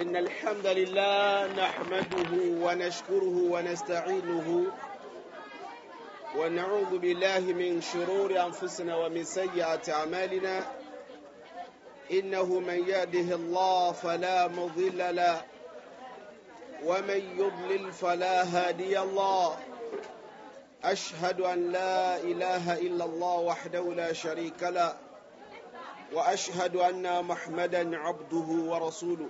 إن الحمد لله نحمده ونشكره ونستعينه ونعوذ بالله من شرور أنفسنا ومن سيئات أعمالنا إنه من يهده الله فلا مضل له ومن يضلل فلا هادي الله أشهد أن لا إله إلا الله وحده لا شريك له وأشهد أن محمدا عبده ورسوله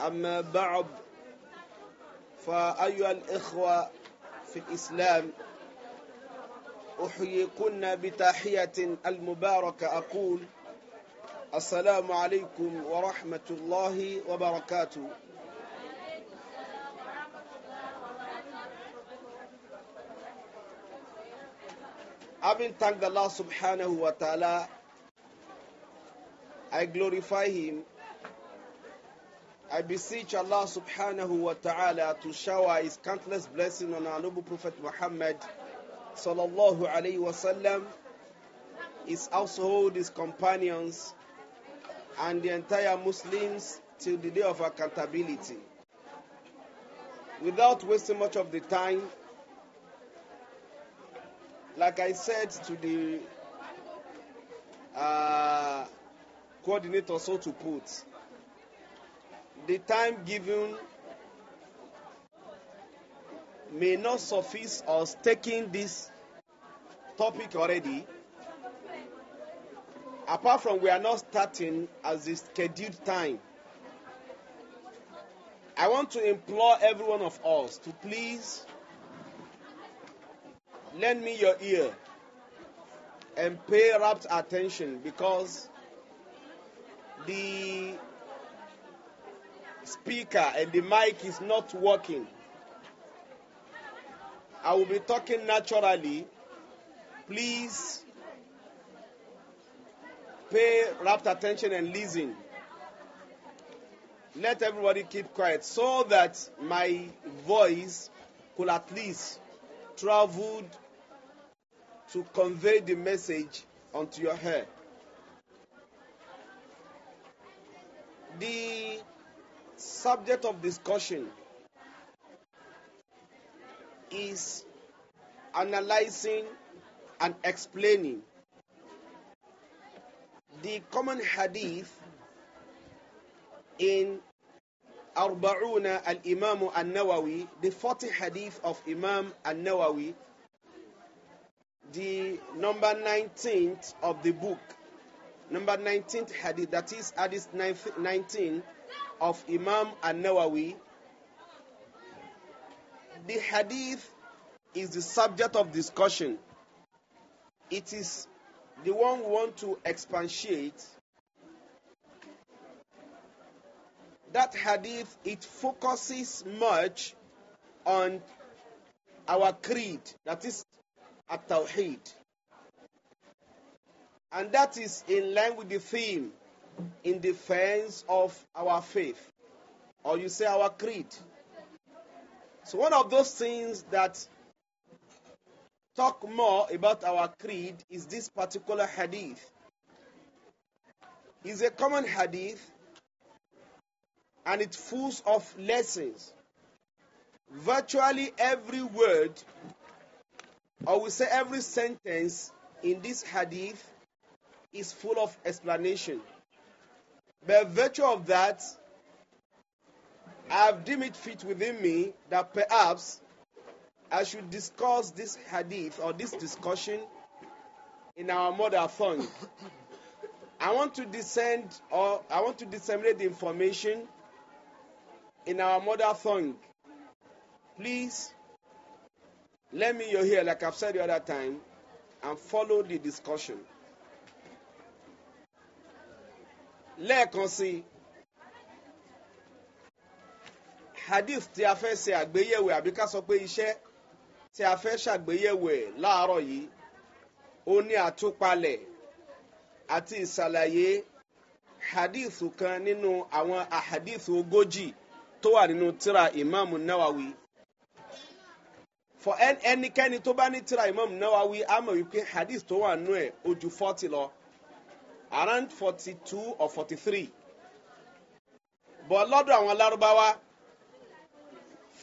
أما بعد فأيها الإخوة في الإسلام أحييكن بتحية المباركة أقول السلام عليكم ورحمة الله وبركاته Having thanked Allah subhanahu wa ta'ala, I glorify Him I beseech Allah subhanahu wa ta'ala to shower His countless blessings on our noble Prophet Muhammad sallallahu alayhi wasallam, his household, his companions, and the entire Muslims till the day of accountability. Without wasting much of the time, like I said to the uh, coordinator, so to put, the time given may not suffice us taking this topic already. Apart from we are not starting as the scheduled time. I want to implore every one of us to please lend me your ear and pay rapt attention because the speaker and the mic is not working. I will be talking naturally. Please pay rapt attention and listen. Let everybody keep quiet so that my voice could at least travel to convey the message onto your head. The subject of discussion is analyzing and explaining the common hadith in Arba'una al-Imam al-Nawawi, the 40 hadith of Imam al-Nawawi, the number 19th of the book, number 19th hadith, that is hadith 19 of Imam An-Nawawi, the hadith is the subject of discussion. It is the one we want to expatiate. That hadith it focuses much on our creed, that is at Tawheed. And that is in line with the theme in defense of our faith, or you say our creed. So, one of those things that talk more about our creed is this particular hadith. It's a common hadith and it's full of lessons. Virtually every word, or we say every sentence in this hadith, is full of explanation. By virtue of that, I have deemed it fit within me that perhaps I should discuss this hadith or this discussion in our mother tongue. I want to descend or I want to disseminate the information in our mother tongue. Please lend me your ear, like I've said the other time, and follow the discussion. lẹ́ẹ̀kan sí i hadith tí a fẹ́ ṣe àgbéyẹ̀wò àbí ká sọ pé iṣẹ́ tí a fẹ́ ṣàgbéyẹ̀wò ẹ̀ láàárọ̀ yìí ó ní àtúpalẹ̀ àti ìsàlàyé hadith kan nínú àwọn ahadith ogójì tó wà nínú tíra ìmáàmù náwáwí for ẹnikẹ́ni tó bá ní tíra ìmáàmù náwáwí á mọ̀ wípé hadith tó wà nínú ẹ̀ ó ju lọ around forty two or forty three but lọ́dọ̀ àwọn lárúbáwá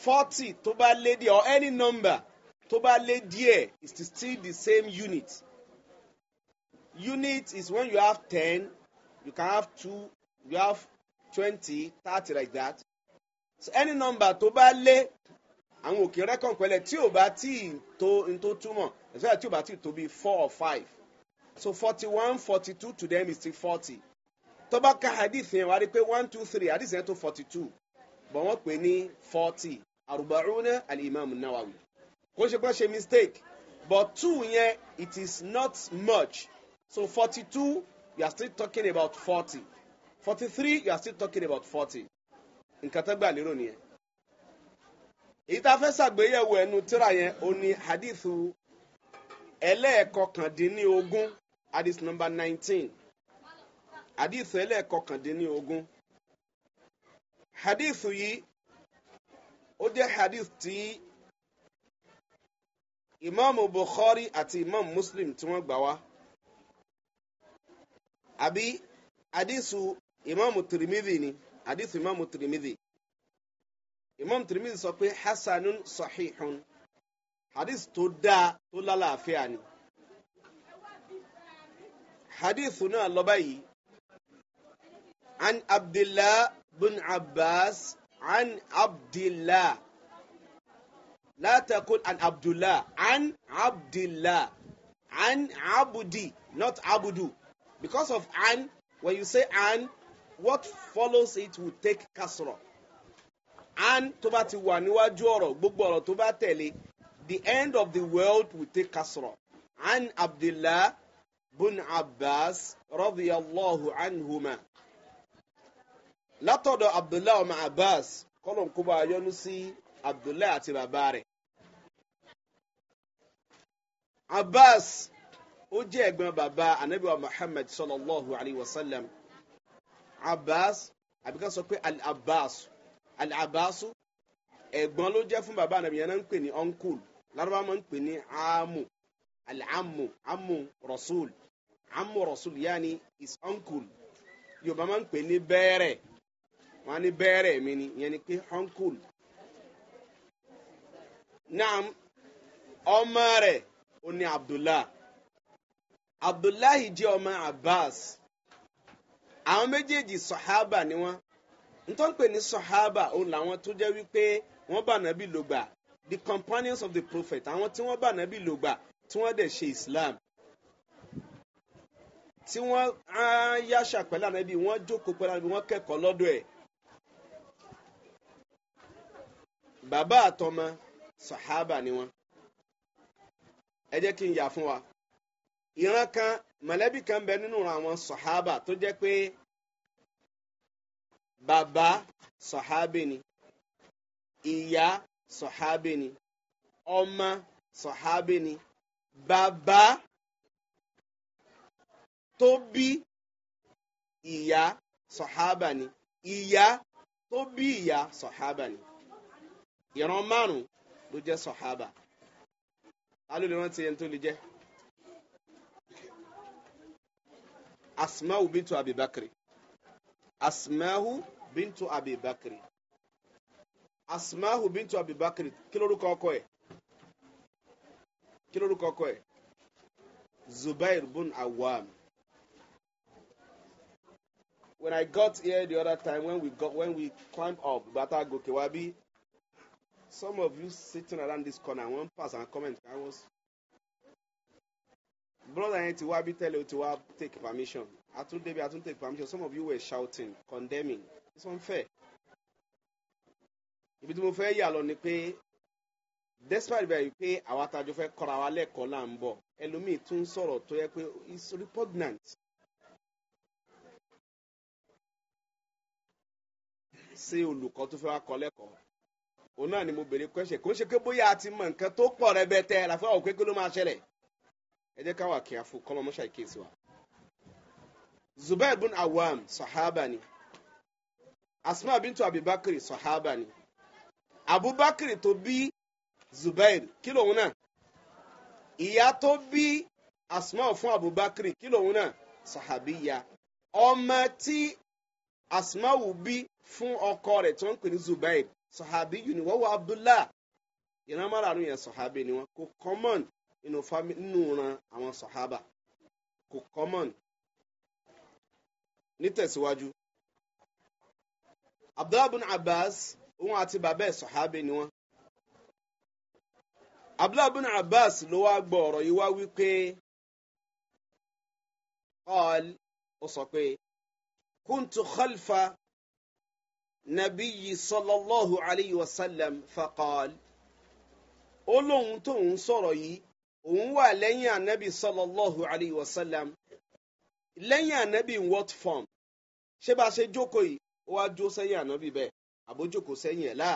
forty tó bá lé díẹ̀ or any number tó bá lé díẹ̀ is still the same unit unit is when you have ten you can have two you have twenty thirty like that so any number tó bá lé àwọn òkè rẹ́kọ̀n pẹ̀lẹ́ tí ò bá tí tó n tó túmọ̀ ẹ̀sẹ̀ tí ò bá tí tó bí four or five so forty one forty two to them is still forty tó bá ka hadith yẹn wá rí pé one two three hadith yẹn tó forty two bọ̀ wọ́n pè ní forty àrùbáúnà alimami nawawi kò ṣe pé ṣe mistake but two yẹn it is not much so forty two you are still talking about forty forty three you are still talking about forty nǹkan tó gbà lérò nìyẹn èyí tá a fẹ́ ṣàgbéyẹ̀wò ẹnu tíra yẹn ó ní hadithu ẹlẹ́ẹ̀kọkàndínlógún hadith number nineteen hadith ẹlẹ́ẹ̀kọkàndínlógún hadith yìí ó jẹ́ hadith tí Imam bukhari àti Imam muslim tí wọ́n gbà wá àbí hadith ìmáàmù tirimidhi ni hadith Imam tirimidhi Imam tirimidhi sọ pé hasanun sahihun hadith tó dáa tó lálàáfíà ni. عن عبد الله بن عباس عن عبد الله لا تقول عن عبد الله عن عبد الله عن عبدي not عبدو because of عن when you say عن what follows it will take kasra عن tó bá ti wà níwájú ọ̀rọ̀ gbogbo ọ̀rọ̀ tó bá tẹ̀lé the end of the world will take عن عبد الله bun abbas radiyallahu anhuma látọ̀dọ̀ abdullahi ọmọ abbas kọ́lọ̀ ń kó bá a yọnu sí abdullahi àti bàbá rẹ̀ abbas ó jẹ́ ẹ̀gbọ́n bàbá anabiwa muhammad sallallahu alayhi wa sallam abbas àbíká sọ pé al-abbas al-abbas ẹ̀gbọ́n ló jẹ́ fún bàbá anabi náà ń pè ní uncle lárúbáwá máa ń pè ní amu al-amu amu rasul amú rasul n'i is uncle yoruba máa ń n'i bere ma wọn á ní bẹ́ẹ̀rẹ̀ ni ìyẹn ni pé uncle naam ọmọ rẹ̀ abdullah abdullahi ji ọmọ abbas àwọn mejeji sahaba ni wọ́n ntọ́ ń pè ní sọ̀hábà òun làwọn tó jẹ́ wípé wọ́n bá nàbí logba the companions of the prophet awon ti won bá logba lògbà tí wọ́n islam tí wọ́n á yáṣà pẹ̀lú ànábì wọ́n jókòó pẹ̀lú ànábì wọ́n kẹ́kọ̀ọ́ lọ́dọ̀ ẹ̀. bàbá àtọmọ sàhábà ni wọ́n. ẹ jẹ́ kí n yà fún wa. ìran kan mọ̀lẹ́bí kan bẹ nínú àwọn sàhábà tó jẹ́ pé bàbá sàhábì ni ìyá sàhábì ni ọmọ sàhábì ni bàbá tó bí ìyá sọ̀hábà ni ìyá tó bí ìyá sọ̀hábà ni ìran márùn ló jẹ́ sọ̀hábà ta ló lè rántí ẹni tó lè jẹ́ asmau bintu abibakiri asmau bintu abibakiri asmau bintu abibakiri kí lórúkọ ọkọ ẹ̀ kí lórúkọ ọkọ ẹ̀ zubair bun awam when I got here the other time, when we got when we climbed up Batago Kewabi, some of you sitting around this corner, one person comment, I was brother yẹn ti wá bí tẹ́lẹ̀ o ti wá take permission àtúndébi àtún take permission some of you were shouting condemning it's unfair. If it's unfair, you alone lọ ni despite bẹ̀rẹ̀ pé àwa tajọ fẹ́ kọ́ra wa lẹ́kọ̀ọ́ là ń bọ̀ ẹlòmíì tún sọ̀rọ̀ tó it's repugnant sí olùkọ́ tó fẹ́ wá kọ́ lẹ́kọ̀ọ́ òun náà ni mo béèrè question kò ń ṣe pé bóyá a ti mọ nǹkan tó pọ̀ rẹbẹtẹ àlàfo àwọn òkè kí ló máa ṣẹlẹ̀ ẹ jẹ́ ká wà kí a fún kọ́mọ mọ́ṣá ìkéèsì wa. Zubair bin Awam sahaba ni Asma bintu Abibakiri sahaba ni Abubakiri tó bí Zubair kí lòun náà ìyá tó bí Asma fún Abubakiri kí lòun náà sahabiya ọmọ tí asmawu bí fún ọkọ rẹ̀ tó ń pè ní zubair sahabi yìí ni wọ́n wọ abdullah ìran márààrún yẹn sahabi ni wọn kò common nínú nínú ran àwọn sahaba kò common nítẹ̀síwájú abdullah bin abbas òun àti bàbá ẹ̀ sahabi ni wọn abdullah bin abbas ló wá gbọ́ ọ̀rọ̀ yìí wá wípé qal ó sọ pé kuntu khalfa nàbíyí sallallahu alayhi wa sallam faqal ó lóun tóun sọ̀rọ̀ yìí òun wà lẹ́yìn ànábì sallallahu alayhi wa sallam lẹ́yìn ànábì in what form ṣé bá a ṣe jókòó yìí ó wá jó sẹ́yìn ànábì bẹ́ẹ̀ àbójókòó sẹ́yìn ẹ̀ láà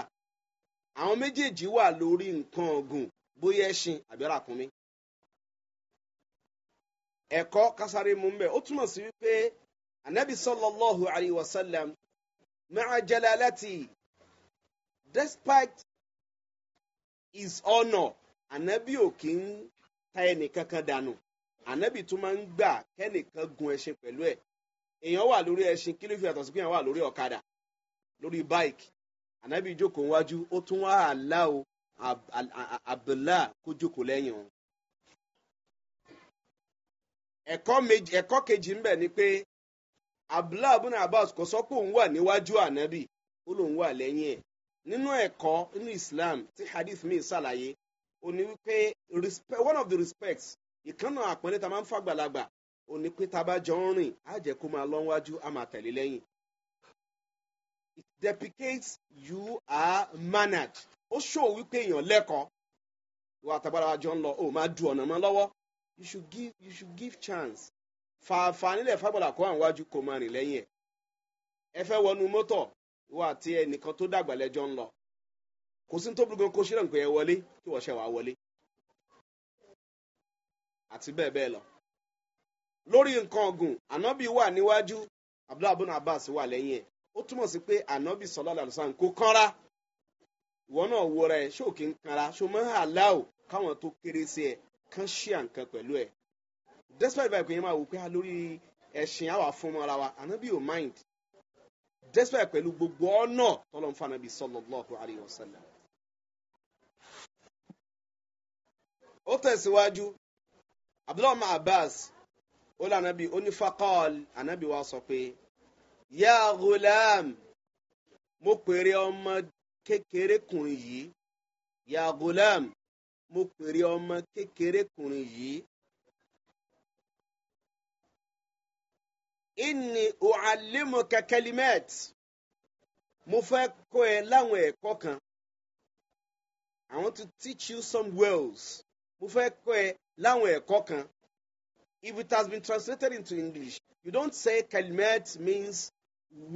àwọn méjèèjì wà lórí nǹkan ọ̀gùn bóyá ẹṣin àbí ẹ̀kọ́ kásáré mú mbẹ́ ó túmọ̀ sí wípé ànábì sallallahu alayhi wa sallam مع جلالته despite his honor, ànábì ò kí ń ta ẹnìkankan dànù ànábì tún máa ń gbà kẹ́nìkan gun ẹṣin pẹ̀lú ẹ̀ èèyàn wà lórí ẹṣin kí ló fi àtọ̀sí pé èèyàn wà lórí ẹ̀kọ́ kejì ń bẹ̀ ni pé abdullahi ibn abbas kò sọ pé òun wà níwájú ànábì ó lóun wà islam tí hadith mi ṣàlàyé ó ní wípé one of the respects ìkànnà àpọ́nlé ta máa ń fàgbàlagbà ó ní pé tá jọ ń rìn á kó máa lọ wájú á máa tẹ̀lé it deprecates you are managed ó ṣòwò wípé èèyàn lẹ́kọ̀ọ́ ìwà àtàgbàlagbà jọ ń lọ ó máa du ọ̀nà mọ́ you should give chance fa nílẹ̀ fàgbọ́dà kọ́ àwọn iwájú kò máa rìn lẹ́yìn ẹ̀ ẹ fẹ́ wọnú mọ́tọ̀ ìwọ àti ẹnìkan tó dàgbà lẹ́jọ́ ń lọ kò sí ní tó burú gan kó wọlé wọ́n ṣe wàá wọlé àti bẹ́ẹ̀ bẹ́ẹ̀ lọ. lórí nǹkan ọ̀gùn ànábì wà níwájú abdullahi abbas wà lẹ́yìn ẹ̀ ó túmọ̀ sí pé ànábì sọlá náà wọra kí ṣó despite báyìí kò yẹn máa wò pé a lórí ẹ̀sìn àwa fún ọmọ ara wa ànábì ò mind despite pẹ̀lú gbogbo ọ̀nà tọ́lọ̀ ń fa ànábì sallallahu alayhi wa sallam. ó tẹ̀síwájú abdullahi ma abbas ó lọ anabi ó ní wa sọ pé yá ghulam mo pèrè ọmọ kékeré kùnrin yìí yá mo pèrè ọmọ kékeré kùnrin yìí. inni u'allimuka kalimat mo fẹ́ kọ́ ẹ láwọn ẹ̀kọ́ kan I want to teach you some words mo fẹ́ kọ́ ẹ láwọn ẹ̀kọ́ kan if it has been translated into English you don't say kalimat means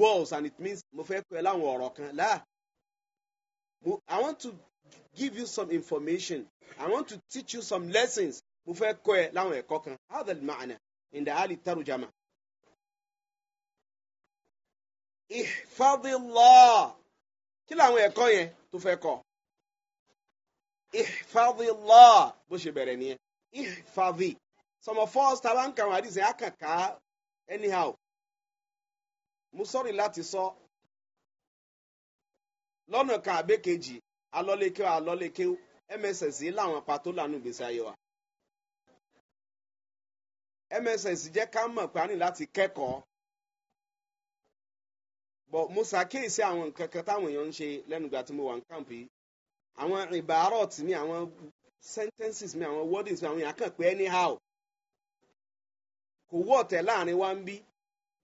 words and it means mo fẹ́ kọ́ ẹ láwọn ọ̀rọ̀ kan láà I want to give you some information I want to teach you some lessons mo fẹ́ kọ́ ẹ láwọn ẹ̀kọ́ kan هذا المعنى عند أهل الترجمة ihfadillah kí làwọn ẹ̀kọ́ yẹn tó fẹ́ kọ́ ihfadillah bó ṣe bẹ̀rẹ̀ nìyẹn ihfadi some of us ta bá ń kàwọn àdìsẹ́ anyhow mo lati láti sọ lọ́nà kan àbẹ́kejì alọ́lékè alọ́lékè mss láwọn pàtó lànà ìgbésí ayé wa mss jẹ́ ká mọ̀ pé a ní bọ̀ mo ṣàkíyèsí àwọn nǹkan kan táwọn èèyàn ń ṣe lẹ́nugba tí mo wà ní kàmpì àwọn ìbárọ̀t mi àwọn sentences mi àwọn wordings mi àwọn èèyàn kàn pé anyhow kò wọ́ ọ̀tẹ̀ láàrin wa ń bí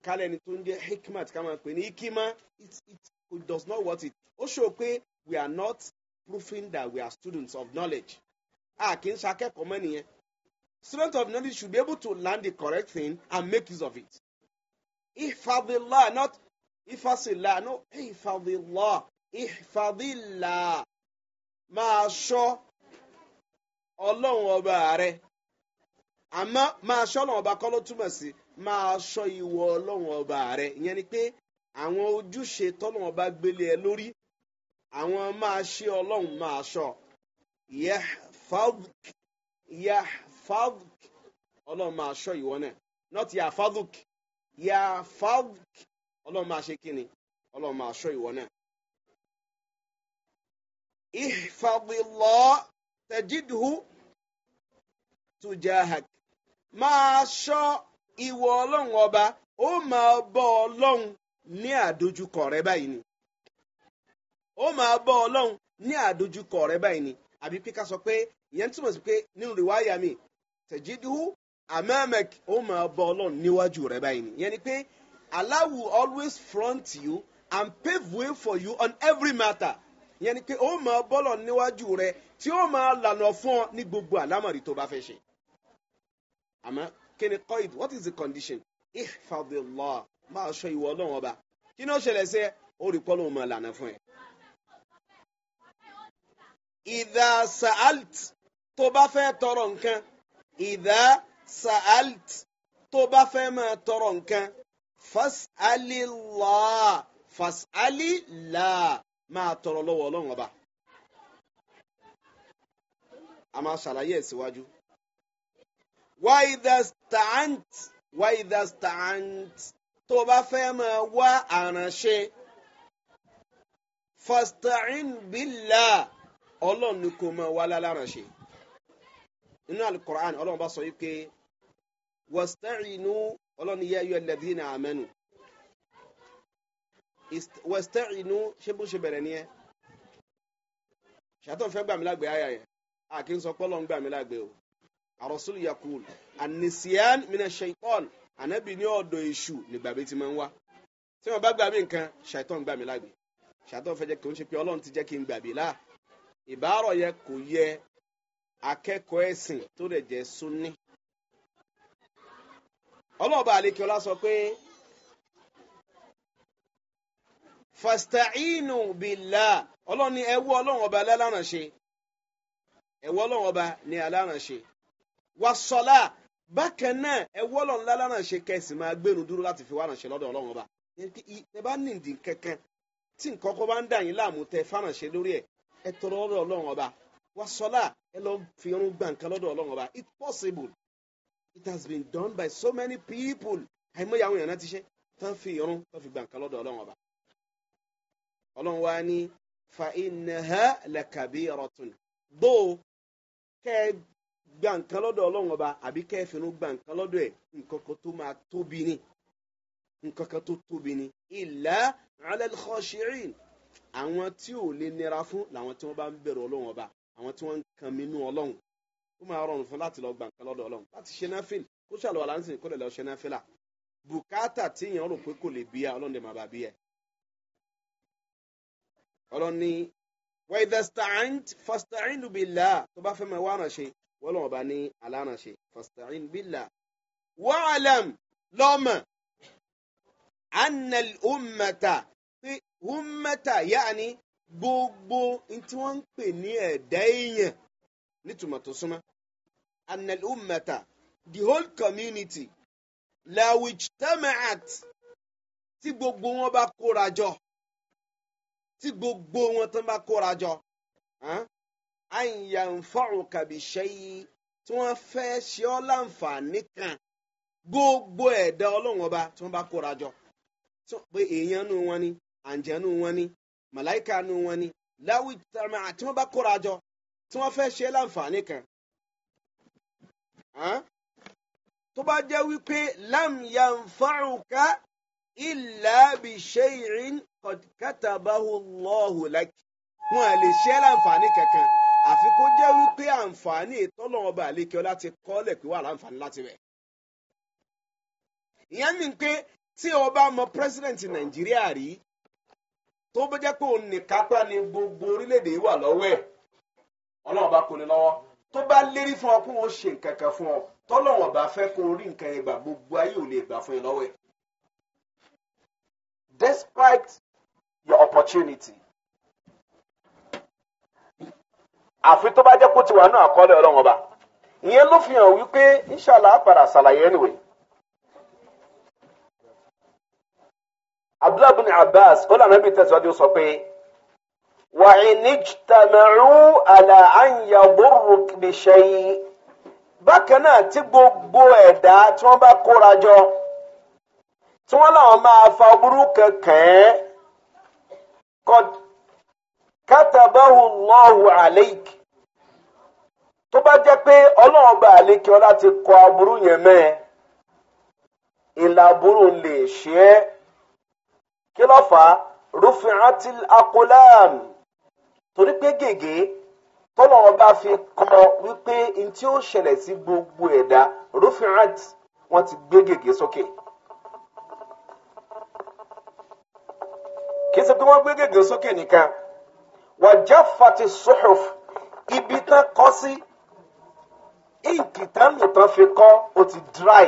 kálẹ̀ ni tó ń jẹ́ hikmat ká máa pè ní ikima it it does not worth it ó ṣòro pé we are not proving that we are students of knowledge a kì í ṣakẹ́kọ̀ọ́ mọ́ nìyẹn student of knowledge should be able to learn the correct thing and make use of it ifadillah not ìfàsílà àánú ìfàdílà ìfàdílà máa ṣọ́ ọlọ́run ọba rẹ àmọ́ máa ṣọ́ ọlọ́run ọba kọ́ ló túmọ̀ sí máa ṣọ́ ìwọ ọlọ́run ọba rẹ ìyẹn ni pé àwọn ojúṣe tọ́lọ́run ọba gbélé ẹ lórí àwọn máa ṣe ọlọ́run máa ṣọ́ yahfaduk yahfaduk ọlọ́run máa ṣọ́ ìwọ náà not yahfaduk yahfaduk ọlọ́run máa ṣe kí ni ọlọ́run máa ṣọ́ ìwọ náà. ihfadillah tajidhu tujahak máa ṣọ́ ìwọ ọba ó máa bọ́ ọlọ́run ní àdójúkọ rẹ báyìí ni ó máa bọ́ ọlọ́run ní àdójúkọ rẹ ni àbí sọ pé ìyẹn túmọ̀ sí pé nínú ó máa bọ́ ọlọ́run níwájú rẹ báyìí ni ìyẹn ni pé Allah will always front you and pave way for you on every matter yẹn ni pé ó máa bọ́lọ̀ níwájú rẹ tí ó máa lànà fún ọ ní gbogbo àlámọ̀rí tó bá fẹ́ ṣe. àmọ́ kí ni kọ́ what is the condition? ihfadillah máa ṣọ ìwọ ọlọ́run ọba kí ni ó ṣẹlẹ̀ sí ẹ ó rí pọ́lọ́ máa lànà fún ẹ. ìdá sa'alt tó bá fẹ́ tọrọ nǹkan ìdá sa'alt tó bá fẹ́ máa tọrọ nǹkan fasalillah fasalillah máa tọrọ lọ́wọ́ ọlọ́run ọba a máa ṣàlàyé ẹ̀ síwájú. wá why wá ìdástáàǹt tó bá fẹ́ máa wá àránṣe fasta'in billah ọlọ́run ni kò máa wá láláránṣe. inú alukur'an ọlọ́run bá sọ yìí pé wasta'inu ọlọ́ni yẹ́ ayọ́ ẹlẹ́bí ní àmẹ́nu wẹ́stẹ́ inú ṣé bó ṣe bẹ̀rẹ̀ nìyẹn ṣàtọ̀ fẹ́ gbàmí lágbè ayà yẹn a kì í sọ pọ́lọ́ ń gbàmí lágbè o àròsùlù yakul ànìsíán mina ṣèkọ́n ànábì ní ọ̀dọ̀ èṣù nígbà bí ti máa ń wá tí wọn bá gbàmí nǹkan ṣàtọ̀ ń gbàmí ṣàtọ̀ fẹ́ jẹ́ kí n ṣe pé ọlọ́run ti jẹ́ kí n gbàbí láà ìbárọ̀ yẹ kò yẹ akẹ́kọ̀ọ́ ẹ̀sìn tó rẹ̀ jẹ́ sunni ọlọ́ọ̀bá àlekíọ́lá sọ pé fasta'inu billah ọlọ́ni ẹwú ọlọ́run ọba alárànṣe ọlọ́run ọba ní alárànṣe wasọ́lá bákan náà na ọlọ́run lálárànṣe kẹsì máa gbénu dúró láti fi wárànṣe lọ́dọ̀ ọlọ́run ọba ẹ bá kankan tí nǹkan bá ń dà yín láàmú tẹ lórí ẹ ẹ tọrọ ọlọ́run ọba ẹ lọ fi irun lọ́dọ̀ ọlọ́run ọba it has been done by so many people àìmọye àwọn èèyàn náà ti ṣe tán fi irun tán fi gbà nǹkan lọ́dọ̀ ọlọ́run ọba ọlọ́run wa ní fa innaha lakabiratun bó kẹ́ ẹ gbà nǹkan lọ́dọ̀ ọlọ́run ọba àbí kẹ́ ẹ finú gbà nǹkan lọ́dọ̀ ẹ̀ nǹkan kan tó máa tóbi ni nǹkan kan tó tóbi ni illa ala àwọn tí ò lè nira fún làwọn tí wọ́n bá ń bẹ̀rù ọlọ́run ọba àwọn tí wọ́n ń kan minú ọlọ́run ó máa rọrùn fún láti lọ gba nǹkan lọ́dọ̀ ọlọ́run láti ṣe náfìl kó ṣàlùwàlá ń sìn kó lè lọ ṣe náfìlà bùkátà tí èèyàn rò pé kò lè bí ẹ ọlọ́run lè máa bá bí ẹ. ọlọ́run ní wàìdàstàìnt fàstàìnù bìlà tó bá fẹ́ máa wá ọ̀nà wọ́n lọ́wọ́ bá ní àlànà ṣe bìlà. wàhálàm lọ́mọ anal ummata ummata yaani gbogbo tí wọ́n ń pè ní ẹ̀dá èèyàn nítumọ̀ tó súnmọ́. anal ummata the whole community lawich tamaat tí gbogbo wọn bá kóra jọ tí gbogbo wọn tán bá kóra jọ àyànfọ̀rùnkà bí ṣẹ́yí tí wọ́n fẹ́ ṣe ọ́ láǹfààní kan gbogbo ẹ̀dá ọlọ́run ọba tí wọ́n bá kóra jọ pé èèyàn nù wọn ni àǹjẹ́ nù wọn ni màláìka nù wọn ni láwùjọ tí wọ́n bá kóra jọ tí wọ́n fẹ́ ṣe láǹfààní kan tó bá jẹ́ wípé lam yanfa'uka illa bi shay'in qad katabahu Allahu wọn à lè ṣe láǹfààní kankan àfi kó jẹ́ wípé àǹfààní ìtọ́lọ́wọ́n ọba àlékè ọlá ti wà láti rẹ̀. ìyẹn ọlọ́run bá kó ní lọ́wọ́ tó bá lérí fún ọ kó wọn ṣe nǹkan kan fún ọ tọ́lọ́run bá fẹ́ kó rí nǹkan yẹn gbà gbogbo ayé ò lè gbà fún yẹn lọ́wọ́ ẹ̀. despite your opportunity àfi tó bá jẹ́ kó ti wà náà àkọọ́lẹ̀ ọlọ́run ọba ìyẹn ló fi hàn wípé inṣàlá àpàrà ṣàlàyé ẹnìwé. abdullahi bin abbas ó lànà bí tẹ̀síwájú sọ pé. وإن اجتمعوا على أن يضرك بشيء bákan náà tí gbogbo ẹ̀dá tí wọ́n bá kóra jọ tí wọ́n láwọn máa fa burú kankan qad katabahu Allahu alayk tó bá jẹ́ pé ọlọ́run bá àlékè ọ láti kọ aburú yẹn mẹ́ ìlà aburú lè ṣe é kí ló fà á rufi'atil aqlam. torí pé gègé tọ́lọ̀ ọba fi kọ́ wípé n tí ó ṣẹlẹ̀ sí gbogbo ẹ̀dá rufirat wọ́n ti gbé gègé sókè. kì í ṣe pé wọ́n gbé gègé sókè nìkan wàjà fati suhuf ibi tán kọ́ sí ink tán lò tán fi kọ́ ó ti dry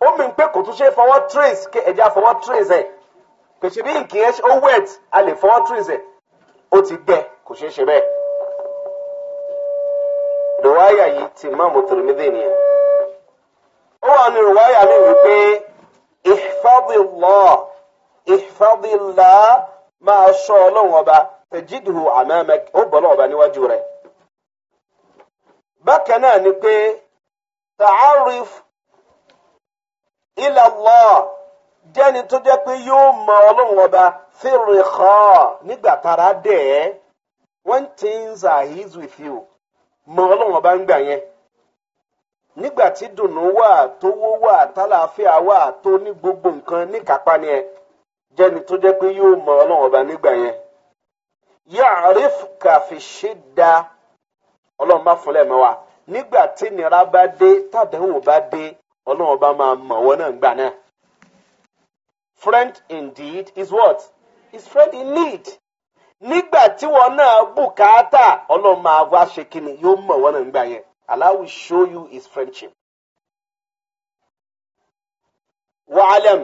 ó pé kò tún ṣe fọwọ́ trace kí ẹja fọwọ́ trace ẹ̀ kò ṣe bí ink yẹn ó wet a lè fọwọ́ trace ẹ̀ ó ti gbẹ. kò ṣeé ṣe bẹ́ẹ̀ rìwáyà yìí ti Imam Tirmidhi nìyẹn ó wà ní rìwáyà mi wípé ihfadillah ihfadillah máa ṣọ́ ọlọ́run ọba tajiduhu amamak ó bọ́lọ́ ọba níwájú rẹ̀ bákan náà ni pé ta'arif ila Allah jẹ́ni tó jẹ́ pé yóò mọ ọlọ́run ọba fírìkọ́ nígbà tára dẹ̀ ẹ́. when things are easy with you mọ ọlọ́wọ́n bá ń gbà yẹn nígbà tí dùnnú wà tówó wà tálàáfíà wà tó ní gbogbo nǹkan níkápá ni ẹ jẹ́ni tó jẹ́ pé yóò mọ ọlọ́wọ́n bá nígbà yẹn yàrif kàfíṣe da ọlọ́run bá fúnlẹ̀ mọ́ wa nígbà tí nira bá dé tàdéhùn bá dé ọlọ́run bá máa mọ̀ wọ́n náà gbà náà friend indeed is what is friend in need. nígbà tí wọn náà bùkátà ọlọ́run máa wá ṣe kíni yóò mọ̀ wọn náà nígbà yẹn Allah will show you his friendship. wa'alam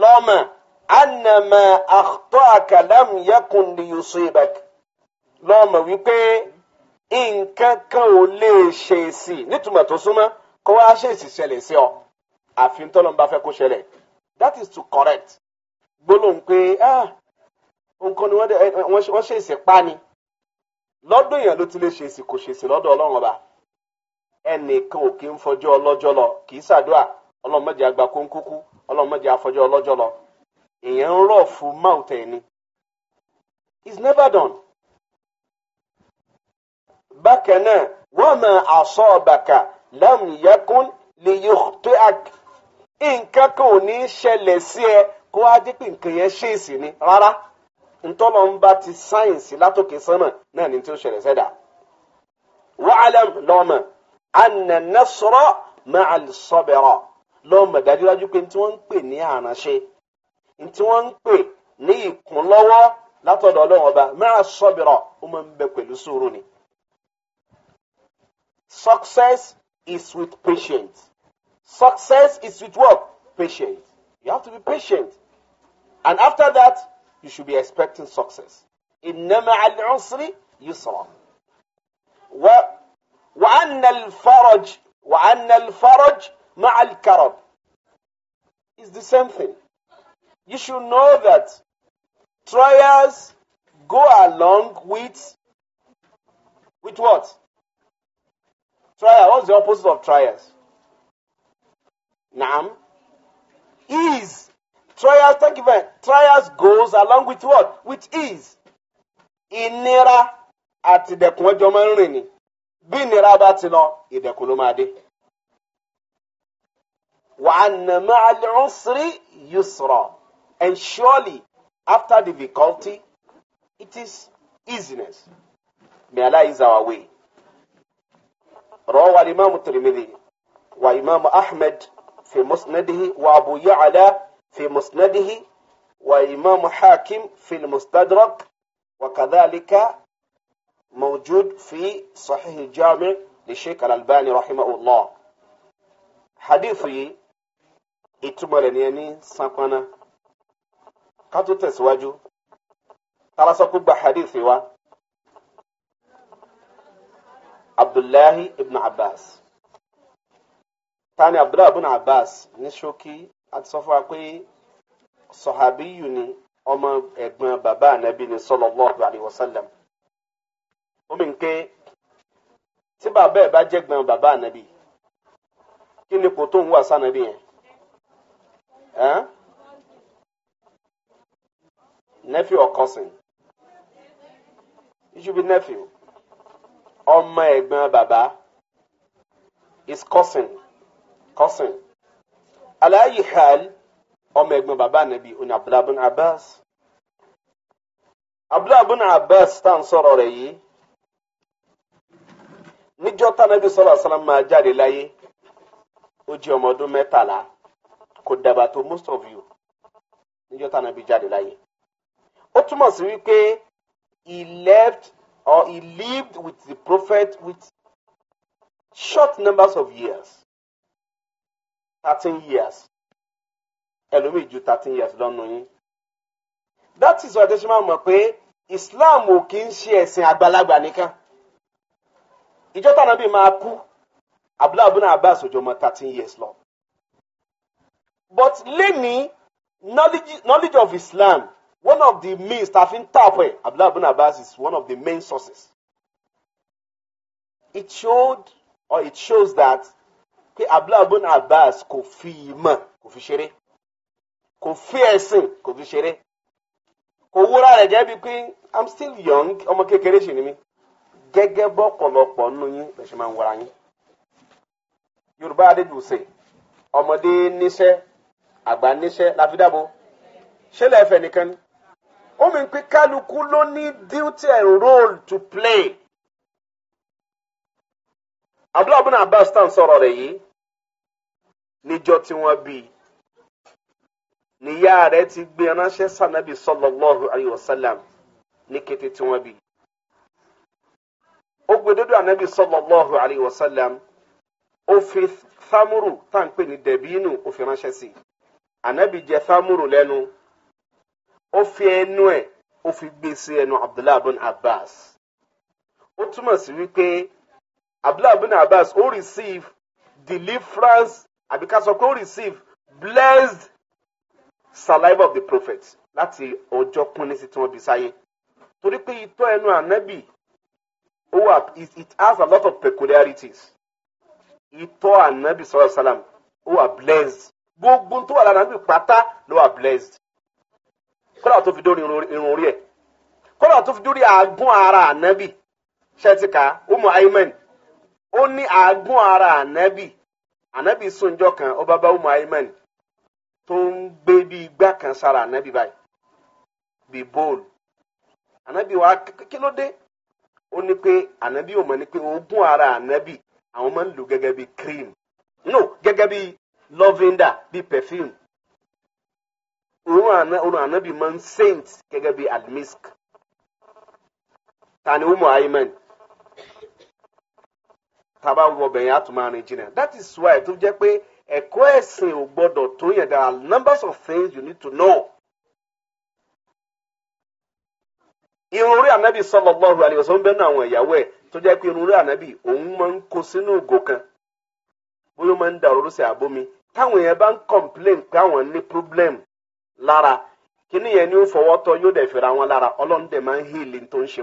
lọ́mọ anamọ àtọ́ àkàlám yẹkùn li yusibak lọ́mọ wípé nǹkan kan ò lè ṣe sí nítumọ̀ tó súnmọ́ kó wá ṣèṣì ṣẹlẹ̀ sí ọ àfi ń tọ́lọ́mùbá fẹ́ kó ṣẹlẹ̀ that is to correct gbólóhùn pé ah nǹkan ni wọ́n ṣe èsì pa ni èèyàn ló ti lè ṣe èsì kò ṣe èsì lọ́dọ̀ ọlọ́run ọba ẹnìkan ò kí ń fọjọ́ lọ kì í ṣàdúrà ọlọ́run mọ̀jẹ̀ àgbà kó ń kúkú ọlọ́run àfọjọ́ ọlọ́jọ́ lọ èèyàn ń rọ̀ fún ni it's never done. bákan náà wọ́n mọ àṣọ ọ̀bàkà lè yọ tó àk nǹkan kan ò ní ṣẹlẹ̀ sí kó wá nǹkan yẹn rárá. ntọ́lọ́ ń bá ti sáyẹ̀nsì látòkè sánà náà ní tí ó ṣẹlẹ̀ sẹ́dà. wàhálàm lọ́mọ àna nasọ̀rọ̀ máa sọ̀bẹ̀rọ̀ lọ́mọ dájúdájú pé tí wọ́n ń pè ní àránṣe tí wọ́n ń pè ní ìkúnlọ́wọ́ látọ̀dọ̀ ọlọ́run ọba máa ó máa ń bẹ pẹ̀lú sùúrù ni. success is with patience success is with what patience you have to be patient and after that you should be expecting success. إِنَّمَا الْعُسْرِ يُسْرًا و... وَأَنَّ الْفَرَجْ وَأَنَّ الْفَرَجْ مَعَ الْكَرَبِ It's the same thing. You should know that trials go along with with what? Trial. What's the opposite of trials? Nam. Ease. Trials, thank you very much. Trials goes along with what? With ease. Ìnira àti ìdẹ̀kùn ọjọ́ máa ń rìn ni. Bí ìnira bá ti lọ, ìdẹ̀kùn ló máa dé. Wa anna ma'al usri yusra. And surely, after difficulty, it is easiness. May Allah ease our way. روى wa imam Ahmed fi في wa Abu يعلى في مسنده وإمام حاكم في المستدرك وكذلك موجود في صحيح الجامع لشيخ الألباني رحمه الله حديثي إتما لنياني سنقنا قطو تسواجو ترى سكوب حديثي و عبد الله ابن عباس ثاني عبد الله ابن عباس نشوكي a ti sọ fún wa pé sọ̀hábíyù ni ọmọ ẹ̀gbọ́n bàbá ànábì ni sallallahu alaihi wasallam omi nke tí bàbá ẹ̀ bá jẹ́ gbọ́n bàbá ànábì kí ni kò tó ń wà sànábì yẹn nephew or cousin it ọmọ ẹ̀gbọ́n bàbá is cousin cousin aláyì hàl ọmọ ẹ̀gbọ́n bàbá ànábì oní abdullahi bin abbas abdullahi bin abbas tá à ń sọ̀rọ̀ rẹ̀ yìí níjọ́ tánàbí sọ̀rọ̀ sàlám máa jáde láyé ó jẹ́ ọmọ ọdún mẹ́tàlá kò dàgbà tó most of you níjọ́ tánàbí jáde láyé ó túmọ̀ sí wípé he left or he lived with the prophet with short numbers of years thirteen years ẹlòmíì ju thirteen years lọ́nu yín that is why adéṣe máa mọ̀ pé Islam ò kì í ṣe ẹ̀sìn àgbàlagbà nìkan ìjọ tànà bíi máa kú Abdullahi abuna Abbas òjò mọ thirteen years lọ but lẹ́ni knowledge, knowledge of Islam one of the means tafi ń tàpẹ́ Abdullahi abuna Abbas is one of the main sources it showed or it shows that pé abdullahi ibn abbas kò fi ìmọ̀ kò fi ṣeré kò fi ẹ̀sìn kò fi ṣeré kò wúra rẹ̀ jẹ́ bíi pé i'm still young ọmọ kékeré ṣì ni mí gẹ́gẹ́ bọ́ pọ̀lọpọ̀ nínú yín lè ṣe máa ń wara yín yorùbá adédùsè ọmọdé níṣẹ́ àgbà níṣẹ́ láfi dáàbò ṣé lẹ́ẹ̀fẹ̀ nìkan ni ó mi pé kálukú ló ní duty and role to play. Abdullahi bin Abbas tá à ń sọ̀rọ̀ rẹ̀ yìí níjọ́ tí wọ́n bí i níyà rẹ̀ ti gbé ránṣẹ́ sànàbì sallallahu alayhi wa sallam ní kété tí wọ́n bí i. ó gbé dúdú ànábì sallallahu alayhi wa sallam ó fi thamuru tá à ń pè ní dẹ̀bínú ó fi ránṣẹ́ sí i. ànábì jẹ thamuru lẹ́nu ó fi ẹnu ẹ̀ ó fi gbé sí ẹnu Abdullahi Abbas. ó túmọ̀ sí wípé abdullahi bin abbas ó receive deliverance àbí ká sọ pé ó receive blessed saliva of the prophet láti ọjọ́ pínlẹ̀ sí tí wọ́n bí sáyé torí pé itọ́ ẹnu ànábì ó wà it has a lot of peculiarities itọ́ ànábì sọ́rọ̀ sálàm ó wà blessed gbogbo tó wà lára ànábì pátá ló wà blessed kódà tó fi dórí irun orí ẹ̀ kódà tó fi dórí àgún ara ànábì ṣẹ́ẹ̀tì ká ó mọ ayman ó ní àágùn ara ànábì ànábì sunjọ kan ọba bá umu ayman tó ń gbé bí igbá kan sára ànábì báyìí bí bóòlù wa kí ló dé ó ní pé ànábì ò mọ̀ ní pé oògùn ara àwọn máa ń lò gẹ́gẹ́ bí cream no gẹ́gẹ́ bí lavender bí perfume òun ànábì máa ń saint gẹ́gẹ́ bí admisk tani umu ayman. taba wọ bẹ̀yẹn àtúmọ̀rin jìnnà that is why tó jẹ́ pé ẹ̀kọ́ ẹ̀sìn ò gbọ́dọ̀ tó yẹn there are numbers of things you need to know. irun orí ànábì sallallahu alaihi wasallam ń bẹ́ẹ̀ náà àwọn ìyàwó ẹ̀ tó jẹ́ pé irun orí ànábì òun máa ń kó sínú kan bóyá ó máa ń òróró sí àbómi táwọn èèyàn bá ń complain pé àwọn ní problem lára kíní yẹn ni ó fọwọ́ tọ́ yóò dẹ̀ fẹ́ra wọn lára ọlọ́run dẹ̀ máa ń tó ń ṣe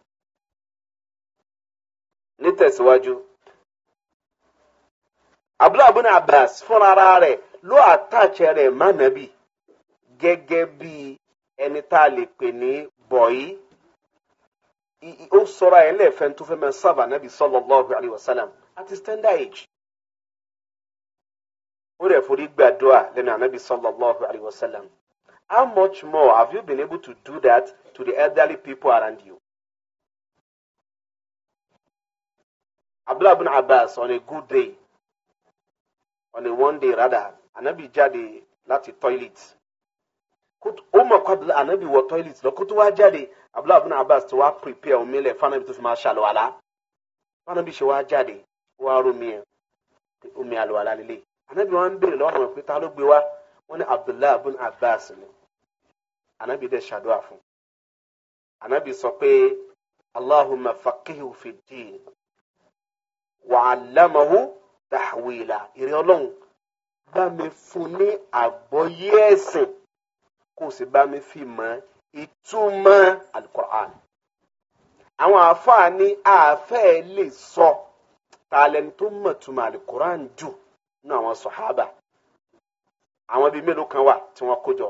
nítẹ̀síwájú. abdullahi bin abbas fúnra ara rẹ̀ ló àtàchẹ́ rẹ̀ mánàbí gẹ́gẹ́ bí ẹni tá a lè pè ní bọ̀yì ó sọ̀rọ̀ ẹ̀ lẹ́ẹ̀fẹ́ tó fẹ́ mẹ́ sábà nàbí sallallahu alayhi wa sallam àti standard age ó rẹ̀ forí gbàdúrà lẹ́nu ànábì sallallahu alayhi wa sallam how much more have you been able to do that to the elderly people around you? Abdullah bin Abbas on a good day on a one day rather anabi jáde láti toilet ó mọ̀ kó anabi wọ toilet lọ kó tó wá jáde Abdullah bin Abbas ti wá prepare omi lẹ̀ fanabi tó fi máa ṣàlùwàlá fanabi ṣe wá jáde ó wá romi ẹ̀ omi àlùwàlá lélẹ̀ anabi wọn ń béèrè lọ́wọ́ àwọn ìpínta ló gbé wá wọn ní Abdullah bin Abbas ni anabi dẹ̀ ṣàdúrà fún anabi sọ pé Allahumma faqihu fi ddin wàhálàmọ́hó tàwílà ìrẹ́ ọlọ́run bá mi fún ní àgbọ́yé ẹ̀sìn kó o sì bá mi fi mọ ìtumọ̀ alukur'an. àwọn àáfàá ní àáfẹ́ lè sọ tààlẹ́ni tó mọ̀ túmọ̀ alukur'an jù ní àwọn sọ̀hábà àwọn bíi mélòó kan wà tí wọ́n kó jọ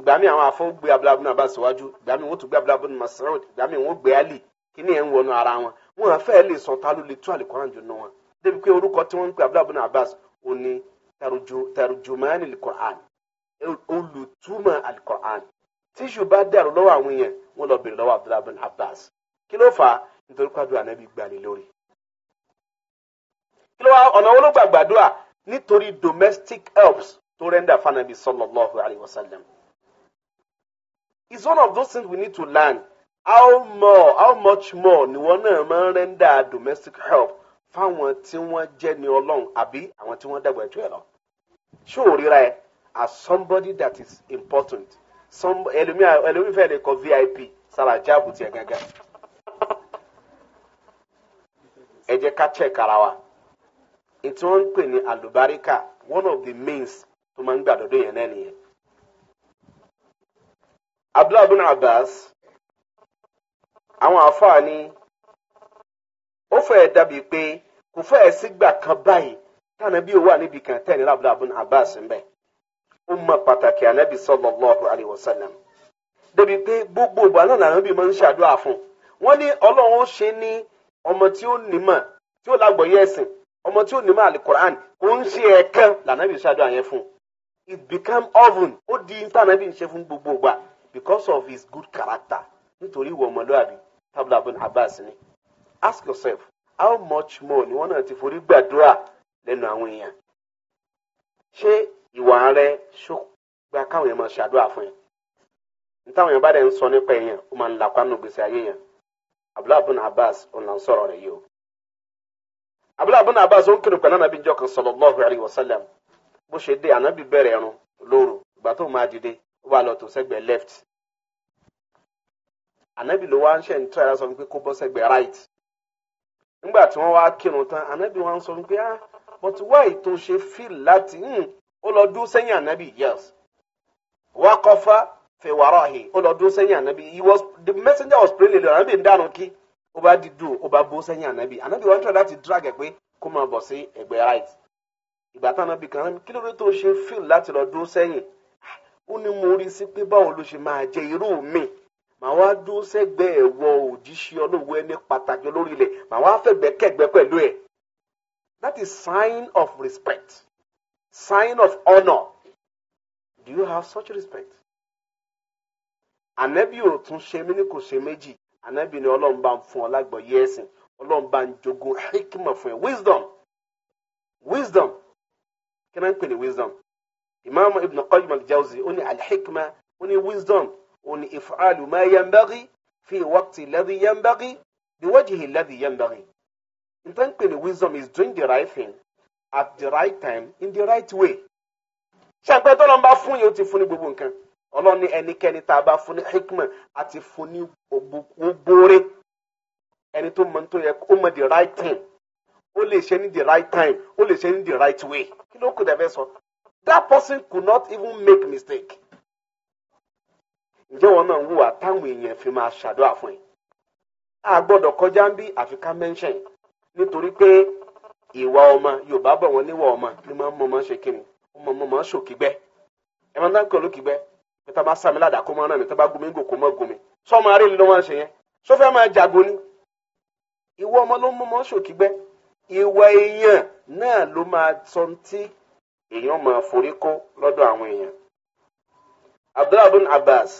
ìgbà míì àwọn àfọ́ gbé abúlábùnú abá síwájú ìgbà míì wọ́n tún gbé abúlábùnú Mas'ud ìgbà míì wọ́n gbé Ali kí ni ẹ̀ ń wọnú ara wọn wọn àfẹ́ lè sọ ta ló lè tú àlìkọ́rán jù nù wọn débi pé orúkọ tí wọ́n ń pè abdullahi bin abbas ò ní tarjumani alikọ́rán olùtúmọ̀ alikọ́rán tíṣù bá dàrú lọ́wọ́ àwọn èèyàn wọ́n lọ bèrè lọ́wọ́ abdullahi bin abbas kí ló fà á nítorí pé àdúrà náà bí gbani lórí. kí ló wá ọ̀nà owó ló gbàgbà dùà nítorí domestic helps tó rẹ́ndà fanabi sallallahu alayhi wa sallam. it's one of those things we need to learn how more how much more ni wọn náà máa ń rẹ́ńdà domestic help fáwọn tí wọ́n jẹ́ ni ọlọ́run àbí àwọn tí wọ́n dàgbà ẹ̀tọ́ ẹ̀ lọ. ṣé o ríra ẹ as somebody that is important Some. ẹlòmíì fẹ́ lè kọ vip sára jáàbù tiẹ̀ gángan. ẹ jẹ́ ká check ara wa ètò wọn ń pè ní àlùbáríkà one of the means tó máa ń gbàdọ̀dọ̀ yẹn náà nìyẹn. abdullahi bin abbas. àwọn àáfàá ni ó fẹ́ dàbí pé kò fẹ́ sígbà kan báyìí tànàbí ò wà níbi kan tẹ̀ ní abdulabun abbas mbẹ́ ó mọ pàtàkì anabi sallallahu alayhi wa sallam dàbí pé gbogbo ọba náà lànàbí máa ń ṣàdúrà fún wọn ní ọlọ́run ó ṣe ní ọmọ tí ó nímọ̀ tí ó lágbọ̀ọ́yé ẹ̀sìn ọmọ tí ó nímọ̀ alukur'an kò ń ṣe ẹ̀ẹ̀kan lànàbí ṣàdúrà yẹn fún it became oven ó di tànàbí ń ṣe fún gbogbo ọba because of his good character nítorí ìwọ ọmọlúwàbí abdullahi abbas ni ask yourself how much more ni wona náà ti forí gbàdúrà àwọn èèyàn ṣé ìwà rẹ ṣó gba káwọn èèyàn máa ṣàdúrà fún yẹn nítawọn èèyàn bá dẹ̀ ń sọ nípa èèyàn ó máa ń làpá nù gbèsè ayé yẹn abbas ò là ń sọ̀rọ̀ yìí o abdullahi abbas ó ń kiri kan sallallahu bó anabi lóru ìgbà tó máa dìde left anabi ló wá ń ṣe ń tọ́ ẹ̀rọ sọ kó bọ́ sẹ́gbẹ̀ẹ́ right nígbà tí wọ́n wá kírun tán anabi wá ń sọ pé ah but why tó ṣe feel láti hmm, ó lọ dúró sẹ́yìn anabi yes wá kọfá fèwárọ̀ hì ó lọ dúró sẹ́yìn anabi he was the messenger was praying lele anabi ń dànù kí ó bá di dùn ó bá bó sẹ́yìn anabi anabi wá ń tọ́ láti drag ẹ̀ pé kó máa bọ̀ sí ẹgbẹ́ right ìgbà táwọn anabi kan kí ló dé tó ṣe feel láti lọ dúró sẹ́yìn ah, ó ní mo rí sí pé báwo ló ṣe máa jẹ irú mi. màá wá dúró sẹ́gbẹ̀ẹ́ ẹ̀wọ̀ òjíṣẹ́ olówó ẹni pàtàkì olórí ilẹ̀ màá wá fẹ̀gbẹ́ kẹ̀gbẹ́ pẹ̀lú ẹ̀ that is sign of respect sign of honour do you have such respect ànábì ò tún ṣe mí ní kò ṣe méjì ànábì ni ọlọ́run bá ń fún ọ lágbọ̀ọ́yé ẹ̀sìn ọlọ́run bá ń jogún hikima fún ẹ wisdom wisdom kí náà ń pè ní wisdom imam ibn qayyim al-jawzi ó ní al-hikma ó ní wisdom òun ni ما ينبغي في وقت الذي ينبغي، yanbaghi الذي ينبغي. alladhi yanbaghi. Nǹkan pè ní wisdom is doing the right thing at the right time in the right way. Ṣé àgbẹ̀ tó lọ́n bá fún yìí ó ti fún ní gbogbo nǹkan? Ọlọ́run ní ẹnikẹ́ni tá a bá fún ní hikma àti fún ní gbogbo ẹni tó mọ tó yẹ kó mọ the right thing ó lè ṣe ní the right time ó lè ṣe ní the right way kí ló kù dẹ̀ fẹ́ sọ that person could not even make mistake ǹjẹ́ wọn náà ń hùwà táwọn èèyàn fi máa ṣàdúrà fún ẹ. a gbọ́dọ̀ kọjá ń bí àfi ká mẹ́ńṣẹ̀n nítorí pé ìwà ọmọ yorùbá bọ̀ wọ́n níwà ọmọ ni máa ń mọ ọmọ ṣe kí ni ọmọ ọmọ máa ń ṣòkígbẹ́ ẹ máa ń dáńkọ̀ lókígbẹ́ mi ta bá sàmì ládàá kó máa ràn mí ta bá gumi gò kó máa gumi sọmọ arí ni ló máa ń ṣe yẹn sọfẹ́ máa jago ni ìwọ ọmọ ló ń mọ ọmọ ṣòkígbẹ́ ìwà èèyàn náà ló máa sọ tí èèyàn máa forí kó lọ́dọ̀ àwọn èèyàn abdullahi abbas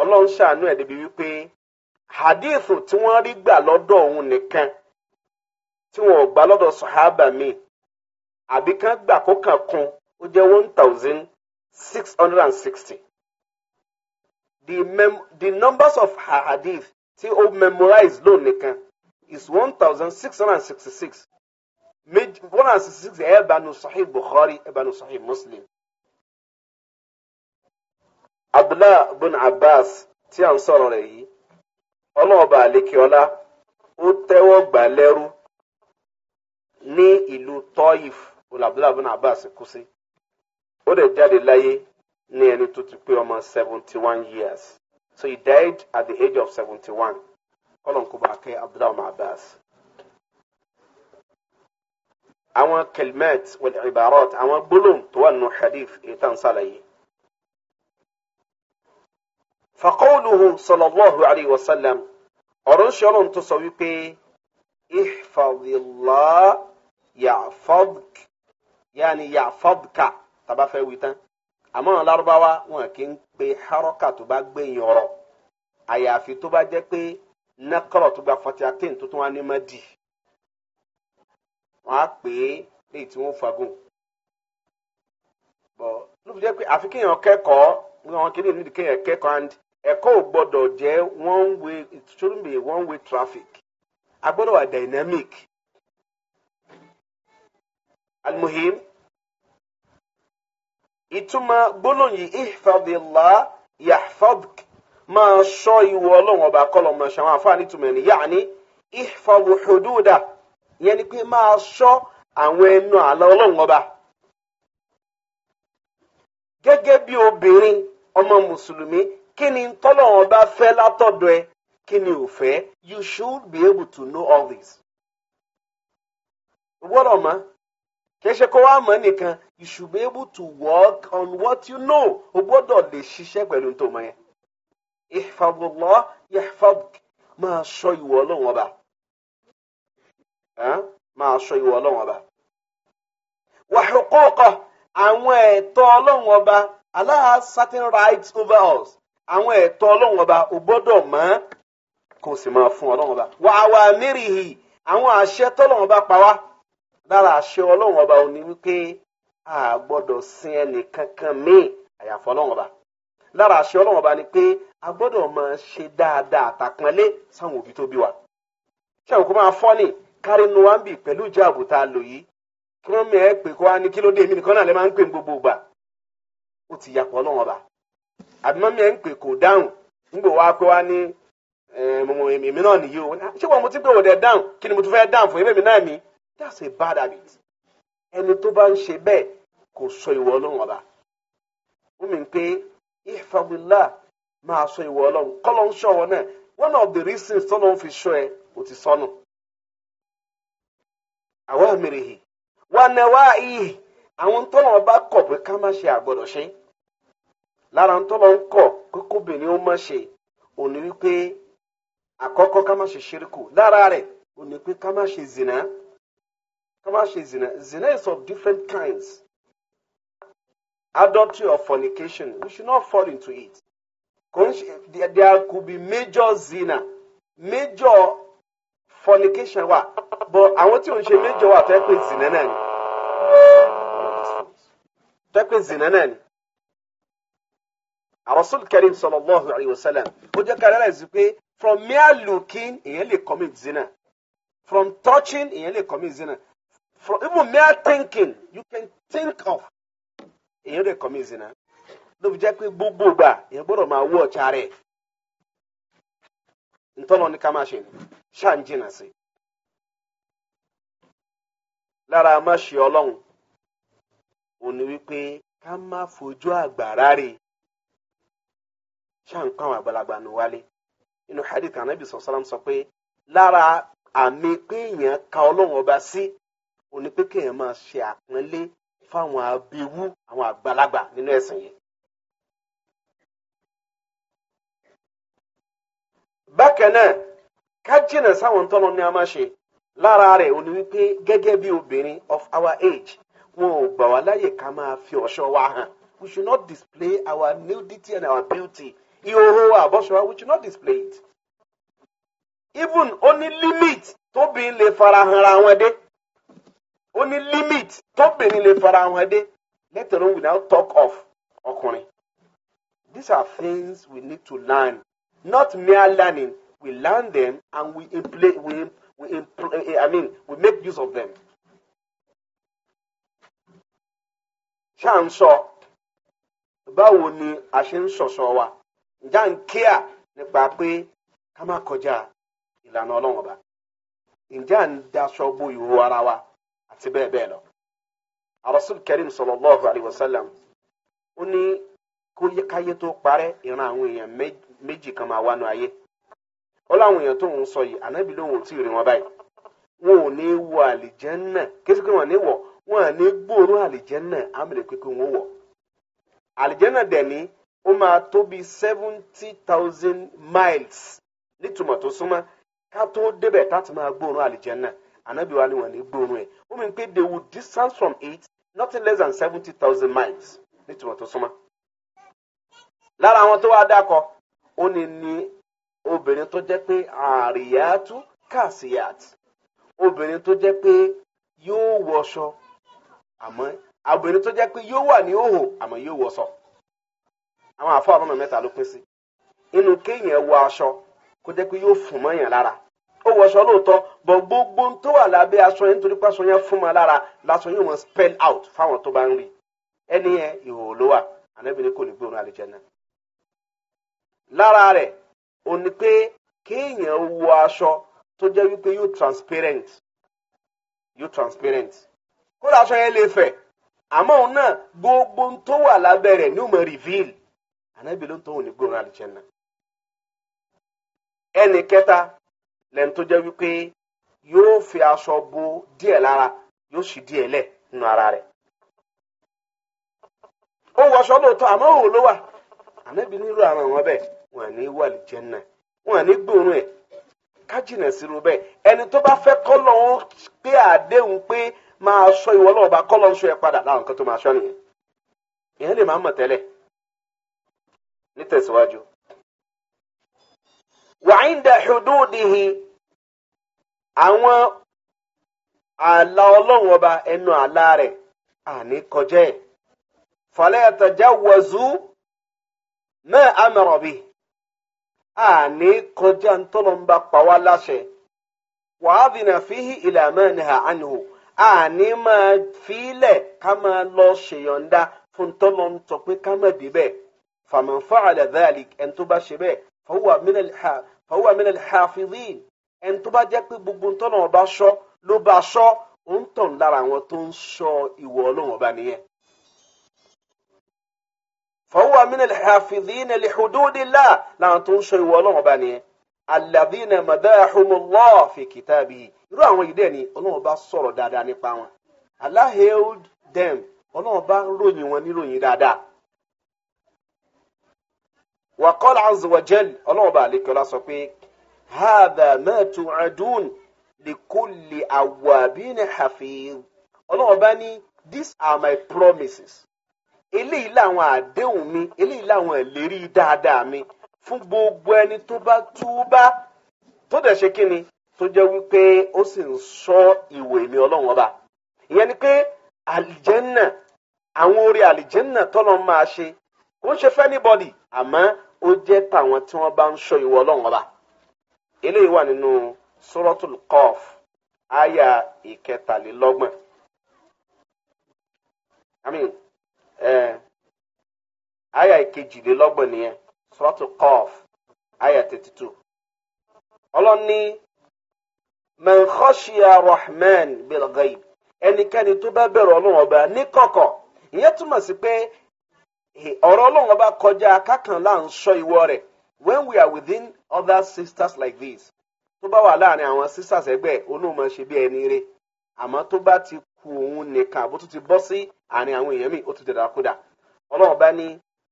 ọlọ́run ṣàánú ẹ̀ débi wípé hadithu tí wọ́n rí gbà lọ́dọ̀ òun nìkan tí wọn ò gbà lọ́dọ̀ sahaba mi àbí kan gbà kó kàn kún ó jẹ́ one thousand six hundred and sixty. The, mem the numbers of her hadith tí ó memorize lóun nìkan is one thousand six hundred and sixty-six one hundred and sixty-six ẹ̀ bá sahih Bukhari ẹ̀ bá sahih Muslim abdullah bin abbas tí à ń sọ̀rọ̀ rẹ̀ yìí ọlọ́ọ̀bà àlekèọ́lá ó tẹ́wọ́ gbà lẹ́rú ní ìlú tọ́yìf abdullah bin abbas kú sí ó dẹ̀ jáde láyé ní ẹni tó ti pé ọmọ seventy one years so he died at the age of seventy one kọ́lọ̀nkúba akẹ́ abdullah bin abbas. àwọn kelmet wal ibarat àwọn gbólóhùn tó wà nínú hadith èyí tá à ń sàlàyé. فقوله صلى الله عليه وسلم ọlọ́run tó sọ wípé ihfadillah yaani yafadka tàbá fẹ́ wí tán àmọ́ lárúbáwá wọn kì í pe haraka tó bá gbẹ̀yìn ọ̀rọ̀ àyàfi tó bá jẹ́ pé tó gba fatia ten tó tún wá ní má dì wọ́n á pè é léyìí tí wọ́n fagùn jẹ́ pé àfi ẹ̀kọ́ gbọdọ gbọ́dọ̀ one way it shouldn't be one way traffic a gbọ́dọ̀ dynamic almuhim ìtumọ̀ gbólóhùn yìí ihfadillah yahfadk máa ṣọ́ ìwọ ọlọ́run ọba kọ́lọ̀ ọmọ ṣàwọn àfáà nítumọ̀ ẹni yaani ihfadu hududa ìyẹn ni pé máa ṣọ́ àwọn ẹnu àlà ọlọ́run ọba bí obìnrin ọmọ kí tolo tọ́lọ́wọ́n bá fẹ́ látọ̀dọ̀ ẹ kí ò fẹ́ you should be able to know all this. gbọ́dọ̀ mọ̀ kì í wá mọ̀ nìkan you should be able to work on what you know o gbọ́dọ̀ lè ṣiṣẹ́ pẹ̀lú tó mọ̀ yẹn. ihfadullah yahfaduk máa sọ ìwọ ọlọ́wọ́n ọba máa sọ ìwọ ọlọ́wọ́n àwọn ẹ̀tọ́ ọlọ́wọ́n certain rights over us. àwọn ẹ̀tọ́ ọlọ́run ọba ò gbọ́dọ̀ mọ́ kó o sì máa fún ọlọ́run ọba wà á wà nírìhì àwọn àṣẹ tọ́lọ́run ọba pa wá lára àṣẹ ọlọ́run ọba ò ní wípé a gbọ́dọ̀ sin ẹnì kankan míì àyàfọ́ ọlọ́run ọba lára àṣẹ ọlọ́run ọba ni pé a gbọ́dọ̀ máa ṣe dáadáa àtàpọ́nlé sáwọn òbí tó bí wa ṣé àwọn kò máa fọ́ ni kárí nu wa ń bì pẹ̀lú ìjà àbùtà lò yìí kí wọ́n mẹ́ẹ̀ẹ́ pè kó wa ní kí ló dé èmi nìkan náà lè máa ń pè ní gbogbo ìgbà ó ti yàpọ̀ ọlọ́run ọba àbímọ́ ń pè kò dáhùn nígbà wá pé wá ní eh, èmi náà nìyí o ah, ṣé wọn mo ti pé òde dáhùn kí ni mo tún fẹ́ dáhùn fún that's a bad habit ẹni tó bá ń kò sọ ìwọ ọlọ́run ọba mi pé máa sọ ìwọ ọlọ́run kọ́lọ́ ń ṣọ́ one of the reasons ń fi ẹ ò ti sọnù àwọn àmì rèé wà náà ọba kọ̀ pé ká má ṣe lára ń tọ́lọ ń kọ̀ pé kóbìnrin ó má ṣe òní wípé àkọ́kọ́ ká má ṣe ṣíríkù lára rẹ̀ òní pé ká má ṣe zina ká má ṣe zina zina is of different kinds adultery or fornication we should not fall into it there could be major zina major fornication wà but àwọn tí ò ṣe major wà tẹ́ pé zina náà ni tẹ́ pé zina náà ni. àròsùn karim sallallahu alayhi wa sallam ó jẹ́ ká realize pé from mere looking èèyàn lè commit zina from touching èèyàn lè commit zina from even mere thinking you can think of èèyàn lè commit zina ló fi jẹ́ pé gbogbo ìgbà èèyàn gbọ́dọ̀ máa wọ ọ̀chá rẹ̀ ntọ́nà ní ká máa ṣe ṣáà ń jìnnà sí lára má ọlọ́run òní wípé ká má fojú àgbàrá rè ṣáà ń kọ́ àwọn àgbàlagbà nù wálé inú hadith anabi sọ̀sọ́lá sọ pé lára àmì kéèyàn ka ọlọ́run ọba sí òní pé kéèyàn máa ṣe àpọ́nlé fáwọn abẹ́wú àwọn àgbàlagbà nínú ẹ̀sìn yìí. bákan náà ká sáwọn tọ́lọ ní a máa ṣe lára rẹ̀ òní wípé gẹ́gẹ́ bí obìnrin of our age wọn ò gbà wá láyè ká máa fi ọ̀ṣọ́ wa hàn we should not display our nudity and our beauty ìhòòhò àbọ̀ṣọ which not displayed even ó ní limit tóbìnrin lè farahàn ra wọn dé ó ní limit tóbìnrin lè farahàn dé let alone we now talk of ọkùnrin these are things we need to learn not mere learning we learn them and we imply we we imply eh, eh, i mean we make use of them. ṣáà ń sọ báwo ni a ṣe ń ṣọ̀ṣọ́ wa ǹjẹ́ nke a kíà nípa pé ká má kọjá ìlànà ọlọ́run ọba ǹjẹ́ à ń daṣọ sallallahu alaihi wasallam ó ní tó ìran àwọn èèyàn méjì kan máa wánu ayé ó láwọn èèyàn tó ń sọ yìí ànábì tí ì rí wọn báyìí wọn ò ní wọ àlìjẹ́nnà kéṣíkì wọn ní wọ wọn à ní gbòòrò àmì lè ó máa tó bí seventy thousand miles nítumọ̀ tó súnmọ́ ká tó débẹ̀ táti máa gbóòórùn àlìjẹ́nà ànábì wa ni wọ́n ní gbóòórùn ẹ̀ ó mean pé they would distance from it nothing less than seventy thousand miles nítumọ̀ tó súnmọ́. lára àwọn tó wá dákọ̀ ó ní ní obìnrin tó jẹ́ pé àríyáàtú kàṣíyàtì obìnrin tó jẹ́ pé yóò wọṣọ àmọ́ obìnrin tó jẹ́ pé yóò wà ní òhò àmọ́ yóò wọṣọ àwọn àfọ àbọ̀nà mẹ́ta ló pín sí inú kéèyàn wọ aṣọ kó jẹ́ pé yóò fún mọ́ yàn lára ó wọṣọ lóòótọ́ bọ̀ gbogbo tó wà lábẹ́ aṣọ yẹn nítorí pé aṣọ yẹn fún mọ́ lára lásán yóò mọ̀ spell out fáwọn tó bá ń rí ẹni yẹn ìhòòhò ló wà ànábì ní kò ní gbóòórùn àlùjánnà lára rẹ̀ ò ní pé kéèyàn wọ aṣọ tó jẹ́ wípé yóò transparent yóò transparent kódà aṣọ yẹn lè fẹ̀ àmọ́ òun náà gbogbo tó wà lábẹ́ rẹ̀ ni ó mọ̀ reveal ana ebilo ntɔ wɔn egbɔn adi kyɛn na ɛni kɛta lɛ ntɔdya yoo fi asɔ bo diɛ lara yoo si diɛ lɛ nu ara rɛ o wɔ sɔ do tɔ ama wo lo wa ana ebi ni ru ara wɔn bɛ wɔn ani wɔ adi kyɛn na wɔn ani gbɔn yɛ kagye na si ro bɛ ɛni tɔ ba fɛ kɔlɔ wo kpe ade wo kpe maa sɔ yi wɔlɔ ba kɔlɔ nso yɛ pada da na nkɛtɔ ma sɔ ni nítẹ̀síwájú. wàhíndà hududihi àwọn ààlà ọlọ́run ọba ẹnu ààlà rẹ̀ àní kọjá ẹ̀ fala yatajawwazu A amara bi àní kọjá ntọ́lọ́mba pàwá láṣẹ wàhádìnà fíhí ila manha anhu àní máa fílẹ̀ ká máa lọ ṣèyọ̀ǹda fún tọ́lọ́ntọ́ pé ká má فمن فعل ذلك ẹni tó bá ṣe bẹ́ẹ̀ فهو من الح فهو من الحافظين ẹni tó bá jẹ́ pé gbogbo ntọ́nà ọba ṣọ́ ló bá ṣọ́ ó ń tàn lára àwọn tó ń ṣọ́ ìwọ ọlọ́run ọba nìyẹn. فهو من الحافظين لحدود الله làwọn tó ń ṣọ́ ìwọ ọlọ́run ọba nìyẹn. الذين مدحهم الله في كتابه irú àwọn yìí dẹ̀ ni ọlọ́run ọba sọ̀rọ̀ dáadáa nípa wọn. Allah hailed them ọlọ́run ọba ròyìn wọn níròyìn dáadáa. وقال عز وجل الله بالك لا هذا ما توعدون لكل أواب حفيظ الله بني these are my promises eléyìí làwọn àdéhùn mi eléyìí làwọn ìlérí dáadáa mi fún gbogbo ẹni tó bá túbá tó dẹ̀ ṣe kíni tó jẹ́ wípé ó sì ń sọ ìwé mi ọlọ́run ọba ìyẹn ni pé àlìjẹ́nà àwọn orí àlìjẹ́nà tọ́lọ́ máa ṣe kò ń ṣe ó jẹ́ tàwọn tí wọ́n bá ń sọ ìwọ ọlọ́run ọba eléyìí wà nínú suratul Qaf àyà ìkẹtàlélọ́gbọ̀n àmín àyà ìkejìlélọ́gbọ̀n nìyẹn suratul Qaf àyà thirty two ọlọ́ni man khashiya rahman bil ghaib ẹnikẹ́ni tó bá bẹ̀rù ọlọ́run ọba ní kọ̀kọ̀ ìyẹn túmọ̀ sí pé ọ̀rọ̀ ọlọ́run ọba kọjá akákan là ń sọ ìwọ rẹ̀ when we are within other sisters like this tó bá wà láàrin àwọn sisters ẹgbẹ́ olóòmọ ṣe bí ẹni rẹ̀ àmọ́ tó bá ti ku òun nìkan àbó tó ti bọ́ sí àárín àwọn èèyàn mi ó ti dẹ̀dà kúdà ọlọ́run ọba ní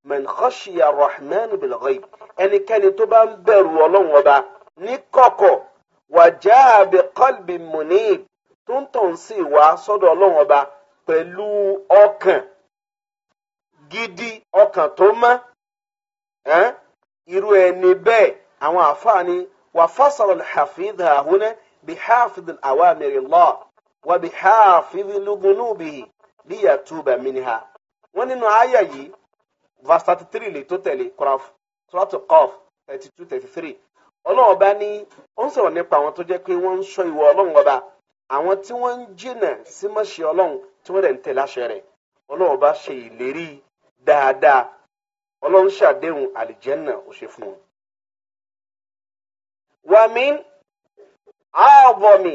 man rahman bil ghaib ẹnikẹ́ni tó bá ń bẹ̀rù ọlọ́run ọba ní kọ̀kọ̀ wàjá bi qalbi munib tó ń tàn sí ìwà sọ́dọ̀ ọlọ́run ọba pẹ̀lú ọkàn gidi ọkàn tó mọ́ irú ẹni bẹ́ẹ̀ àwọn àfààní wà fásọ̀rọ̀ hafidh ahunẹ́ bí hafidh awamirila wà bí awa lugunubihi liyatuba minha wọ́n nínú àyà yìí verse thirty three lè tó tẹ̀lé Qaf thirty two thirty three ọlọ́run ọba ní ó ń sọ̀rọ̀ nípa àwọn tó jẹ́ pé wọ́n ń sọ ìwọ ọlọ́run ọba àwọn tí wọ́n ń jìnà tí wọ́n dẹ̀ ń ọba ṣe dáadáa ọlọ́run ṣàdéhùn àlìjẹ́nà ó wa fún wọn. wàmí ààbọ̀mì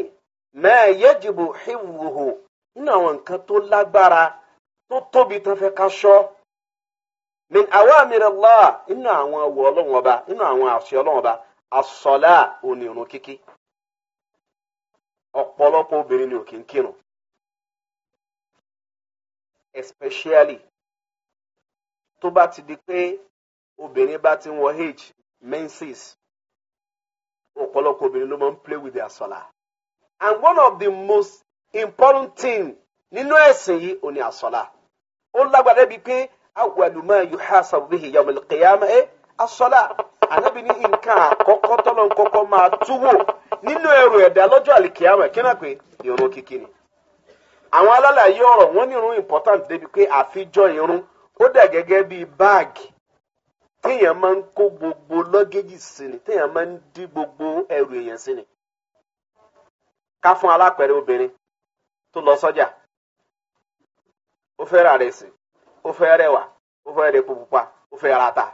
máa yẹ́jìbò híwùhù nínú àwọn nǹkan tó lágbára tó tóbi fẹ́ ká ṣọ́ min awamir Allah nínú àwọn ọwọ́ ọlọ́run ọba nínú àwọn àṣẹ ọlọ́run ọba àsọlá òní kíkí ọ̀pọ̀lọpọ̀ ni especially tó bá ti di pé obìnrin bá ti ń wọ age menses ọ̀pọ̀lọpọ̀ obìnrin ló máa ń play with their solar and one of the most important thing nínú ẹ̀sìn yìí ò ní àsọlá ó lágbára bíi pé awàlùmọ́ yuhasabu bihi yawmal qiyamah eh, ẹ́ asọ́lá ànábì ní nǹkan àkọ́kọ́ tọ́lọ́ kọ́kọ́ máa túwò nínú ẹrù ẹ̀dá lọ́jọ́ àlìkìyàmọ̀ kí náà pé ìrun kíkí ni. àwọn alálàyé ọ̀rọ̀ wọ́n ní irun important débi pé àfijọ́ irun o dà gẹ́gẹ́ bíi báàgì téèyàn máa ń kó gbogbo lọ́gẹ́jì sí ni téèyàn máa ń gbogbo ẹrù èèyàn sí ni. ká fún alápẹ̀rẹ̀ obìnrin tó lọ sọ́jà ó fẹ́ ra rẹ̀ sí ó fẹ́ rẹwà ó fẹ́ pupa ó fẹ́ ra ta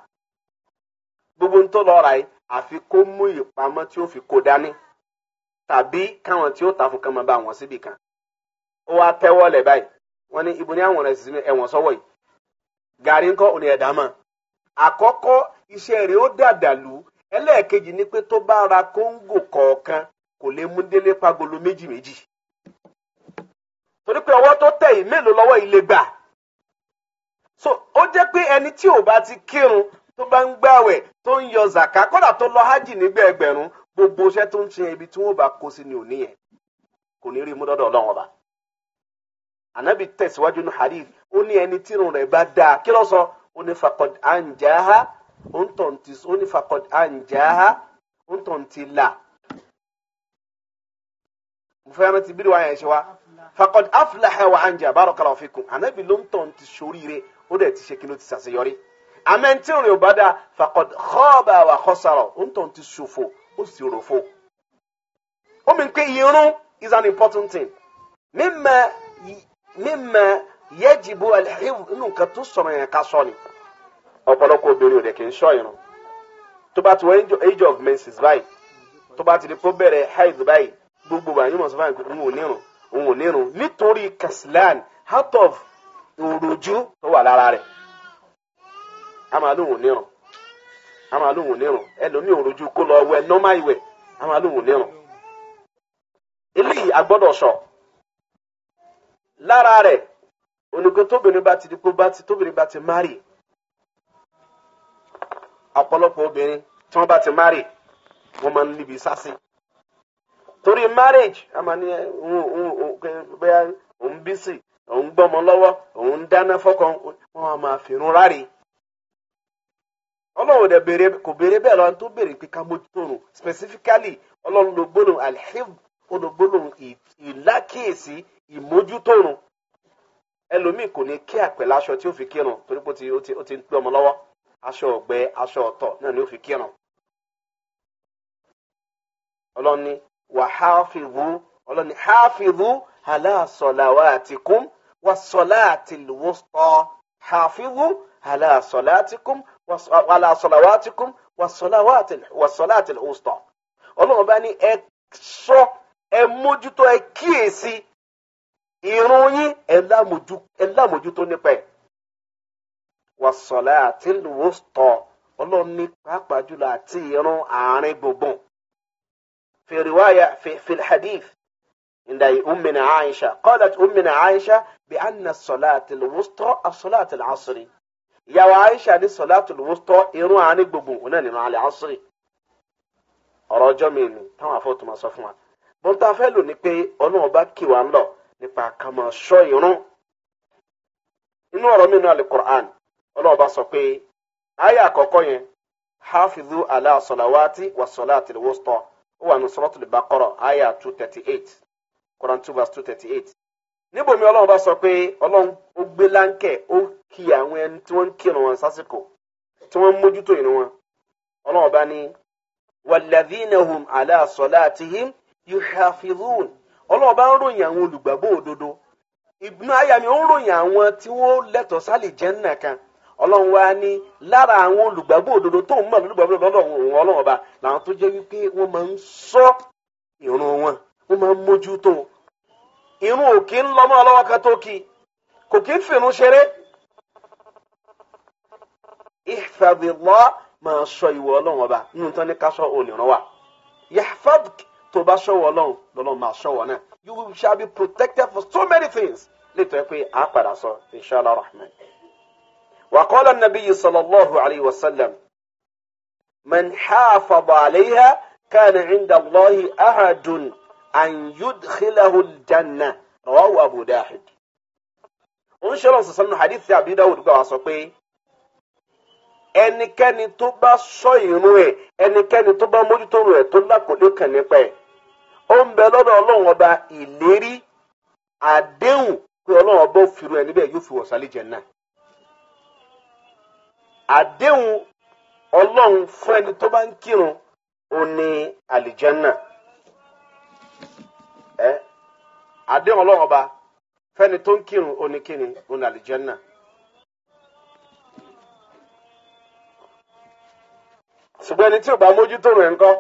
gbogbo ń tó lọ ra yìí àfi kó mú ìpamọ́ tí ó fi kó dání tàbí ta fún kan máa bá wọn síbì kan ó wá tẹ́wọ́ lẹ̀ báyìí wọ́n àwọn ẹ̀wọ̀n sọ́wọ́ yìí gàrí ńkọ́ òní ẹ̀dá mọ̀ àkọ́kọ́ iṣẹ́ rẹ̀ ó dàdàlú ẹlẹ́ẹ̀kejì ni pé tó bá ra kóńgò kọ̀ọ̀kan kò lè mú délé pagolo méjì méjì torí pé ọwọ́ tó tẹ̀ yìí mélòó lọ́wọ́ yìí lè gbà so ó jẹ́ pé ẹni tí ò bá ti kírun tó bá ń gbàwẹ̀ tó ń yọ zàká kódà tó lọ hajj nígbà ẹgbẹ̀rún gbogbo iṣẹ́ tó ń ṣe ibi tí wọ́n bá kó sí ni òní yẹn anabi tẹ̀síwájú ní hadith ó ní ẹni tírun rẹ̀ bá dáa kí ló sọ ó ní fakọd anjaha ó ń tọ̀ ntì ó ní fakọd anjaha ó ń tọ̀ ntì là mo fẹ́ rántí bí wàá yẹn ṣe wá fakọd aflaha wa anja barakallahu fikum anabi ló ń tọ̀ ntì sóríire ó dẹ̀ ti ṣe kí ló ti ṣàṣeyọrí àmọ́ ẹni tírun rẹ̀ bá dáa fakọd khaba wa khasara ó ń tọ̀ ntì ṣòfò ó sì rọ̀fọ̀ is an important thing mímẹ́. mímọ yẹjibu alihimu inú nǹkan tó sọ̀rọ̀ yẹn ká sọ ni ọ̀pọ̀lọpọ̀ obìnrin kì í sọ irun tó bá ti wọ age of menses báyìí tó bá ti di kó gbogbo bá yín mọ̀ sọ báyìí n ò nírun nírun nítorí kasilan of òròjú tó wà lára rẹ̀ a nírun a nírun lára rẹ̀ onígbé tóbìnrin bá ti di bá ti tóbìnrin bá ti márì ọ̀pọ̀lọpọ̀ obìnrin tí wọ́n bá ti márì wọ́n máa ń níbi torí marriage a máa ní bẹ́ẹ̀ òun bísí òun gbọ́mọ lọ́wọ́ òun dáná fọ́kàn wọ́n á máa fìrún ọlọ́run dẹ̀ kò bẹ́ẹ̀ lọ́wọ́ tó béèrè pé ká mójútó specifically ọlọ́run ló gbóná alhib olùgbólóhùn ìlákìyèsí ìmójútòrùn ẹlòmíì kò ní kí àpẹlẹ aṣọ tí ó fi kírun torí pé ó ti ń pé ọmọ lọ́wọ́ aṣọ ọ̀gbẹ aṣọ ọ̀tọ̀ náà ni ó fi kírun. ọlọ́ni wàháfìrú ọlọ́ni háfìrú aláṣọláwà àtìkún wàṣọlá àtìlúwọ́sọ háfìrú aláṣọlá àtìkún wàṣọláwà àtìkún wàṣọlá àtìlúwọ́sọ ọlọ́run bá ní ẹ sọ ẹ mójútó ẹ kíyèsí irun yín ẹ lámójútó nípa ẹ. wàsọ̀lá àti lùwọ́sọ̀tọ̀ ọlọ́run ní pàápàá jùlọ àti irun àárín gbùngbùn. في رواية في, في الحديث عند أمنا عائشة قالت أمنا عائشة بأن الصلاة الوسطى الصلاة العصري يا عائشة دي الصلاة الوسطى إيرو عن ببون هنا على العصري رجمين تما فوت ما صفوان wọ́n tá a fẹ́ lò ní pé kì wá ń lọ nípa ṣọ́ irun ọ̀rọ̀ sọ pé aya àkọ́kọ́ yẹn hafizu ala salawati wa salati alwusta ó wà ní suratul baqara aya two thirty eight quran two verse two thirty eight níbòmí ọlọ́run bá sọ pé ọlọ́run ó gbé ó kí àwọn ẹni tí wọ́n ń yuhafizun ọlọ́ọ̀bá ń ròyìn àwọn olùgbàgbọ́ òdodo ìbínú ayami ó ń ròyìn àwọn tí wọ́n lẹ́tọ̀ọ́ sálì kan ọlọ́run wa ní lára àwọn olùgbàgbọ́ òdodo tó ń mọ̀ lólùgbàgbọ́ òdodo òun ọba làwọn tó jẹ́ wípé wọ́n máa ń sọ wọn wọ́n máa ń mójútó òkè ń lọ́mọ́ ọlọ́wọ́ kan tó kò fìrun ṣeré máa sọ ìwọ ọlọ́run ọba nínú tán tó bá ṣọwọ́ ọlọ́run lọ́lọ́run máa ṣọwọ́ náà you shall be protected for so many things nítorí pé a padà sọ inshallah rahman. وقال النبي صلى الله عليه وسلم من حافظ عليها كان عند الله أحد أن يدخله الجنة رواه أبو داود ń ṣe lọ́sọ̀ sọ́nù hadith àbí dáwùd gbà wá sọ pé ẹnikẹ́ni tó bá ṣọ́ ìrun ẹ̀ ẹnikẹ́ni tó bá mójútó rẹ̀ tó lákòólé kàn nípa ẹ̀ ó ń bẹ lọ́dọ̀ ọlọ́run ọba ìlérí àdéhùn pé ọlọ́run ọba ó fi ru yufu yóò fi àdéhùn ọlọ́run fún ẹni tó bá ń kírun ó ẹ àdéhùn ọlọ́run ọba fẹ́ni tó ń kírun kíni ṣùgbọ́n ẹni tí ò bá mójútó rẹ̀ ńkọ́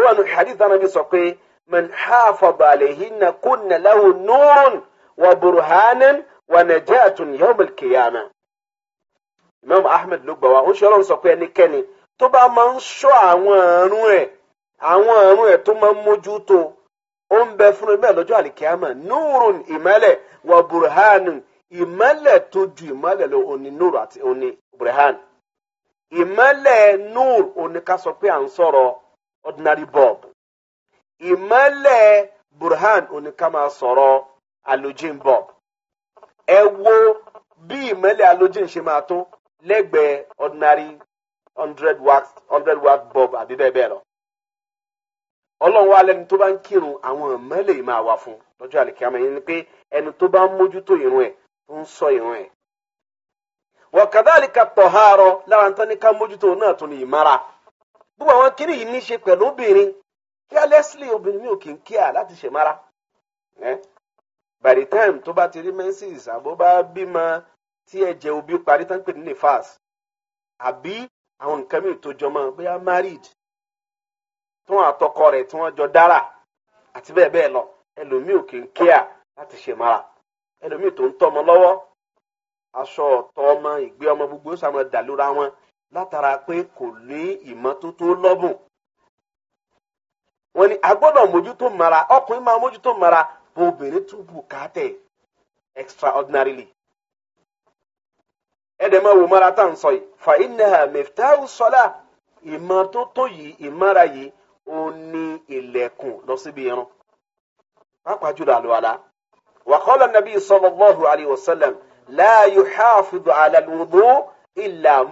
ó wà lórí hadith dáná mi sọ pé man hafadha alayhinna kunna lahu nurun wa burhanan wa najatun yawm al-qiyamah. imam ahmed ló gbà wá ó ń sọ pé ẹnikẹ́ni tó bá máa ń ṣọ́ àwọn àrùn ẹ̀ àwọn àrùn ẹ̀ tó máa ń mójútó ó ń bẹ fún ẹgbẹ́ lọ́jọ́ àlìkíyàmà nurun ìmọ́lẹ̀ wa burhanun ìmọ́lẹ̀ tó ju ìmọ́lẹ̀ lọ òní nuru àti òní burhan ìmọ́lẹ̀ nur òní ká sọ pé à ń sọ̀rọ̀ ordinary bulb ìmọ́lẹ̀ burhan òní sọ̀rọ̀ halogen bulb ẹ wo bí ìmọ́lẹ̀ alojin ṣe máa tó lẹ́gbẹ̀ẹ́ ordinary hundred watt hundred watt bulb àbí bẹ́ẹ̀ bẹ́ẹ̀ lọ ọlọ́run wa lẹni tó bá ń kírun àwọn ìmọ́lẹ̀ yìí máa wà fún lọ́jọ́ yẹn ni pé ẹni tó bá ń mójútó ẹ̀ tó ń sọ ẹ̀ gbogbo àwọn kiri yìí ní í ṣe pẹ̀lú obìnrin carelessly obìnrin mi ò kì í kíà láti ṣe mara by the time tó bá ti rí menses àbó bá bímọ tí ẹ̀jẹ̀ obi parí tán pè ní nefas àbí àwọn nǹkan mìíràn tó jọmọ bóyá married tí wọn àtọkọ rẹ̀ tí wọn jọ dára àti bẹ́ẹ̀ bẹ́ẹ̀ lọ ẹlòmíì ò kì í kíà láti ṣe mara ẹlòmíì tó ń tọ́ ọmọ lọ́wọ́ aṣọ ọ̀tọ̀ ọmọ ìgbé ọmọ gbogbo sàmọ̀ dàlúra wọn látara pé kò ní ìmọ́tótó lọ́bùn. wọ́n ní agbọ́dọ̀ mójútó mara ọkùnrin máa mójútó mara bó obìnrin tún bù káàtẹ̀ extraordinarily. ẹ̀dẹ̀ máa wò mara tá à ń sọ yìí fa innaha miftahu sọlá ìmọ́tótó yìí ìmára yìí ó ní ilẹ̀kùn lọ síbi irun. pàápàá jùlọ àlùwàlá. wa nàbí wa ala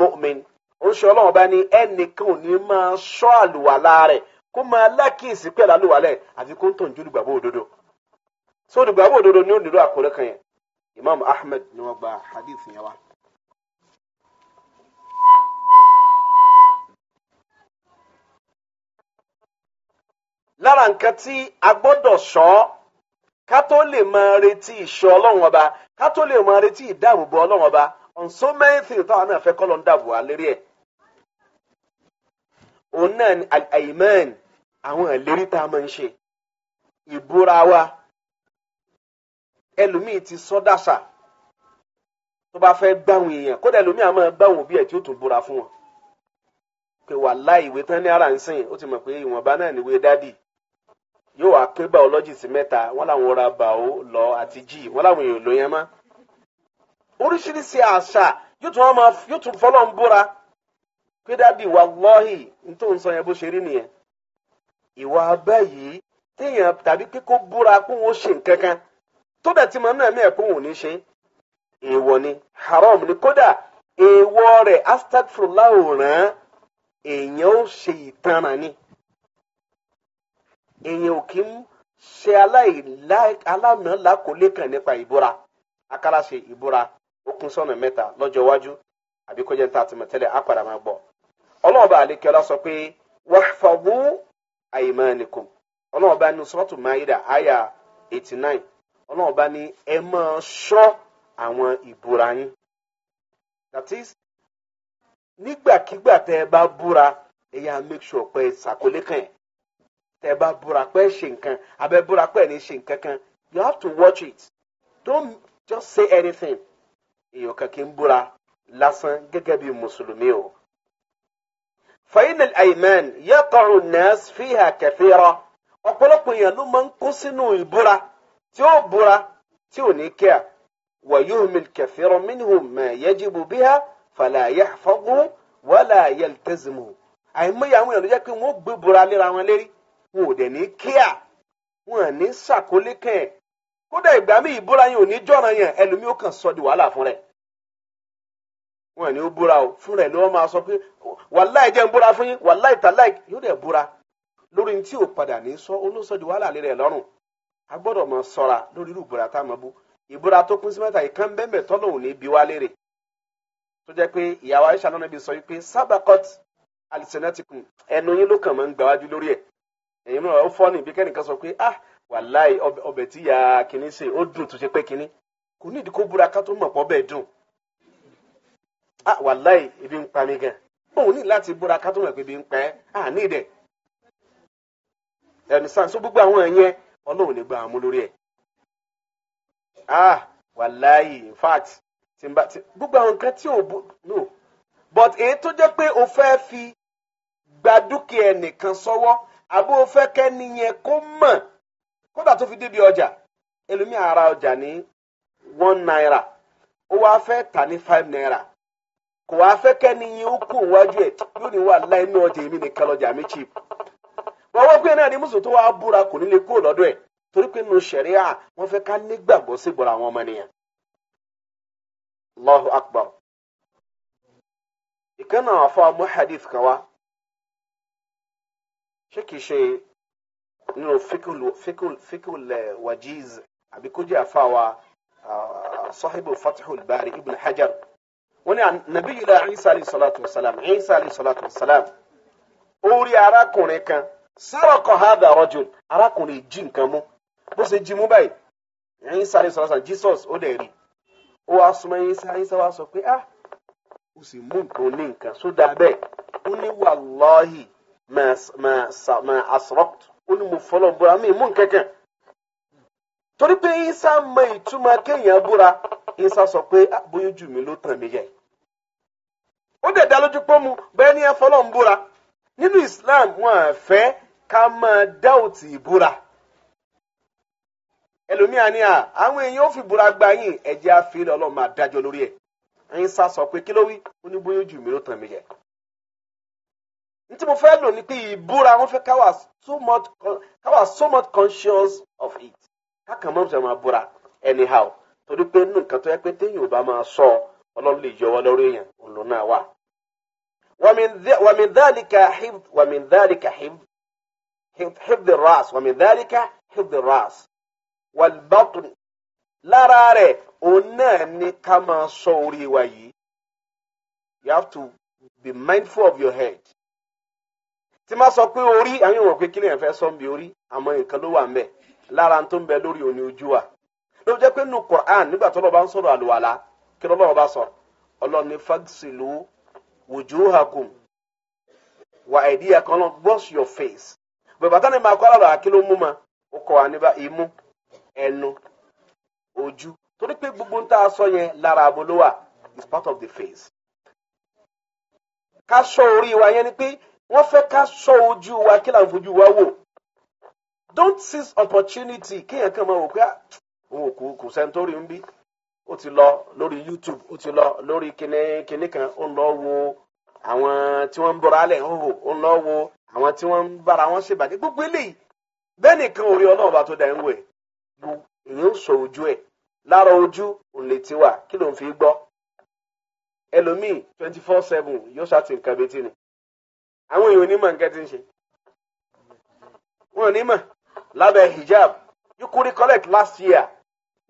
ó ṣe ọlọ́run bá ní ẹnìkan ò ní máa ṣọ́ àlùwàlá rẹ̀ kó máa lákìsí pẹ̀lú àlùwàlá rẹ̀ àfi kó ń tàn ju olùgbàgbọ́ òdodo so olùgbàgbọ́ òdodo ni ó nílò kan yẹn Imam Ahmed ni wọ́n gba hadith yẹn wá. lára nǹkan tí a gbọ́dọ̀ ṣọ́ ká tó lè máa retí ìṣọ́ ọlọ́run ọba ká tó lè máa retí ìdáàbòbò ọlọ́run ọba on so many things táwọn náà fẹ́ kọ́ ló ń dàbò wá lérí ẹ̀ òun náà ni al-aiman àwọn ìlérí tá a máa ń ṣe ìbúra wa ẹlòmíì ti sọdàṣà tó bá fẹ́ gbáwọn èèyàn kódà ẹlòmíì á máa gbáwọn òbí ẹ̀ tí ó tún búra fún wọn pé wàláhì ìwé tán ní ara ń sìn ó ti mọ̀ pé ìwọ̀nba náà níwé dádì yóò wá pé bàọ́lọ́jìsì mẹ́ta wọ́n làwọn ra bàó lọ àti jì wọ́n làwọn èèyàn ló yẹn mọ́ oríṣiríṣi àṣà yóò tún fọlọ́ ń búra fida dábì wàláhì n tó ń sọ yẹn bó ṣe rí nìyẹn ìwà báyìí téèyàn tàbí pé búra kó wọn ṣe nǹkan tó dẹ̀ ti ní ṣe èèwọ̀ ni haram ni kódà èèwọ̀ rẹ̀ astagfirullah ràn èèyàn ó ṣe ìtanràn ni èèyàn ò ṣe nípa ìbúra ìbúra iwájú ọlọ́ọ̀bá àlekẹ́lá sọ pé wàhfàbù àyèmánìkùn ọlọ́ọ̀bá ní sọ́tù máyídà àyà eighty nine ọlọ́ọ̀bá ní ẹ máa ṣọ́ àwọn ìbúra yín that is nígbàkigbà tẹ ẹ bá búra ẹ yà make sure pé ṣàkólé kàn ẹ tẹ ẹ bá búra pé ṣe nǹkan abẹ búra pé ní ṣe nǹkan you have to watch it don't just say anything èèyàn kankan búra lásán gẹ́gẹ́ bí mùsùlùmí o. فإن الأيمان يقع الناس فيها كثيرا ọ̀pọ̀lọpọ̀ èèyàn ló máa ń kó sínú ìbúra tí ó búra tí ò ní kíá ويهمل كثير منهم ما يجب بها فلا يحفظه ولا يلتزمه. àìmọye àwọn èèyàn ló jẹ́ pé wọ́n gbé búra léra wọn lérí wọn ò dẹ̀ ní kíá wọn ní ṣàkólé kódà ìgbà míì ìbúra yẹn ò ní jọ̀ràn yẹn ẹlòmíì ó kàn sọ di wàhálà fún rẹ̀. wọn ni ó búra o fúnra ẹ̀ ni wọ́n máa sọ pé wàláì jẹ́ ń búra fún yín wàláì tàláì yóò dẹ̀ búra lórí tí ò padà ní sọ olóṣòdì wàhálà lé rẹ̀ a gbọ́dọ̀ mọ ṣọ́ra lórí irú ìbúra tá a máa bú ìbúra tó kún sí mẹ́ta bẹ́ẹ̀ ní bí wá léèrè. tó jẹ́ pé ìyàwó Aisha sọ sábàkọ́t ẹnu yín ló kàn ah wàláì ebi ń pa mí gan òun ní láti búra ká tó mọ̀ pé ebi ń pa ẹ́ à ah, ní ìdẹ̀ ẹni sàn so gbogbo àwọn ẹ̀yẹn ọlọ́run lè gba àwọn ọmọ lórí ẹ̀ ah wàláì in fact gbogbo àwọn nǹkan tí ò no but èyí tó jẹ́ pé o fẹ́ fi gba dúkìá ẹnìkan sọ́wọ́ àbí o fẹ́ kẹ́ni yẹn kó mọ̀ kódà tó fi débi ọjà ẹlòmíà ara ọjà ní one naira ó wá fẹ́ tà ní five naira kò wá fẹ́ kẹ́ni yín ó kó wájú ẹ̀ yóò ní wà láì ọjà èmi nìkan lọ́jà mi chip. wọ́n wọ́n pé náà ni mùsùlùmí tó wá búra kò ní lè kó lọ́dọ̀ ẹ̀ torí pé nínú ṣẹ̀ríà wọ́n fẹ́ ká nígbàgbọ́ sí ìbọ̀rọ̀ àwọn ọmọ nìyẹn. Allahu akbar. hadith kan wá ṣé kìí ṣe hajar. wani ní nàbíyí la Isa alayhi salatu wasalam Isa alayhi salatu wasalam ó rí arákùnrin kan sárọkọ hada rajul arákùnrin jí nǹkan mú bó ṣe jí mú báyìí Isa alayhi salatu wasalam Jesus ó dẹ̀ rí ó wá súnmọ́ Isa Isa sọ pé ah ó sì mú nǹkan ní nǹkan sódà bẹ́ẹ̀ ó ní wàláhì mà ó ní mo fọlọ́ mi mú torí pé Isa mọ ìtumọ̀ ó dẹ̀ dá lójú pé mu bẹ́ẹ̀ ni ẹ ń búra Islam wọn à fẹ́ ká máa dá òtì ìbúra ẹlòmíà ni à àwọn èèyàn ò fi búra gba yín ẹ̀jẹ̀ àfihàn ọlọ́run máa dájọ́ lórí ẹ̀ ẹ̀yin sá sọ pé kí ló wí oníbóyún jù mí ló tàn mí jẹ mo fẹ́ lò so much conscious of it kákan mọ́ sọ ma búra anyhow torí pé nínú nǹkan tó yẹ pé téèyàn ò bá máa sọ ọlọ́run lè yọ wá lọ́rọ̀ èèyàn òun náà wà. wàmín dálíkà hifd wàmín dálíkà hifd hifd ras wàmín dálíkà hifd ras wàlbàtún lára rẹ̀ òun náà ní ká máa ṣọ́ orí wa yìí you have to be mindful of your head. tí máa sọ pé orí àwọn ìwọ̀n pé kí lèèyàn fẹ́ sọ ń bi orí àmọ́ nǹkan ló wà ń bẹ̀ lára tó ń bẹ lórí òní ojú wa ló jẹ́ pé nínú Qur'an nígbà tó lọ́ọ́ bá ń sọ̀rọ̀ àlùwàlá kí lọ́lọ́run ọba sọ ọlọ́run ní fagsilu wujuhakum wà ẹ̀díyà kan lọ́n wash your face bàbá tani máa kọ́ àlọ́ àkí mú ma ó kọ́ wa níbà imú ẹnu ojú torí pé gbogbo ń tá a sọ yẹn lára àbò ló is part of the face. ká sọ orí wa yẹn ni pé ká sọ ojú wa kí là ń fojú wa wò don't seize opportunity kéèyàn kan máa wò pé ah, òun kò sẹ́ńtórì ń bí ó ti lọ lórí youtube ó ti lọ lórí kinní kan ó ń lọ wo àwọn tí wọ́n ń bọra alẹ hóhò ó ń lọ wo àwọn tí wọ́n ń bára wọn ṣèbàjẹ́ gbogbo eléyìí bẹ́ẹ̀ nìkan orí Ọlọ́run bá tó dá ń wẹ èyàn sọ ojú ẹ lára ojú òun lè ti wà kí ló ń fi gbọ́ ẹlòmíì twenty four seven yóò ṣàtì nǹkan betí ni àwọn èèyàn onímọ̀ nǹkan ti ń ṣe wọn ò lábẹ́ hijab you could recollect last year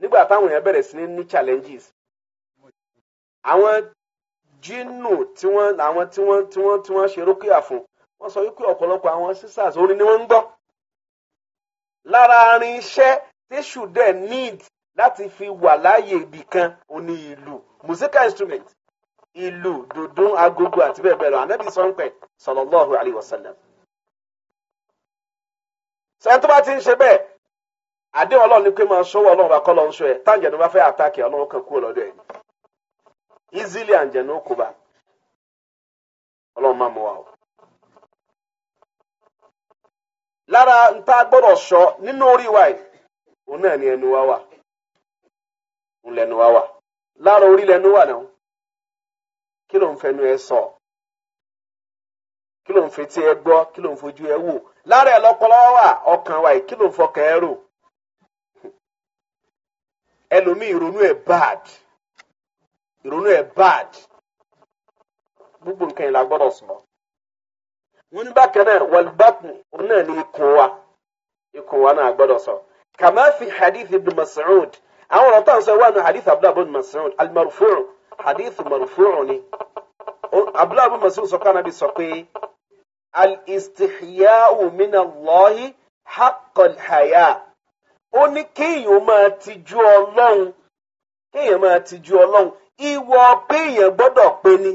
nígbà táwọn èèyàn bẹ̀rẹ̀ sí ní ní challenges àwọn jíìnù tí wọ́n àwọn tí wọ́n tí wọ́n tí wọ́n ṣe rókìá fún wọ́n sọ wípé ọ̀pọ̀lọpọ̀ àwọn sisters orin ni wọ́n ń gbọ́ lára arin iṣẹ́ tẹ́sù dẹ̀ need láti fi wà láàyè ibì kan òní ìlú musical instrument ìlú dùndún agogo àti bẹ́ẹ̀ bẹ́ẹ̀ lọ ànábì sọ ń pẹ̀ sallallahu alaihi wasallam. sẹ́ńtúbà ti ń ṣe bẹ́ẹ̀ ade ọlọ́run ni pé máa sọ wọ ọlọ́run bá kọ́ lọ sọ ẹ táǹjẹ̀ ló bá fẹ àtàkì kan kúrò lọ́dọ̀ ẹ̀ easily àǹjẹ̀ ló kó bá ọlọ́run máa wa o. lára nta agbọrọ sọ nínú orí wa yìí òun náà ni ẹnu wa wà òun lẹnu wa wà lára orí lẹnu wà náà kí ló ń fẹnu ẹ sọ kí ló ń fetí ẹ kí ló ń wa yìí kí ló ń fọkàn ẹlòmíì ìrònú ẹ̀ bad ìrònú ẹ̀ bad gbogbo nǹkan yìí la gbọ́dọ̀ sọ. wọ́n ní bákan náà wàlúbàtì òun náà ní ikùn wa ikùn wa náà gbọ́dọ̀ sọ. kàmá fi hadith ibn Mas'ud àwọn ọ̀rọ̀ táwọn sọ wà ní hadith abdullahi ibn Mas'ud al hadith marfu' ni abdullahi ibn Mas'ud sọ pé anabi sọ pé al-istihya'u min Allahi haqqal haya'. ó ní kéèyàn ó máa tijú ọlọ́run kéèyàn máa tijú ọlọ́run ìwọ péèyàn gbọ́dọ̀ ni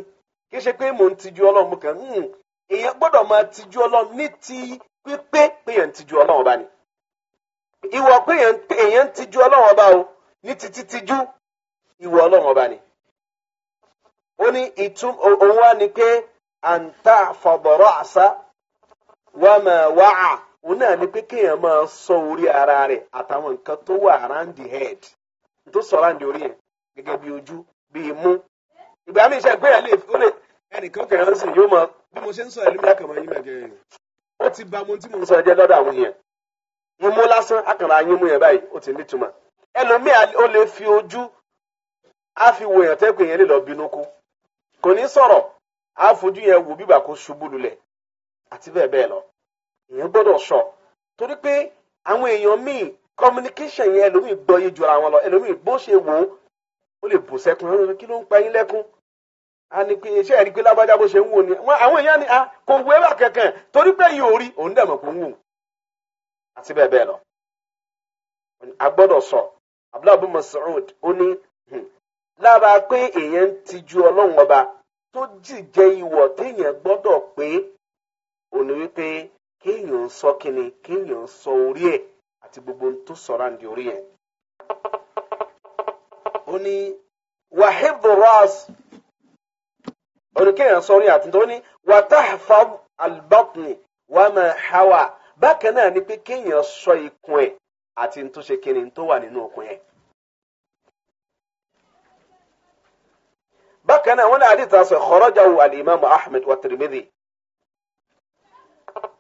kí ṣe pé mò ń tijú ọlọ́run mo kàn ń hmm, èèyàn gbọ́dọ̀ máa tijú ọlọ́run ní ti pípé péèyàn tijú ọlọ́run ọba ni ìwọ péèyàn tijú ọlọ́run ọba o ti ju ìwọ ọlọ́run ọba ni ó ní ìtum òun wá ni pé àǹtà fọ̀bọ̀rọ̀ àṣà òun náà ni pé ma máa sọ ori ara rẹ̀ àtàwọn nǹkan tó wà around the head tó sọ around the orí yẹn bi bí ojú bí imú ìgbà mi iṣẹ́ ìgbéyàwó lè fi lè ẹnìkan kẹrin ọ̀sìn yóò ma bi mo se ń sọ mi àkàmọ́ yín ti ba mo ti mo ń sọ jẹ́ lọ́dọ̀ àwọn yẹn imú akara àkàrà ayé mú ti nítumọ̀ ẹlòmíà ó fi fi wo lọ èèyàn gbọ́dọ̀ sọ torí pé àwọn èèyàn míì communication yẹn ẹlòmíì gbọ́ yé ju ara wọn lọ ẹlòmíì bó ṣe wò ó ó lè bù sẹ́kùn ẹ̀rọ kí ló ń pa yín lẹ́kùn a ní pé iṣẹ́ ẹ̀rí pé lábájá bó ṣe ń wò ni àwọn èèyàn ni a kò wé wà kankan torí pé yìí ò rí òun dẹ̀ mọ̀ kó ń wò àti bẹ́ẹ̀ bẹ́ẹ̀ lọ. a gbọ́dọ̀ sọ Abdullahi bin Mas'ud ó ní hmm, lára pé èèyàn ti ju ọlọ́run ọba tó jìjẹ ìwọ̀ téèyàn gbọ́dọ̀ pé òní wípé kéèyàn sọ kíni kéèyàn sọ orí ẹ̀ àti gbogbo ohun tó sọ̀rọ̀ àǹdí orí ẹ̀. ó ní oníkéèyàn sọ orí ní hawa bákan náà ni pé kéèyàn sọ ikùn ẹ̀ àti tó ṣe kíni tó wà nínú okùn ẹ̀. bákan náà wọn ní àdìtà sọ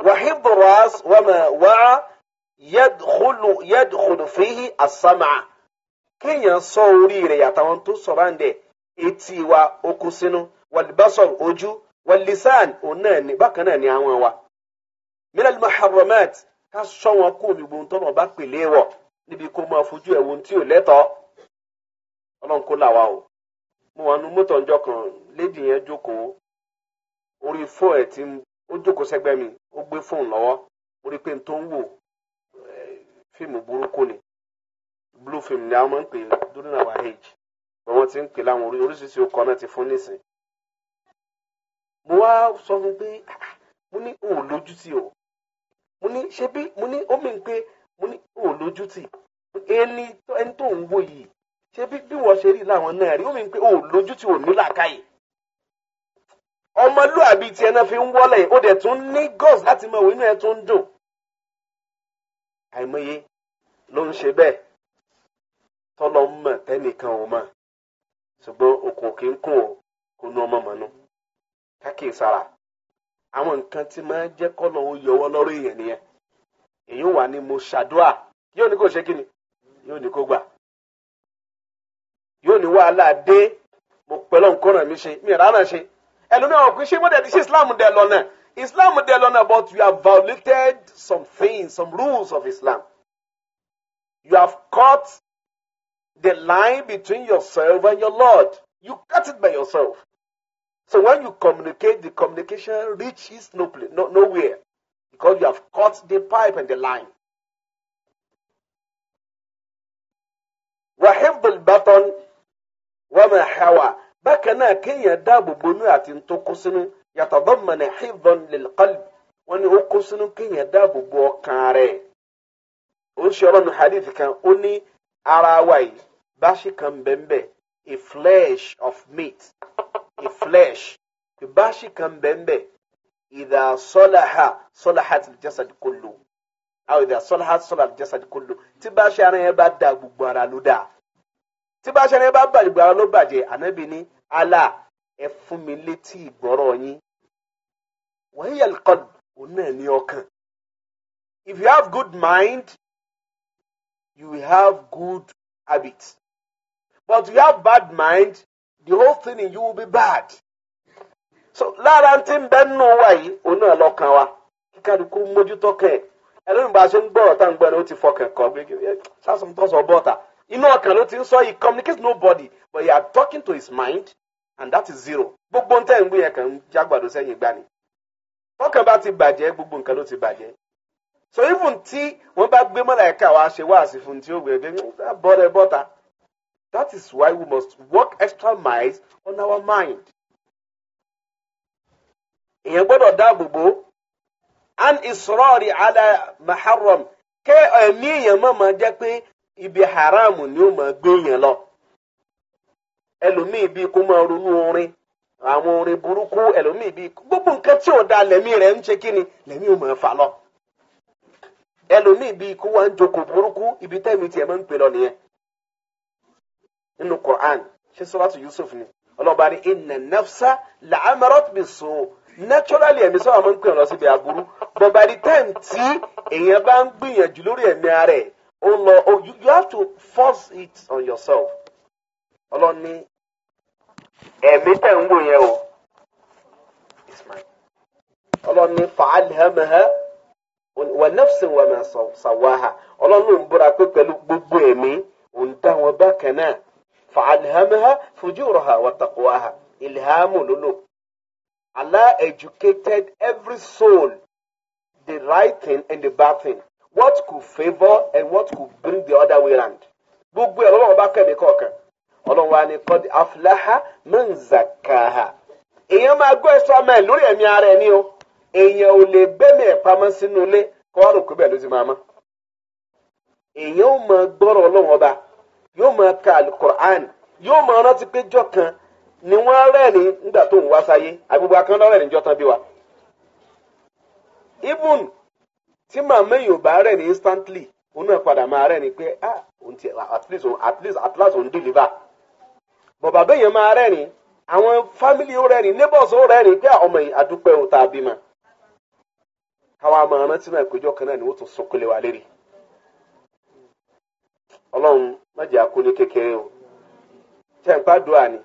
وحب الرأس وما وعى يدخل يدخل فيه السمع kéèyàn sọ orí rẹ̀ yàtàwọn tó sọ̀rọ̀ àǹdẹ̀ etí wa okun sínú wàlbásọ̀ ojú wàlísàn òun náà ni bákan náà ni àwọn wa. minal muharramat ká sọ wọn kó olùgbò ń tọ́nà bá pèlè wọ̀ níbi kó máa fojú ẹ̀ wọn tí ò lẹ́tọ̀ọ́ ọlọ́run kó là wá o. mo wà nú mọ́tò ọjọ́ kan lédi yẹn jókòó orí fóònù ẹ̀ ti ń ó jókòó sẹ́gbẹ́ mi ó gbé fóònù lọ́wọ́ mo rí i pé n tó ń wò fíìmù burúkú ni blue film ni a máa ń pè during our age pé wọ́n ti ń pè láwọn oríṣiríṣi ọkọ̀ náà ti fún nísìn. mo wá sọ fún pé ah, ah, mo ní òun lójú tì o mo ní ṣe bí mo ní ó mìíràn pé mo ní òun lójú ẹni tó ń wò yìí ṣe bí bí wọ́n ṣe rí làwọn náà rí ó mìíràn pé òun lójú ò ní làákàyè. ọmọlúàbí tí náà fi ń wọlé ó dẹ̀ tún ní gọ́s láti mọ̀ wínú ẹ̀ tún dùn àìmọye ló ń ṣe bẹ́ẹ̀ tọ́lọ́ ń mọ̀ tẹ́nìkan ò mọ̀ ṣùgbọ́n okùn ọmọ mọ̀nú káàkiri sára àwọn nǹkan tí máa ń jẹ́ kọ́lọ̀ ó yọwọ́ èèyàn nìyẹn mo ṣàdúà yóò ní ṣe kí ni yóò ní mo nǹkan mi ṣe mi ẹlòmíà wọn islam islam dẹ̀ but you have violated some things some rules of islam you have cut the line between yourself and your lord you cut it by yourself so when you communicate the communication reaches no place no nowhere because you have cut the pipe and the line. bákan náà kéèyàn dáàbò bonú àti tó kó sínú yàtọ̀ bá mọ̀nà hifdhan lil qalbi wọn ni ó kó sínú kéèyàn dáàbò bo ọkàn rẹ̀ ó ń ṣe ọlọ́nu hadith kan ó ní ara wa yìí bá ṣe kan bẹ́ẹ̀ a flesh of meat a flesh bá ṣe kan bẹ́ẹ̀ ìdá sọ́láhà sọ́láhà ti jasad kullu àwọn ìdá sọ́láhà sọ́láhà ti jasad kullu tí bá ṣe ara yẹn bá da gbogbo ara ló dáa. tí bá ṣe ẹni bá bàjẹ́ gbà ló bàjẹ́ ànábì ní Allah ẹ fún mi létí ìgbọ́rọ̀ yín wọ́n yẹ kọ́ òun náà ní ọkàn if you have good mind you will have good habit but if you have bad mind the whole thing in you will be bad so lára tí ń bẹ nínú wa yìí òun náà lọ́kàn wa kíkàdùkú mójútó kàn ẹ̀ ẹlẹ́nu bá a ṣe ń gbọ́rọ̀ tá à ń gbọ́rọ̀ ó ti fọkàn kàn gbé sásùn tó sọ bọ́ọ̀tà inú ọkàn ló ti ń sọ he communicates nobody but he are talking to his mind and that is zero gbogbo ń tẹ̀ ń gbé yẹn kàn ń jágbàdo sẹ́yìn gbani fọkàn bá ti bàjẹ́ gbogbo nǹkan ló ti bàjẹ́ so even tí wọ́n bá gbé màláíkà wá ṣe wáàsí fún tí ó gbé ẹgbẹ́ bọ́dẹ that is why we must work extra miles on our mind èèyàn gbọ́dọ̀ dáàbò bò an israri ala maharam kẹ́ ẹ̀mí èèyàn mọ̀ máa jẹ́ pé ibi haramu ni o ma gbé lọ. lọ ẹlòmíì bíi kó máa ronú orin àwọn orin burúkú ẹlòmíì bíi gbogbo nǹkan tí ò da lẹ́mí rẹ̀ ń ṣe kíni lẹ́mí ò máa fà lọ ẹlòmíì bíi kó wá ń joko burúkú ibi tẹ́mi tiẹ̀ máa ń pè lọ nìyẹn nínú Qur'an ṣé suratu Yusuf ni ọlọ́ba ina nafsa la'amarat bis so naturally ẹ̀mí máa ń pè lọ síbi time tí èèyàn bá ń ó lọ oh you, you have to force it on yourself ọlọ́run ní ẹ̀mí tẹ̀ ń wò yẹn o ọlọ́run ní fàálẹ́mẹ́hẹ́ wọ́n nẹ́fṣin wọ́n mẹ́ sàwáhà ọlọ́run ló ń búra pé pẹ̀lú gbogbo ẹ̀mí òun dá wọn bákan náà fàálẹ́mẹ́hẹ́ fujuraha wa taqwaha ilhamu lolo Allah educated every soul the right thing and the bad thing. what could favour and what could bring the other way round gbogbo ọba lọ́wọ́ bá kẹ́mi kọ̀ọ̀kan ọlọ́run wa ni di afúláhà mẹ́nzàkàhà èèyàn máa gbọ́ ẹ̀ṣọ́ ọmọ ẹ̀ lórí ẹ̀mí ara ẹ̀ ní o èèyàn ò lè gbẹ́mí ẹ̀ pamọ́ sínú ilé kọ́ ọ́ rò bẹ́ẹ̀ ló ti máa mọ́ èèyàn ò máa gbọ́rọ̀ ọba yóò máa ka alukur'an yóò máa rántí pé kan ni wọ́n nígbà tó ń bí wa. ibùn tí màmá yìí ò bá rẹ̀ ní instantly òun náà padà máa rẹ̀ ní pé ah òun ti at least òun at least at last òun deliver bọ̀ bàbá yẹn máa rẹ̀ ní àwọn family ó rẹ̀ ni neighbors ó rẹ̀ ní pé ah, ọmọ yìí adúpẹ́ o tá a bímọ káwọn àmọ́ rántí náà ìpéjọ kan náà ni wọ́n tún sunkúnlé wa lérí ọlọ́run má jẹ́ akú ní kékeré o tẹ́ ń pa dùn àní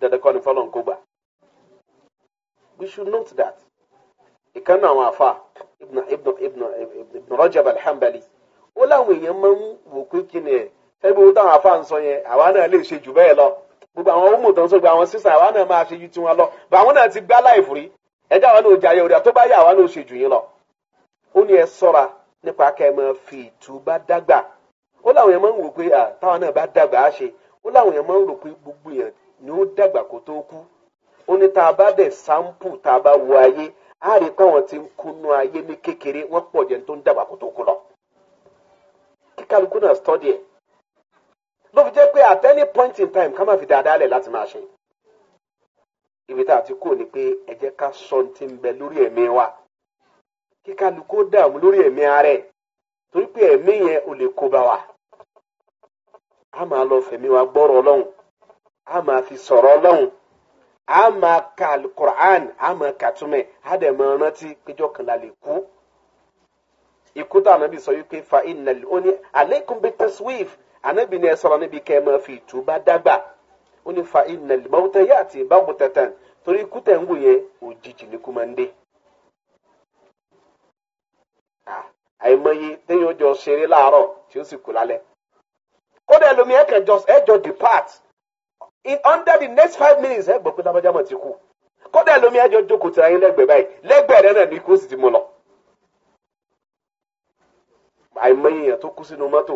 dandan kọ́ ni fọlọ́n kó gbà we should note that ìkànnì àwọn àfa ibn ibn ibn ibn Rajab al-Hanbali ó láwọn èèyàn máa ń wò pé kí ni ẹ̀ ẹbí wo táwọn afáà ń sọ yẹn àwa náà lè ṣe jù bẹ́ẹ̀ lọ gbogbo àwọn ọmọ tó ń sọ gbogbo àwọn sísè àwa náà máa ṣe ju tiwọn lọ bá àwọn náà ti gbá láìfù rí ẹjọ́ àwọn náà jayé òde àtó bá yà àwa náà ṣe jù yín lọ. ó ní ẹ sọ́ra nípa kẹ́ ẹ máa fi ìtúbá dàgbà ó láwọn yẹn máa ń wò pé táwọn náà bá dàgbà á ṣe ó láwọn yẹn máa ń rò pé gbogbo yẹn ni ó dàgbà kó tó kú ó ní tá a bá dẹ̀ sáńpù tá a bá wo ayé á rí táwọn ti ń kúnú ayé ní kékeré wọ́n pọ̀ jẹ́ tó ń dàgbà kó tó kú lọ. kíkálukú náà stọ́dí ẹ̀ ló fi jẹ́ pé at any point in time ká má fi dáadáa lẹ̀ láti máa ṣe. ibi tá a ti kú ni pé ẹ jẹ́ ká sọ ti ń bẹ lórí ẹ̀mí wa kíkálukú dààmú lórí ẹ̀mí ara ẹ̀ torí pé ẹ̀mí yẹn ò lè kó bá wa. a máa lọ fẹ̀mí wa gbọ́rọ̀ ọlọ́run a máa fi sọ̀rọ̀ ọlọ́run ama ka alquran ama ka tumi hada ma rati pejo kan la leku iku ta nabi so yike fa inna al uni alaykum bit taswif anabi ne so nabi ke ma fi tuba dagba uni fa inna al mawt yati bagutatan tori iku ta nguye ojiji ni kumande ai mayi teyo jo sere laaro ti o si kulale kodelo mi e ka just e jo depart in under the next five minutes ẹ gbọ́ pé lábájá mọ̀ ti kú kódà lómi àjọ jókòó tí ayé lẹ́gbẹ̀ẹ́ báyìí lẹ́gbẹ̀ẹ́ rẹ náà ní kó sì ti mú lọ. àìmọye èèyàn tó kú sínú mọ́tò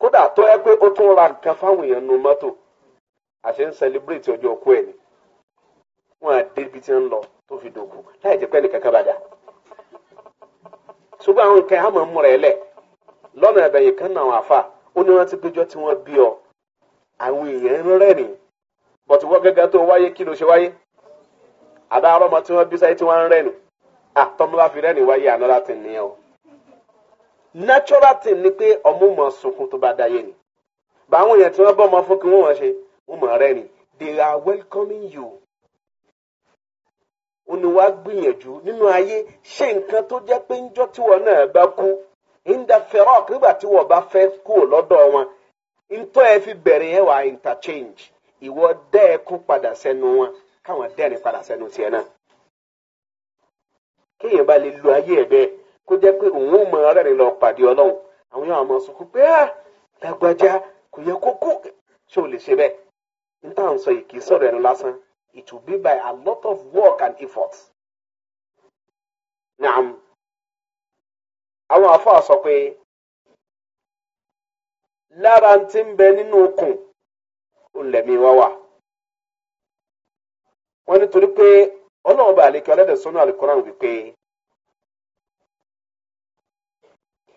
kódà tó ẹ pé ó tún ra nǹkan fáwọn èèyàn nínú mọ́tò àṣẹ ń sẹlẹbírèètì ọjọ́ ọkọ ẹ̀ ni wọn á débi tí ń lọ tó fi dòkú láì jẹ́ pé ẹnìkan kan bá ṣùgbọ́n àwọn nǹkan àmọ́ mú rẹ̀ lẹ̀ lọ́nà ẹ̀bẹ̀yìn kan náà àfà ó ní wọ́n ti péjọ tí wọ́n bí ọ àwọn èèyàn ń rẹ́rìn bọ̀tù wọ́n gẹ́gẹ́ tó wáyé kí ló ṣe wáyé àdá ọlọ́mọ tí wọ́n bí sáyé tí wọ́n ń rẹ́nu àtọ́mọ́lá ah, fi rẹ́nu wáyé ànọ́lá tì nìyẹn o natural thing ni pé ọmọ mọ̀ sunkún tó bá dáyé ni báwọn èèyàn tí wọ́n bọ́ ọmọ fún kí wọ́n wọ́n ṣe wọ́n mọ̀ rẹ́rìn they are welcoming you ó ní wàá gbìyànjú nínú ayé ṣe nǹkan tó jẹ́ pé ńjọ́ tí wọ́n náà bá kú ìndà fẹ́rọ̀k nígbà tí wọ́n bá fẹ́ kú lọ́dọ̀ wọn ntọ́ ẹ fi bẹ̀rẹ̀ ẹ wà interchange ìwọ dẹ́ ẹkún padà sẹ́nu wọn káwọn dẹ́rìn padà sẹ́nu tiẹ̀ náà. kéèyàn bá lè lo ayé ẹ̀ bẹ́ẹ̀ kó jẹ́ pé òun ò mọ ọlọ́rin lọ pàdé ọlọ́run àwọn yóò máa sunkún pé á ah, lágbájá kò yẹ kó kú ṣé o lè ṣe bẹ́ẹ̀. níta ń sọ ìkì sọ̀rọ̀ ẹnu lásán it will be by a lot of work and effort. naam àwọn afọ àsọ pé lára ti ń bẹ nínú okùn. ó lẹ̀mí wá wà. wọ́n ní torí pé ọlọ́run bá àlekè ọlẹ́dẹ̀ sọ́nù àlùkòrán wípé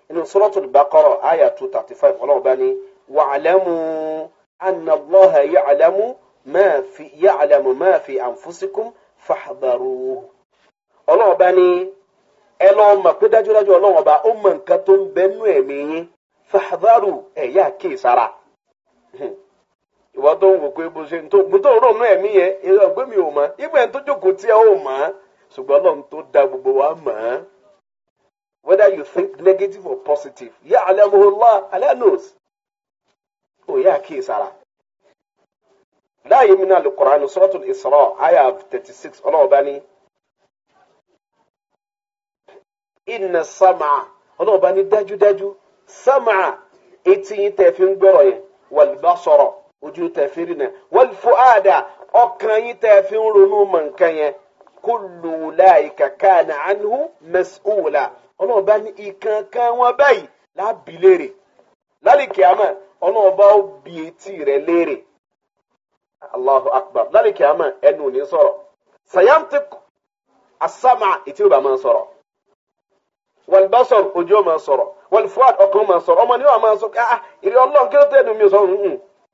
inú suratul Baqara àyà two thirty five ọlọ́run bá ní wa'lamu anna Allaha ya'lamu ma fi ya'lamu ma fi anfusikum fahdharuhu ọlọ́run bá ní ẹ lọ́ọ́ mọ̀ pé dájúdájú ọlọ́run ọba ó mọ nǹkan tó ń bẹ́nu ẹ̀mí yín fahdharu ẹ̀yà kí sára ìwà tó ń ṣe ń tó gbọ́dọ̀ ọ̀rọ̀ náà ẹ̀mí yẹn ọgbẹ́ mi ò mọ̀ tó jókòó tí ò gbogbo wa whether you think negative or positive yà alẹ́ alẹ́ ò láàyè mi náà lè thirty six ní. inna ní dájúdájú yín tẹ̀ fi ń gbọ́rọ̀ yẹn ojú tẹ fi rìnà wal fuada ọkàn yín tẹ fi ń ronú mọ nǹkan yẹn kullu ulaika kana anhu mas'ula ọlọ́run bá ní ìkankan wọn báyìí lábì léèrè lálìkì àmà ọlọ́run bá ó bi etí rẹ léèrè allahu akbar lálìkì àmà ẹnu ò ní sọ̀rọ̀ sayantik asama etí ò máa sọ̀rọ̀ wàlbásọ̀rọ̀ ojú ò máa sọ̀rọ̀ wàlfọ́àd ọkàn máa sọ̀rọ̀ ọmọ ni wàá máa sọ ah ìrì ọlọ́run ló tẹ́ ẹnu mi sọ̀rọ̀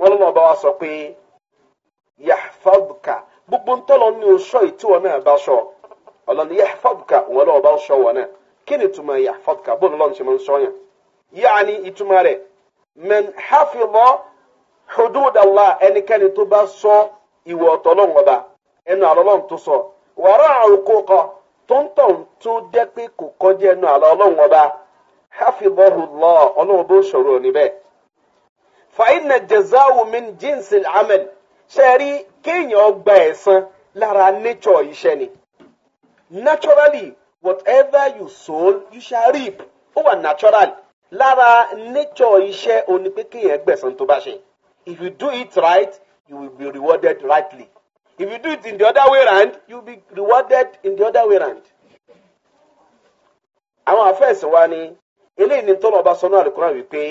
wọ́n lọ́nà ọba wa sọ pé yahfadka gbogbo ntọ́lọ ní oṣọ ìtiwọ́ náà bá ṣọ ọlọ́ni yahfadka wọ́n lọ́wọ́ bá ń ṣọ wọn náà kí ni ìtumọ̀ yahfadka bóun lọ́n ṣe máa ń ṣọ yẹn yaani ìtumọ̀ rẹ̀ man hafidha hudud Allah ẹnikẹ́ni tó bá ṣọ ìwọ̀ ọ̀tọ̀lọ́wọ́ bá ẹnu àlọ́lọ́n tó sọ wàrà àrùkọ́kọ́ tó ń tó jẹ́ kò kọjá ẹnu àlọ́lọ́wọ́ bá hafidhahu Allah ọlọ́wọ́ bó ṣòro níbẹ̀ fàyínà jẹzáwò min jíǹsì amẹ́l ṣe rí kéèyàn gba ẹ̀san lára nature iṣẹ́ ni naturally whatever you sow you shall reap ó wà natural lára nature iṣẹ́ òní pé tó bá ṣe if you do it right you will be rewarded rightly if you do it in the other way round you will be rewarded in the other way round. àwọn àfẹ́sẹ̀ wa ni eléyìí ni tọ́lọ̀ ọba sọ náà wípé.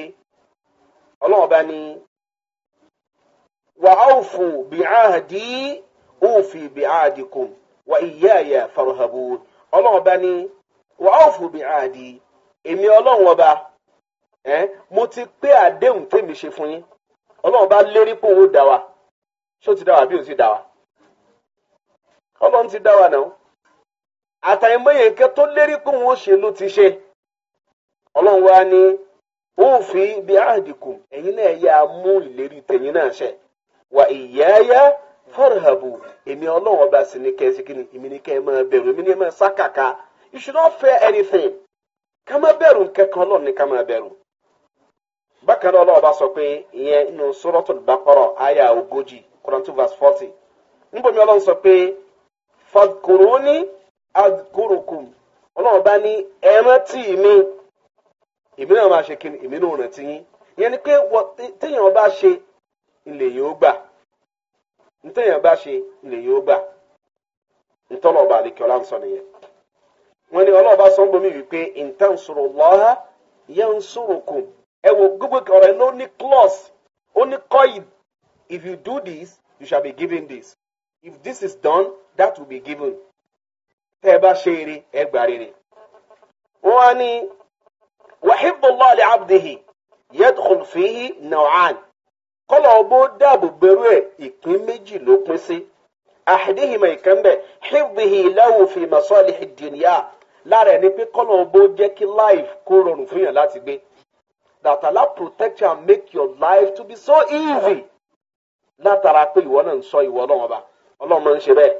ọlọ́run bá ní wà áwùfù bí áhàdí òfì bí áhàdìkùn wà ìyáàyà faruhabu ọlọ́run bá ní wà áwùfù bí áhàdí èmi ọlọ́run ọba mo ti pé àdéhùn tèmi ṣe fún yín bá lérí pé òun ṣó ti dá bí òun ti ọlọ́run ti náà tó lérí pé òun ṣe ló ti ṣe ofe bí ahdikum ẹ̀yin náà yà á mú ìlérí tẹ̀yin náà ṣẹ wà farhabu emi ọlọ́wọ́ bá sì ni èmi kini kẹ́ ẹ máa bẹ̀rù èmi ní ẹ máa sákàkà you should not fear anything kama má bẹ̀rù kankan lọ́ọ̀ ni kama má bẹ̀rù. bákan náà ọlọ́wọ́ bá sọ pé suratul baqara àyà verse èmi náà máa ṣe kí ni èmi náà rántí yín ìyẹn ni pé téèyàn bá ṣe ilé yìí ó gbà téèyàn bá ṣe ilé yìí ó gbà ntọ́nà ọba ń sọ nìyẹn wọn ni ọlọ́ọ̀bá sọ ń bomi wípé intansurullaha yansurukum ẹ wo gbogbo ọ̀rọ̀ ẹ ló ní clause ó ní coid if you do this you shall be given this if this is done that will be given tẹ́ ẹ bá ṣe eré ẹ gbà rere wọn á ní. وحب الله لعبده يدخل فيه نوعان kọlọ أبو داب bẹrù ẹ ìpín méjì ló pín sí àhìdíhìmọ ìkànnbẹ hibbihi lahu fi masalihi dunya lára ẹni pé kọlọ ọbọ jẹ kí life kó rọrùn that Allah protect you and make your life to be so easy látara pé ìwọ náà ń sọ ìwọ Ọlọ́run ọba Ọlọ́run máa ń ṣe bẹ́ẹ̀.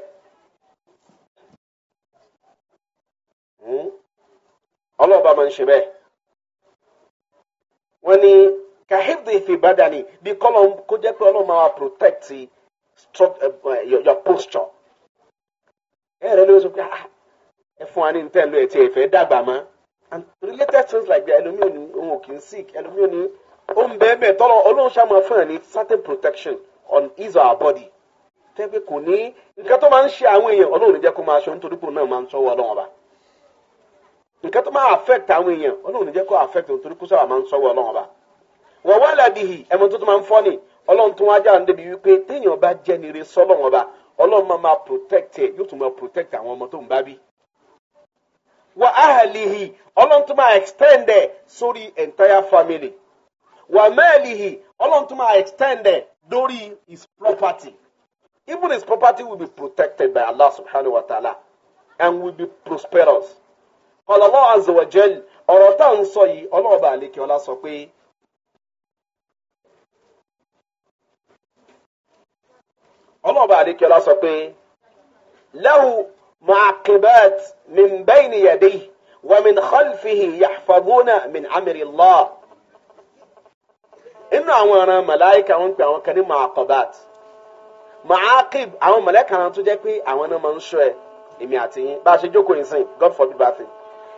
Hmm? Ọlọ́run ọba máa ń ṣe bẹ́ẹ̀. wọ́n ní kahindi ìfìbádàní bí kọ́lọ̀ kó jẹ́ pé ọlọ́run máa protect eh, eh, your posture. ẹ rẹ ló pé ah, ẹ fún wa ní ntẹ́ ló ẹ ti dàgbà mọ́ and related things like that ẹlòmíì ò òun kì í sick ẹlòmíì bẹ́ẹ̀ certain protection on his our body tẹ́ pé kò ní nǹkan tó máa ń ṣe àwọn èèyàn ọlọ́run jẹ́ kó máa nítorí náà máa ọba. nke tó máa affect àwọn èèyàn ọlọ́run ní jẹ́ kó affect òun kó sábà máa ń sọ́wọ́ ọlọ́run ọba wọ́n wá làbìhì ẹ̀mọ́ tó tó máa ń fọ́ ni ọlọ́run tó wá jà ń débi wípé téèyàn bá jẹ́ ọba ọlọ́run máa máa protect ẹ̀ yóò tún máa protect àwọn ọmọ tó ń bá bí. wà á ọlọ́run tó máa extend ẹ̀ sórí entire family wà mẹ́ẹ̀lìhì ọlọ́run tó máa extend ẹ̀ lórí his property even his property will be Allah azza wa jal ọ̀rọ̀ tá à ń sọ yìí ọlọ́ọ̀bà àlekè ọlá sọ pé. ọlọ́ọ̀bà àlekè ọlá sọ pé lahu mu'aqibat min bayni yadayhi wa min khalfihi yahfaduna min amri Allah. inú àwọn ọ̀ràn màláìka wọn pe àwọn kan ní mu'aqibat àwọn màláìka wọn tó jẹ́ pé àwọn náà máa ń sọ ẹ̀ èmi àti yín bá a ṣe jókòó yìí sìn God forbid bá a sìn.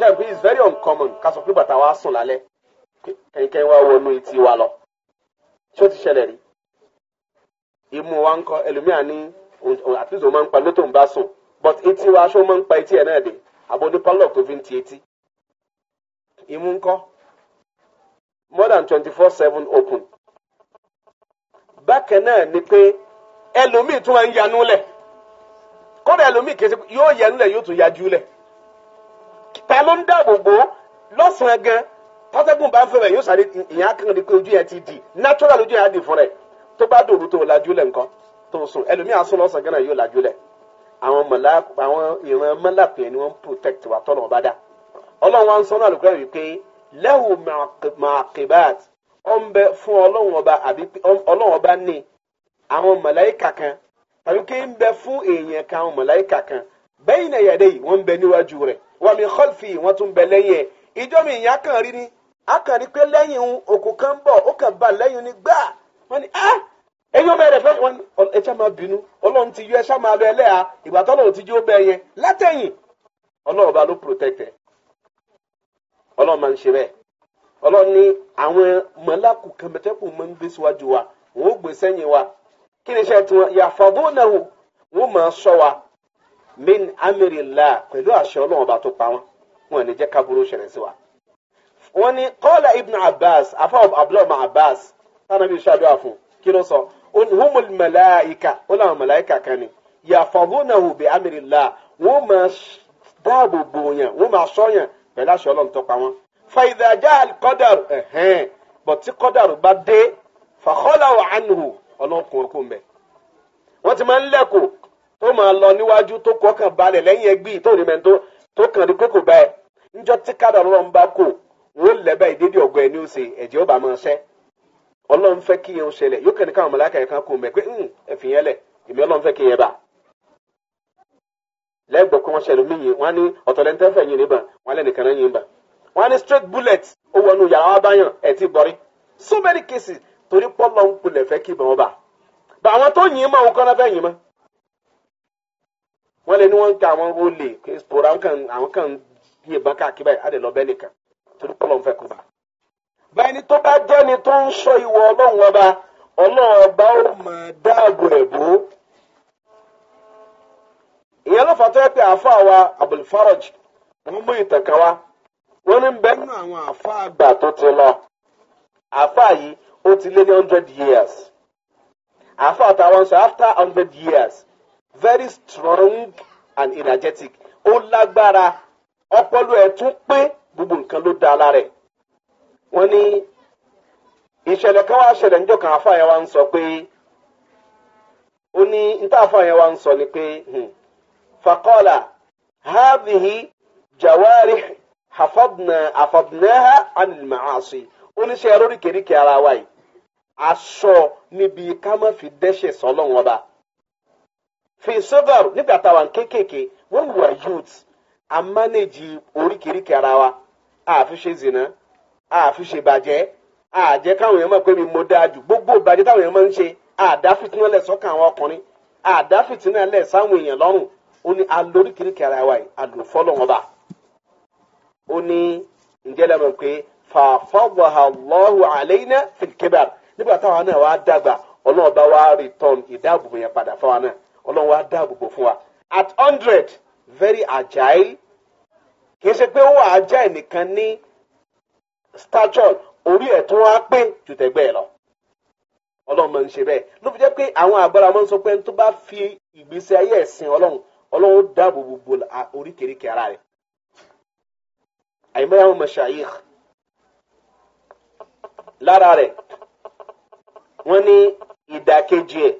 jẹ́ is very uncommon ká sọ pé bàtà wa sùn lálẹ́ kẹ́ńkẹ́ń wa wọnú etí wa lọ tí ó ti ṣẹlẹ̀ rí imú wa ń kọ ẹlòmíà at least o máa ń pa lótò ń bá sùn but etí wa aṣọ máa ń pa etí ẹ náà dé àbọ̀ ní pálọ̀ tó fi ń more than twenty four seven open bákan náà ni pé ẹlòmíì tún máa ń yanú lẹ̀ kọ́dà ẹlòmíì kejì yóò yanú lẹ̀ ta ló ń dáàbò bò lọ́sàn-án gan tọ́tẹ́gùn bá fẹ́ rẹ̀ yóò sáré ìyẹn akẹ́kọ̀ọ́ ni pé ojú yẹn ti di natural ojú yẹn á di fún rẹ̀ tó bá dòru tó lajú lẹ̀ nǹkan tó sùn ẹlòmíà sùn lọ́sàn-án gan yóò lajú lẹ̀ àwọn mọ̀lá àwọn ìran mọ́làpẹ̀ ni wọ́n protect wa tọ́nà ọba dá ọlọ́run wa ń sọ náà lókè rẹ̀ wípé lẹ́hù màkìbáàt ọ̀nbẹ fún ọlọ́run ọba àbí ọlọ́run ọba ní àwọn mọ̀láyìkà kan tàbí kí ń bẹ fún èèyàn kan àwọn mọ̀láyìkà kan bẹ́yìn náà yàdé yìí wọ́n ń bẹ níwájú rẹ̀ wa min khalfi wọ́n tún bẹ lẹ́yìn ẹ̀ ìjọ mi ìyá kan rí ni a kàn rí pé lẹ́yìn òun òkú kan bọ̀ ó kàn bá lẹ́yìn ni gbà wọ́n ni ah ẹ̀yin ọmọ rẹ̀ fẹ́ wọn ẹ ṣá máa bínú ọlọ́run ti yọ ẹ ṣá máa lọ ẹlẹ́ha ìgbà tó ọlọ́run ti jó bẹ́ẹ̀ yẹn látẹ̀yìn ọlọ́run ọba ló protect ọlọ́run máa ń ṣe bẹ́ẹ̀ ọlọ́run ní àwọn mọ̀láàkù kẹmẹtẹ́kù máa ń gbé síwájú wa wọ́n ó gbé sẹ́yìn wa kí ni iṣẹ́ tiwọn yàfọ̀ bó náà wọ́n máa sọ wa min amirila pẹ̀lú àṣẹ ọlọ́run ọba tó pa wọn wọn ní jẹ́ kábúrú ṣẹlẹ̀ sí wa. wọ́n ní kọ́lá ibn abbas afa abdullahi ma abbas sanabi ṣàdúrà fún kí ló sọ ó ní humul malaika ó láwọn malaika kan ni yàfọ̀húnàhù bi amirila wọ́n máa dáàbò bò yàn wọ́n máa sọ yàn àṣẹ ọlọ́run tó pa wọn. fàyídàjà kọ́dàrú ẹ̀hẹ́n bọ̀ tí kọ́dàrú bá dé fàkọ́lá wà ánìhù ọlọ́run kò ń bẹ̀. wọ́n ti máa ń lẹ́kọ̀ọ́ tó máa lọ níwájú tó kọ́ kàn balẹ̀ lẹ́yìn ẹgbẹ́ tó mẹ́tò tó kàn ní kókò tí ọlọ́run bá kò wọ́n ìdédé ọ̀gọ́ ẹni ó ẹ̀jẹ̀ ó bá máa ṣẹ́ kan kò mẹ́ pé ẹ̀fìn yẹn lẹ̀ èmi ọlọ́run fẹ́ kí yẹn bá. lẹ́gbọ̀ọ́ kí wọ́n ṣẹlẹ̀ mí yìí wọ́n á ní ọ̀tọ̀lẹ́ntẹ́fẹ̀ yìí níbà wọ́n á lẹ́nìkan náà yìí níbà wọ́n á ní straight bullet ó wọnú yàrá wa báyàn ẹ̀ ti bọ̀rí so many cases torí pọ́lọ́ ń kulẹ̀ fẹ́ kí wọ́n lé ní wọ́n ń ka àwọn owó lè pòrò àwọn kan àwọn kan yìnbọn káàkiri báyìí adé lọ bẹ́ẹ̀ nìkan torí pọ́lọ́ ń fẹ́ kó bá. báyìí tó bá jẹ́ ni tó ń sọ ìwọ ọlọ́run ọba ọlọ́run ọba ó máa dáàbò ẹ̀bù. ìyẹn ló fà tó yẹ pé àáfàá wa abulfaraj wọ́n mú ìtàn kan wá ní bẹ́ẹ̀ nínú àwọn afọ àgbà tó ti lọ àáfàá yìí ó ti lé ní hundred years àáfàá táwọn sọ after hundred years. very strong and energetic ó lágbára ọpọlọ ẹ̀ tún pé gbogbo nǹkan ló da lára ẹ̀ wọ́n ní ìṣẹ̀lẹ̀ kan wá ṣẹlẹ̀ níjọ́ kan àfa yẹn wá ń sọ pé ó ní níta àfa yẹn ń sọ ni pé hmm, faqala hadhihi jawarih hafadna hafadnaha anil ma'asi oníṣẹ́ oríkèéríkèé ara wa yìí aṣọ níbi ká má fi dẹ́ṣẹ̀ sọ́lọ́wọ́n ọba. fi sọ́gàrù nígbà táwọn kéékèèké we were youth oríkèéríkè wa a fi zina a fi bàjẹ́ a káwọn èèyàn mọ̀ pé mi mo gbogbo bàjẹ́ táwọn èèyàn ṣe a dá lẹ̀ sọ́kàn àwọn ọkùnrin a dá lẹ̀ sáwọn èèyàn lọ́rùn ó ní alóríkèéríkè ara wa yìí wọn bá ó ní ǹjẹ́ alayna nígbà táwọn náà wá dàgbà ọlọ́ọ̀bá rìtọ́n ìdáàbòbò yẹn padà fáwọn náà ọlọ́run wa dáàbò bò fún wa at hundred very agile kì í ṣe pé ó wà agile nìkan ní stature orí ẹ̀ tó wá pé jù tẹ̀gbẹ́ ẹ lọ ọlọ́run máa ń ṣe bẹ́ẹ̀ ló fi jẹ́ pé àwọn agbára máa ń sọ pé ẹni tó bá fi ìgbésí ayé ẹ̀sìn ọlọ́run ọlọ́run dáàbò gbogbo oríkèéríkèé ara rẹ̀ àyìnbáyà wọn mashayikh lára rẹ̀ wọ́n ní ìdàkejì ẹ̀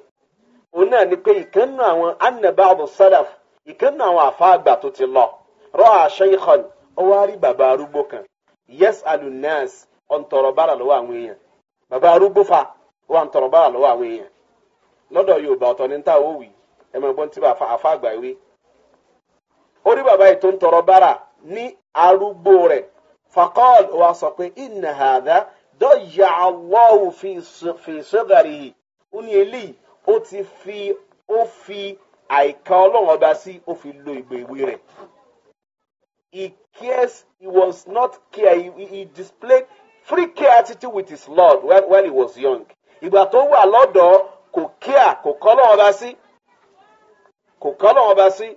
òun náà ni pé ìkànnù àwọn anabaabu salaf ìkànnù àwọn àfáàgbà tó ti lọ rọ shaykhan ó wá rí bàbá arúgbó kan yes alunas ọ̀ǹtọ̀rọ̀ bára lọ́wọ́ àwọn èèyàn bàbá arúgbó fa wà ọ̀ǹtọ̀rọ̀ bára lọ́wọ́ àwọn èèyàn lọ́dọ̀ yorùbá ọ̀tọ̀ ní ta ó wì ẹ máa gbọ́n tí àfáàgbà wí. ó rí bàbá yìí tó ń tọrọ ní arúgbó rẹ̀ fakọ́ọ̀lù wa sọ pé ìnà dọ́yà àwọ̀ òfin ṣẹ́gàrì yìí ó ní eléyìí ó ti fi ó fi àìka ọlọ́run ọba sí ó fi lo ìgbè ìwé rẹ̀. He cares he was not care he, he displayed free care attitude with his lord while when he was young. Ìgbà tó wà lọ́dọ̀ kò kíà kò kọ́ ọlọ́run ọba sí kò kọ́ ọlọ́run ọba sí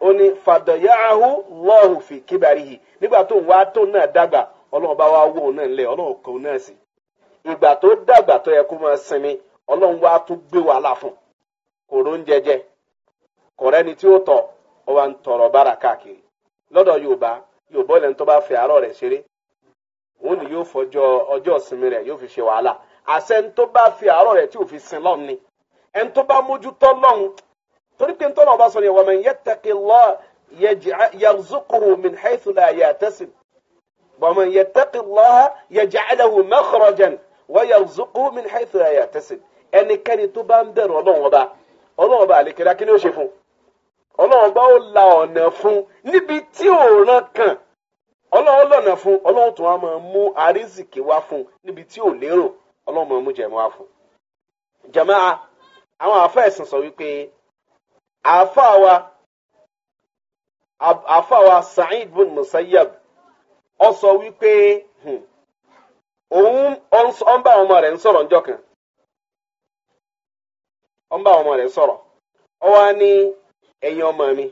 ó ní fàdọ̀yàáhù lọ́ọ̀hùn fi kíbarihì nígbà tó ń wá tó náà dàgbà ọlọ́run bá wá wò ó náà lẹ̀ ọlọ́run kan náà sí. Ìgbà tó dàgbà tó yẹ kó máa sinmi ọlọ́run wá tún gbé wàhálà fún kò róúnjẹ jẹ kò rẹ́ni tí ó tọ̀ ọ wá ń tọrọ bára káàkiri lọ́dọ̀ yorùbá yorùbá ilẹ̀ tó bá fẹ́ àárọ̀ rẹ̀ ṣeré òun ni yóò fọjọ́ ọjọ́ ìsinmi rẹ̀ yóò fi ṣe wàhálà àṣẹ ń tó bá fi àárọ̀ rẹ̀ tí ò fi sin lọ́run ni ẹ̀ ń tó bá mójútó lọ́run torí pé ń tọ́lọ̀ ọba sọ ni wọ́n yẹ tẹ́kí lọ́ yarzuquhu min yẹ tẹ́kí min haythu ẹnikẹ́ni tó bá ń bẹ̀rù ọlọ́run ọba ọlọ́run ọba àlekèrè akíní ó ṣe fún ọlọ́run ọba ó la ọ̀nà fún níbi tí o kàn ọlọ́run lọ́nà fún ọlọ́run tó wá máa mú wá fún níbi tí ò lérò ọlọ́run máa mú jẹ̀mọ́ wá fún. àwọn sọ wípé wa wa Sa'id bin ọ sọ wípé hmm, òun ọmọ ń bá ọmọ rẹ̀ sọrọ ọ wá ní ọmọ mi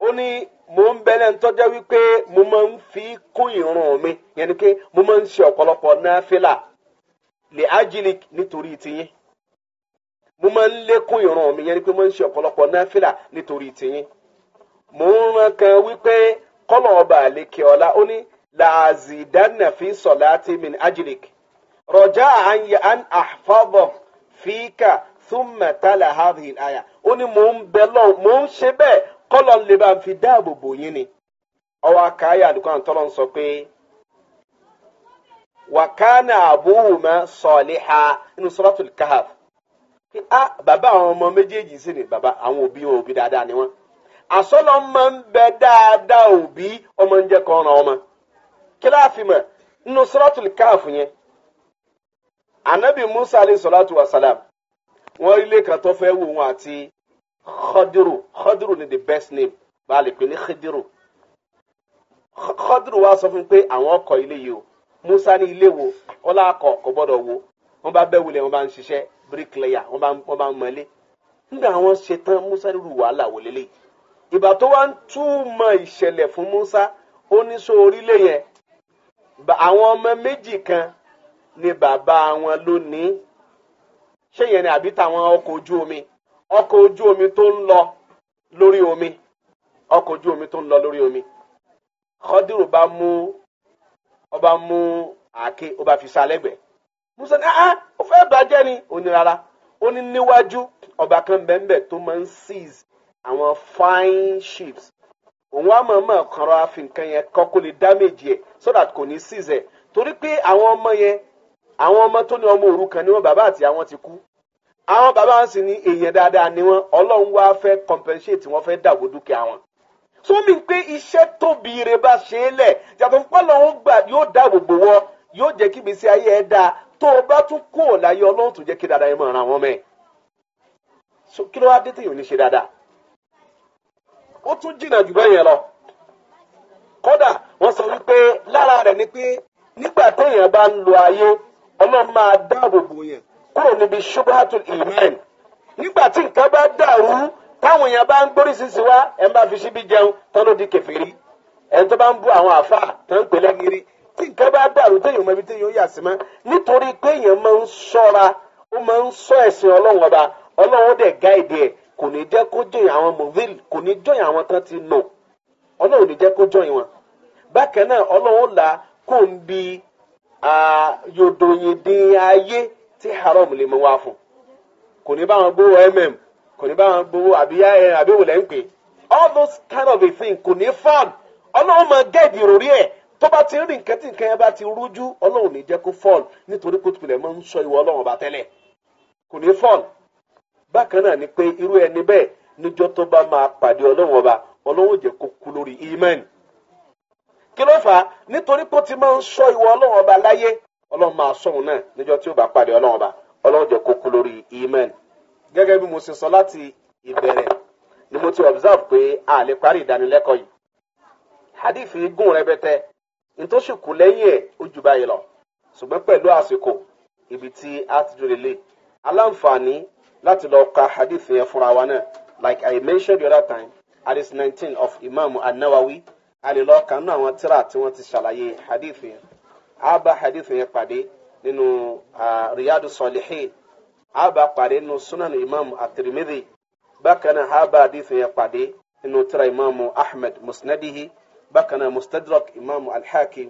ó ní mò ń wípé mo máa ń fi kún ìrun mi yẹn ni pé mo máa ń ṣe ọ̀pọ̀lọpọ̀ náfìlà lè ájílì nítorí tiyín mo máa ń lékún ìrun mi yẹn ni pé mo máa ń ṣe ọ̀pọ̀lọpọ̀ náfìlà nítorí tiyín mo ń kan wípé ọba àlekè ó ní fika thumma tala hadhihi al-aya oni mo belo mo se be kolo le ba fi dabo bo yin ni o wa ka aya du kan tolo so pe wa kana abuhuma saliha inu suratul kahf ki a baba awon mo mejeji si ni baba awon obi won obi daada ni won asolo mo n be daada obi o mo n je ko ran o mo kilaafi anabi musa alayhi salatu wa salam wọn ilé kan tó fẹ́ wò wọn àti khadiru khadiru ni the best name bá a lè pè ní khadiru khadiru wa sọ fún mi pé àwọn ọkọ ilé yìí o musa ní ilé wo wọn là kọ kò gbọ́dọ̀ wo wọn bá bẹ wulẹ̀ wọn bá ń ṣiṣẹ́ bricklayer wọn bá wọn bá ń mọlé nígbà àwọn ṣetán musa rírù wàhálà wò ìgbà tó wá ń túmọ̀ ìṣẹ̀lẹ̀ fún musa ó ní sọ orílẹ̀ yẹn àwọn ọmọ méjì kan ni bàbá wọn lónìí ṣé yẹn ni àbí tàwọn ọkọ̀ ojú omi ọkọ̀ ojú omi tó ń lọ lórí omi ọkọ̀ ojú omi tó ń lọ lórí omi kọ́dírù bá mú ọba mú àáké ọba fi sa musa ní ah ó fẹ́ bàjẹ́ ni ó ó ní níwájú ọba kan bẹ́ẹ̀ tó máa ń seize àwọn fine ships òun á mọ̀ mọ̀ kọ́ra nǹkan yẹn kọ́ kó lè dámèjì ẹ̀ so that kò ní seize ẹ̀ torí pé àwọn ọmọ yẹn àwọn ọmọ tó ní ọmọ òrukàn ni wọn bàbá àti àwọn ti kú àwọn bàbá wọn sì ní èèyàn dáadáa ni wọn ọlọ́run wá fẹ́ compensate wọn fẹ́ dàgbò dúkìá wọn sómi pé iṣẹ́ tóbi rẹ bá ṣe é lẹ̀ yàtọ̀ fún pọ́lọ́run gbà yóò dáàbò bò wọ́ yóò jẹ́ kí gbèsè ayé ẹ dáa tó o bá tún kó o láyé ọlọ́run tó jẹ́ kí dáadáa yẹn mọ̀ ara wọn mẹ́ kí ló wá dé téèyàn ní ṣe dáadáa ó tún jìnnà jù bẹ́ẹ̀ yẹn lọ kódà wọ́n sọ wípé lára rẹ̀ ni pé nígbà téèyàn bá ń lo ayé ọlọ́run máa dáàbò bò yẹn kúrò níbi ṣubahatul iman nígbà tí nǹkan bá dàrú táwọn èèyàn bá ń gbórí sísìn wá ẹ̀ ń bá fi síbi jẹun tọ́lọ́ di kẹfìrí ẹ̀ ń tó bá ń bú àwọn àfa tó ń pè lẹ́gìrì tí nǹkan bá dàrú téèyàn mọ ibi téèyàn yà sí mọ́ nítorí pé èèyàn máa ń ṣọ́ra ó máa ń ṣọ́ ẹ̀sìn ọlọ́run ọba ọlọ́run dẹ̀ gáìdì ẹ̀ kò ní jẹ́ kó jọyìn àwọn mọ̀vìl kò ní jọyìn àwọn tán ti nù ọlọ́run ò ní jẹ́ kó jọyìn wọn bákan náà ọlọ́run là kó ń bi yòdòyèdè ayé tí haram lè mọ wá fún kò ní báwọn gbowó mm kò ní báwọn gbowó àbíyá ẹ àbíwò lẹ́ ń pè all those kind of a thing kò ní farm ọlọ́run máa gẹ́ẹ̀dì ìròrí ẹ̀ tó bá ti rí nǹkan bá ti rújú ọlọ́run ní jẹ́ kó nítorí kó máa ń sọ ìwọ ọlọ́run ọba tẹ́lẹ̀ kò ní kí ló fà á nítorí pé ó ti máa ń sọ ìwọ ọlọ́run ọba láyé ọlọ́run máa sọ òun náà níjọ́ tí ó bá pàdé ọlọ́run ọba ọlọ́run jẹ́ kókó lórí imen gẹ́gẹ́ bí mo ṣe sọ láti ìbẹ̀rẹ̀ ni mo ti observe pé a lè parí ìdánilẹ́kọ̀ọ́ yìí hadith gùn rẹpẹtẹ nítòsí kù lẹ́yìn ẹ̀ ó jù báyìí lọ ṣùgbọ́n pẹ̀lú àsìkò ibi tí a ti jòlè lè aláǹfààní láti lọ ka hadith yẹn fúnra wa náà like i mentioned the other time hadith nineteen of imam anawawi. An a lè lọ kàn nínú àwọn tíra tí wọ́n ti ṣàlàyé hadith yẹn a bá hadith yẹn pàdé nínú riyadu salihin a pàdé nínú sunan imam atirimidi bákan náà a bá yẹn pàdé nínú tíra imam ahmed musnadihi bákan náà mustadrak imam alhakim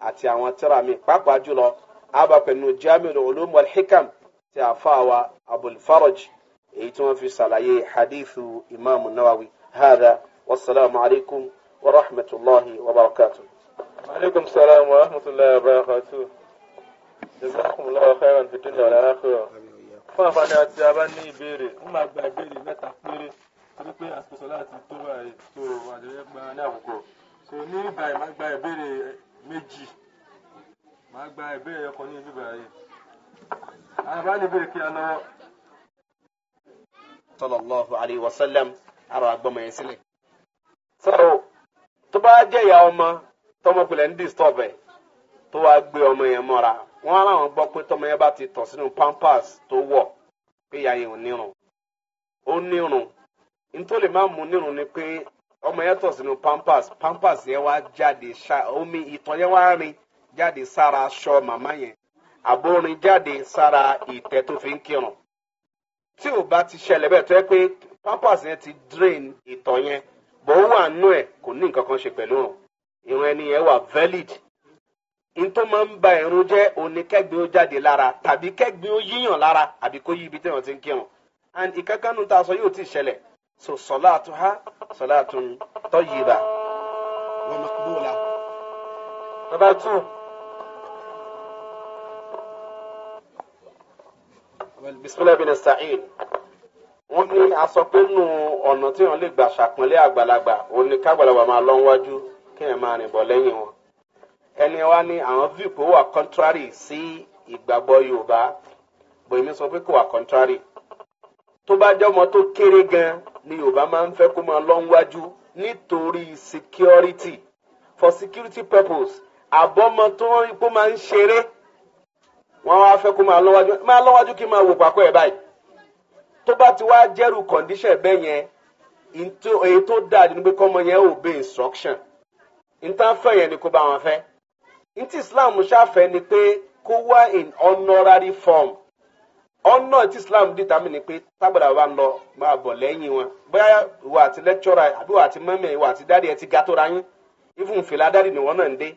àti àwọn tíra mi pàápàá jùlọ a bá pẹ̀lú jamiu ulum wal hikam ti àfáàwa abulfaraj èyí tí wọ́n fi ṣàlàyé hadithu imam nawawi hada wasalaamu alaykum. ورحمة الله وبركاته عليكم السلام ورحمة الله وبركاته جزاكم الله خيرا في الدنيا والآخرة fáfá ni a ti a bá ní ìbéèrè ń máa gba ìbéèrè mẹ́ta péré torí pé àsìkò sọ láti tó báyìí tó àjọyọ̀ gba ní àkókò so ní ìbáyìí máa gba ìbéèrè méjì máa gba ìbéèrè ọkọ ní ibi báyìí àbá ní ìbéèrè kí a lọ. sallallahu alayhi wa sallam ara yẹn sílẹ̀. sọ́ọ̀ tó bá jẹ́ ìyá ọmọ tọmọkùnrin ń disturb ẹ̀ tó wá gbé ọmọ yẹn mọ́ra wọ́n á láwọn gbọ́ pé tọmọ yẹn bá ti tọ̀ sínú pampers tó wọ̀ pé ìyá yẹn ò nírun ó nírun nítorí lè má mú nírun ni pé ọmọ yẹn tọ̀ sínú pampers pampers yẹn wá jáde omi ìtọ̀ yẹn wá rin jáde sára aṣọ màmá yẹn àbórin jáde sára ìtẹ́ tó fi ń kírun tí ò bá ti ṣẹlẹ̀ bẹ́ẹ̀ tó yẹ pé pampers yẹn ti drain ìtọ̀ yẹn bọ̀ ó wà nú ẹ̀ kò ní nǹkan kan ṣe pẹ̀lú òun ìrun ẹni yẹn wà valid n tó máa ń ba ìrun jẹ́ òní kẹ́gbin ó jáde lára tàbí kẹ́gbin ó yíyàn lára àbí kó yí ibi tí wọ́n ti ń kírun and ìkankanu tá a sọ yóò ti ṣẹlẹ̀ so sọláàtú ha sọláàtú tọ́yìbà wọn máa kúrò la. bàbá tù. bisimilahi bin sa'id wọ́n ní aṣọ pé nù ọ̀nà tí wọ́n lè gbà ṣàpọ́nlé àgbàlagbà òun ni kágbàlagbà máa lọ wájú kí ẹ̀ máa rìn bọ̀ lẹ́yìn wọn. ẹni wa ní àwọn view kò wà contrary sí ìgbàgbọ́ yorùbá bòmí sọ pé kò wà contrary. tó bá jẹ́ ọmọ tó kéré gan ni yorùbá máa ń fẹ́ kó máa lọ wájú nítorí security for security purpose àbọ̀mọ tó ń kó máa ń ṣeré wọ́n wá fẹ́ kó máa lọ wájú máa lọ wájú kí máa wò pàkó ẹ̀ báyìí tó bá ti wá jẹ́rù condition bẹ́ẹ̀ yẹn èyí tó dáa ni pé kọ́mọ yẹn ò bẹ instruction nǹkan fẹ́ yẹn ni kó bá wọn fẹ́ ntí Islam ṣàfẹ́ ni pé kó wá in honorary form ọ̀nà tí Islam dìtà mí ni pé tábàdà wa ń lọ máa bọ̀ lẹ́yìn wọn bóyá ìwà àti lecturer àbí ìwà àti mọ́mí ìwà àti dáàdì ẹ ti ga tó ra yín even fìlà dáàdì ni wọ́n náà ń dé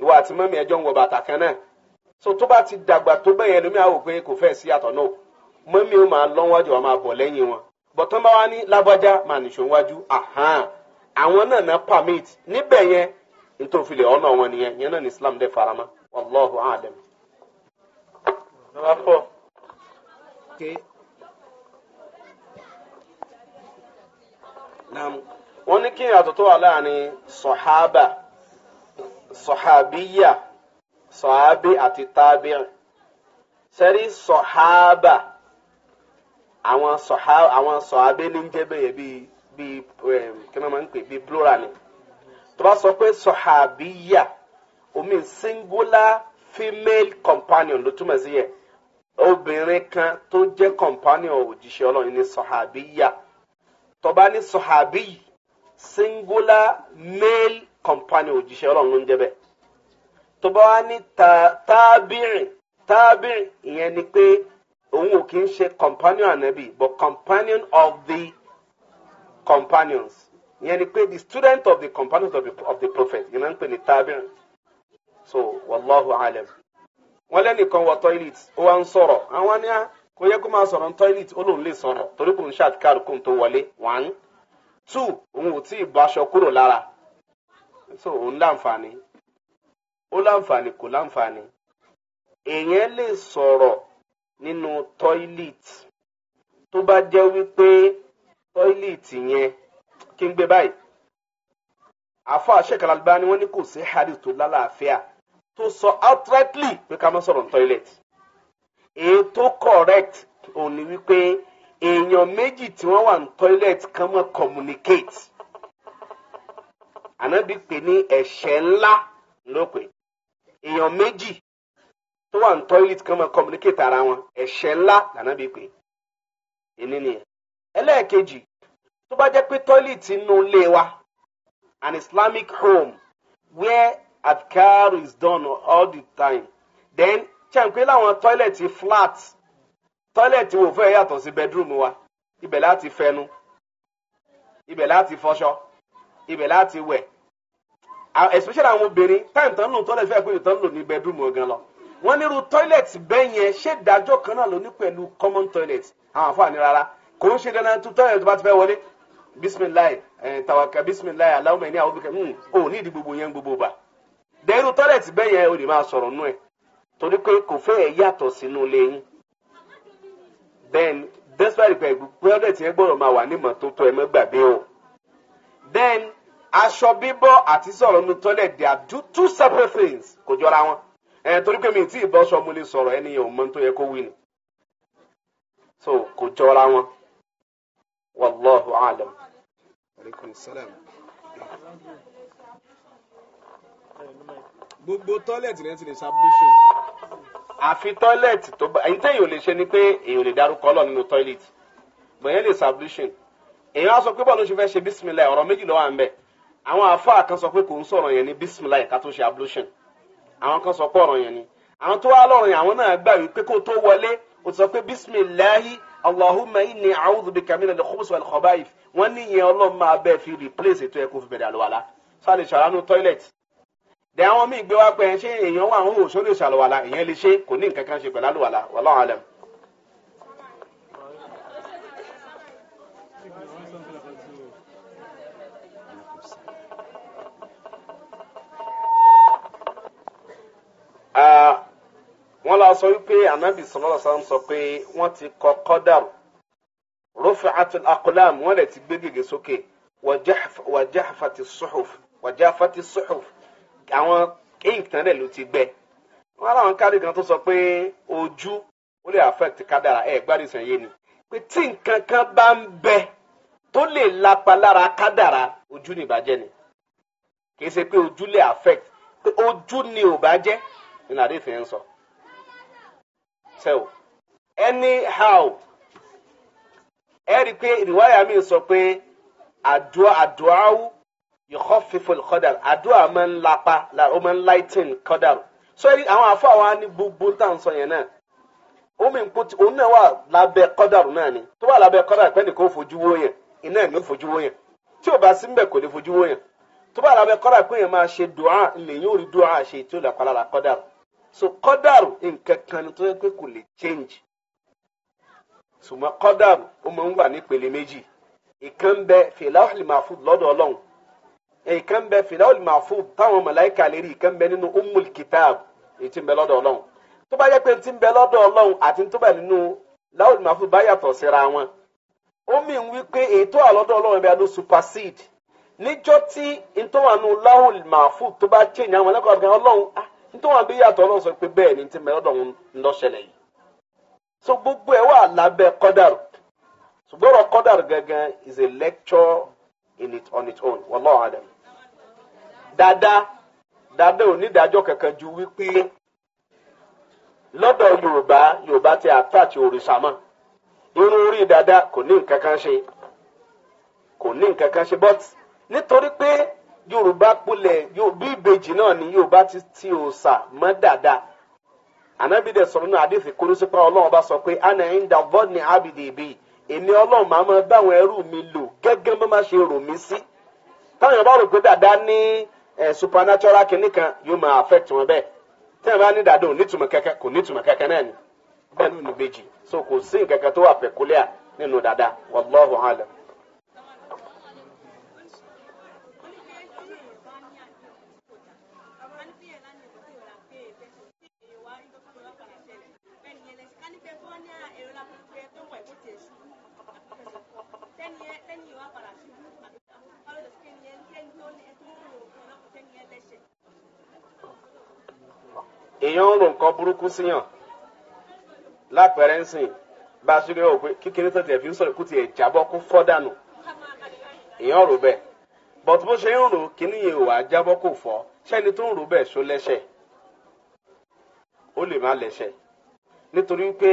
ìwà àti mọ́mí ẹjọ́ ń wọ bàtà kan náà so tó bá ti dàgbà tó bẹ́yẹn lómi àwọn òpin kò fẹ́ sí àtọ̀ náà mọ́mí o máa lọ́wọ́jú wa máa bọ̀ lẹ́yìn wọn bọ̀tán bá wá ní lágbájá máa nìṣó wájú àwọn náà ná permit níbẹ̀ yẹn nítòfilẹ̀ ọ̀nà wọn nìyẹn yẹn náà ní islam farama wallahu alam. number wọ́n ní kí ìyàtọ̀ wà láàrin sọ̀hábà sọ̀hábíyà sọ̀hábí àti tábìrì sẹ́rí sọ̀hábà. àwọn sọ̀há àwọn sọ̀ abẹ́lé ń jẹ́ bẹ́ẹ̀ bíi bíi kí wọ́n máa ń pè bíi plural ni tó bá sọ pé sọ̀hábíyà omi singular female companion ló túmọ̀ sí yẹ obìnrin kan tó jẹ́ companion òjíṣẹ́ ọlọ́run ní sọ̀hábíyà tó bá ní sọ̀hábíyì singular male companion òjíṣẹ́ ọlọ́run ló ń jẹ́ bẹ́ẹ̀ tó bá wá ní tábìrì tábìrì ìyẹn ni pé òun ò kí ń ṣe companion anabi but companion of the companions ìyẹn ni pé the student of the companions of the, of the prophet ìyẹn ni pè ní tabirin so wàlláhu alam wọn lẹ́nìkan wọ toilet ó wá ń sọ̀rọ̀ àwọn ni a ah, kò yẹ kó máa sọ̀rọ̀ ní toilet ó lòun lè sọ̀rọ̀ torí kò ń ṣàtìkárù kó n tó wọlé one two òun ò tí ì bọ́ aṣọ kúrò lára so òun láǹfààní ó láǹfààní kò láǹfààní èèyàn lè sọ̀rọ̀ nínú tọ́ílìtì tó bá jẹ́ wípé tọ́ílìtì yẹn kí n gbé báyìí àfọ àṣekàlàgbá ni wọ́n ní kò sí hadith tó lálàáfíà tó sọ outrightly pé ká má sọ̀rọ̀ ní tọ́ílẹ̀tì èyí tó correct òun ni wípé èèyàn méjì tí wọ́n wà ní tọ́ílẹ̀tì kan mọ̀ communicate ànábì pè ní ẹ̀ṣẹ̀ ńlá ló pè èèyàn méjì tó wà ní toilet kan máa communicate ara wọn ẹ̀ṣẹ̀ ńlá lànà bí pé èmi nìyẹn ẹlẹ́ẹ̀kejì tó bá jẹ́ pé toilet inú ilé wa an Islamic home where adkar is done all the time then ṣàǹpé láwọn toilet flat toilet wò fẹ́ yàtọ̀ sí bedroom wa ibẹ̀ láti fẹnu ibẹ̀ láti fọṣọ ibẹ̀ láti wẹ̀ especially àwọn obìnrin táyìntàn nù toilet fẹ́ pé ìtàn lò ní bedroom gan lọ wọ́n nírú toilet bẹ́ẹ̀ yẹn ṣé ìdájọ́ kan náà ló ní pẹ̀lú common toilet àwọn àfààní rárá kò ń ṣe dandan tó toilet tó bá ti fẹ́ wọlé bisimilayi ẹ tawaka bisimilayi alahuma ẹni àwọn bìkan hmm, o ní ìdí gbogbo yẹn gbogbo bá dẹrù tọ́lẹ̀tì bẹ́ẹ̀ yẹn o lè máa sọ̀rọ̀ nù ẹ̀ torí pé kò fẹ́ ẹ̀ yàtọ̀ sínú ilé then despite pé tọ́lẹ̀tì yẹn gbọ́dọ̀ máa wà then aṣọ bíbọ́ àti sọ̀rọ̀ nù tọ́lẹ̀tì they are two separate things kò jọra ẹ torí pé mi tí ì bọ́ sọ sọ̀rọ̀ ẹni yẹn ò mọ tó yẹ kó wí ni so kò jọra wọn wàlláhu alam. gbogbo tọ́lẹ̀tì rẹ ti lè ṣàbùsùn. àfi tọ́lẹ̀tì tó bá ẹni tẹ́yìn ò lè ṣe ni pé èèyàn lè dárúkọ ọlọ́ nínú tọ́lẹ̀tì bẹ̀yẹn lè ṣàbùsùn èèyàn á sọ pé bọ́ọ̀lù ṣe fẹ́ ṣe bísímìlá ọ̀rọ̀ méjì ló wà ń bẹ̀ àwọn àfáà kan pé kò ń sọ̀rọ̀ yẹn ní bísímìlá ká tó ṣe ablution àwọn kan sọ pé ọ̀rọ̀ yẹn ni àwọn tó wá lọ́rùn yẹn àwọn náà gbà wípé kó tó wọlé ó ti sọ pé bisimilahi allahumma inni a'udhu bika minal khubusi wal khaba'ith wọ́n ní ìyẹn ọlọ́run máa bẹ́ẹ̀ fi replace ètò ẹ̀kọ́ fi bẹ̀rẹ̀ àlùwàlá sáré ṣàlánú toilet dẹ̀ àwọn míì gbé wá pé ṣé èèyàn wà ń hò sórí ìṣàlùwàlá ìyẹn lè ṣe kò ní nǹkan kan ṣe pẹ̀lú àlùwàlá wallahu alam wọn la sọ wípé anabi sọlọ́lá sọ sọ pé wọ́n ti kọ kọ́dàrú rufi atul akulam wọ́n lè ti gbé gègé sókè wàjáfàtì sùhùf wàjáfàtì sùhùf àwọn ink tán dẹ̀ ló ti gbẹ wọn làwọn kárí kan tó sọ pé ojú ó lè affect kádàrà ẹ gbádùn sàn yé ni pé tí nǹkan kan bá ń bẹ tó lè lapa kádàrà ojú ni ìbàjẹ́ ni kì í ṣe pé ojú lè affect pé ojú ni ò bá jẹ́ nínú àdéhùn yẹn ń sọ. So yourself anyhow ẹ rí i pé ìrìwáyà mi sọ pé àdúrà àdúrà ó yìkọ́ fífọ́ kọ́dàrú àdúrà máa ń lapa ó máa ń lighten kọ́dàrú so àwọn àfọ àwọn á ní gbogbo tá à ń sọ yẹn náà omi nkpoti òun náà wà lábẹ́ kọ́dàrú náà ni tó wà lábẹ́ kọ́dàrú pẹ́ẹ́nì kò fojú wó yẹn iná ẹ̀ ló fojú wó yẹn tí ò bá sí mbẹ̀ kò lè fojú wó yẹn tó bá lábẹ́ kọ́dàrú pé yẹn máa ṣe dùá ńlẹ̀ yóò rí dùá ṣe tí ó lè pa so kọ́dàrú nǹkan kan ni tó yẹ pé kò lè change ṣùgbọ́n kọ́dàrú ó máa ń wà nípele méjì ìkan bẹ fìlàhùlì màfúd lọ́dọ̀ ọlọ́run ìkan bẹ fìlàhùlì màfúd táwọn màláíkà lérí ìkan bẹ nínú umul kitab èyí tí ń bẹ lọ́dọ̀ ọlọ́run tó bá yẹ pé ti ń bẹ lọ́dọ̀ ọlọ́run àti tó bá nínú láhùlì màfúd bá yàtọ̀ síra wọn ó mì ń wí pé ètò àlọ́dọ̀ ọlọ́run bẹ ló supersede níjọ́ tí ntọ́wànú láhùlì màfúd tó bá change àwọn ẹlẹ́kọ̀ọ́ nítorí wọn bí yàtọ̀ ọlọ́run sọ pé bẹ́ẹ̀ ni ti mẹ́rọ́dọ̀ ń lọ ṣẹlẹ̀ yìí so gbogbo ẹ̀ wà lábẹ́ kọ́dàrú ṣùgbọ́n ọ̀rọ̀ kọ́dàrú gangan is a lecture in it on its own wallahu alam dáadáa dáadáa ò kankan ju wípé lọ́dọ̀ yorùbá yorùbá ti àtàtì òrìṣà mọ́ irun orí dada kò ní nǹkan kan ṣe kò ní nǹkan kan ṣe but nítorí pé yorùbá pulẹ̀ bí ìbejì náà ni yorùbá ti ti òòsà mọ́ dáadáa ànábì dẹ̀ náà àdéhùn ìkórèsí pa ọlọ́run bá sọ pé ana ń da vọ́ọ̀nì ábìdì ìbí èmi ọlọ́run máa ma bá àwọn ẹrú mi lò gẹ́gẹ́ bó máa ṣe rò mí sí táwọn yorùbá rò pé ní supernatural kìnnì kan yóò máa affect wọn bẹ́ẹ̀ tẹ́wọ̀n bá ní ò nítumọ̀ kẹ́kẹ́ kò náà ni èèyàn ń ro nǹkan burúkú síyàn lápẹ̀rẹ̀ ń sìn bá a ṣe léwọ̀ pé kékeré tó tiẹ̀ fi ń sọ̀rọ̀ kó tiẹ̀ jábọ́ kó fọ́ dànù èèyàn rò bẹ́ẹ̀ bọ̀t bó ṣe ń rò kíní yẹn wà á jábọ́ kó fọ́ ṣẹ́ni tó ń rò bẹ́ẹ̀ ṣó lẹ́ṣẹ̀ ó lè má lẹ́ṣẹ̀ nítorí pé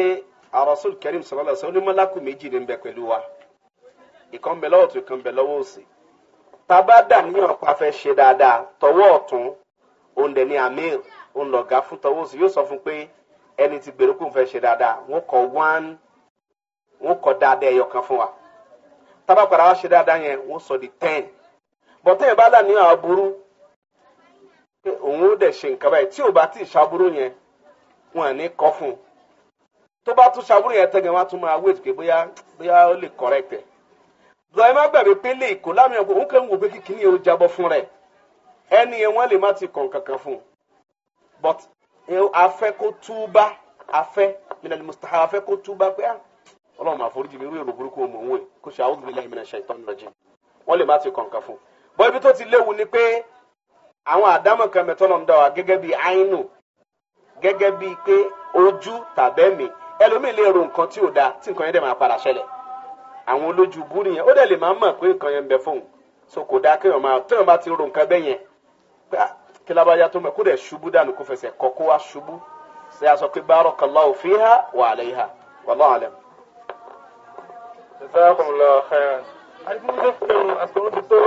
arasul karim sọlọ́lá sọ onímọ̀láku méjì ní bẹ pẹ̀lú wa ìkan bẹ lọ́wọ́ tó ìkan bẹ lọ́wọ́ òsì tá a bá dà níyàn pa fẹ́ ṣe dáadáa tọwọ́ ọ̀tún òǹdẹ̀ ni amir òun lọ̀gá fún tọwọ́sí yóò sọ fún pé ẹni tí gbèrò kò fẹ́ ṣe dáadáa wọ́n kọ wọ́n wọ́n kọ dáadáa ẹyọ kan fún wa tábà padà ṣe dáadáa yẹn wọ́n sọ di ten bọ́tẹ́ yẹn bá dà ní àbúrú pé òun ó dẹ̀ ṣe nǹkan báyìí tí ò bá tí ì ṣàbúrú yẹn wọn à ní kọ́ fún un tó bá tún ṣàbúrú yẹn ma wọn tún máa wait pé bóyá bóyá ó lè correct ẹ̀ lọ ẹ má gbàgbé pé lè kó lámì ọgbọ òun kàn ń wò pé yẹn ó jábọ́ fún rẹ̀ ẹni yẹn wọ́n lè má ti kàn kankan fún un but eh, afẹ́ kó túbá afẹ́ minal mustahab afẹ́ kó túbá pé ah ọlọ́run máa foríjì mi irú èrò ọmọ òun ẹ̀ kó ṣe a'udhu billahi minash shaitonir rajim wọ́n lè má ti kọ̀ǹkan fún un bọ́ ibi tó ti léwu ni pé àwọn àdámọ̀ kan mẹ́tọ́ lọ́n dá wa gẹ́gẹ́ bí àínú gẹ́gẹ́ bí pé ojú tàbẹ́mì ẹlòmíì lè ro nǹkan tí ò da tí nǹkan yẹn dẹ̀ máa padà ṣẹlẹ̀ àwọn olójú gúrì yẹn ó dẹ̀ lè máa mọ̀ pé nǹkan yẹn ń bẹ fóun so kò dáa kéèyàn máa téèyàn bá ti ro nǹkan bẹ́ẹ̀ yẹn kílábáyá tó mọ̀ kó dẹ̀ ṣubú dànù kó fẹsẹ̀ kọ́ kó wá ṣubú ṣe àṣọ pé barakallahu fiha wa alayha wallahu alam. jazakumullahu khairan. àdìmúlẹ̀ fún àsọ̀rọ̀ ti tó.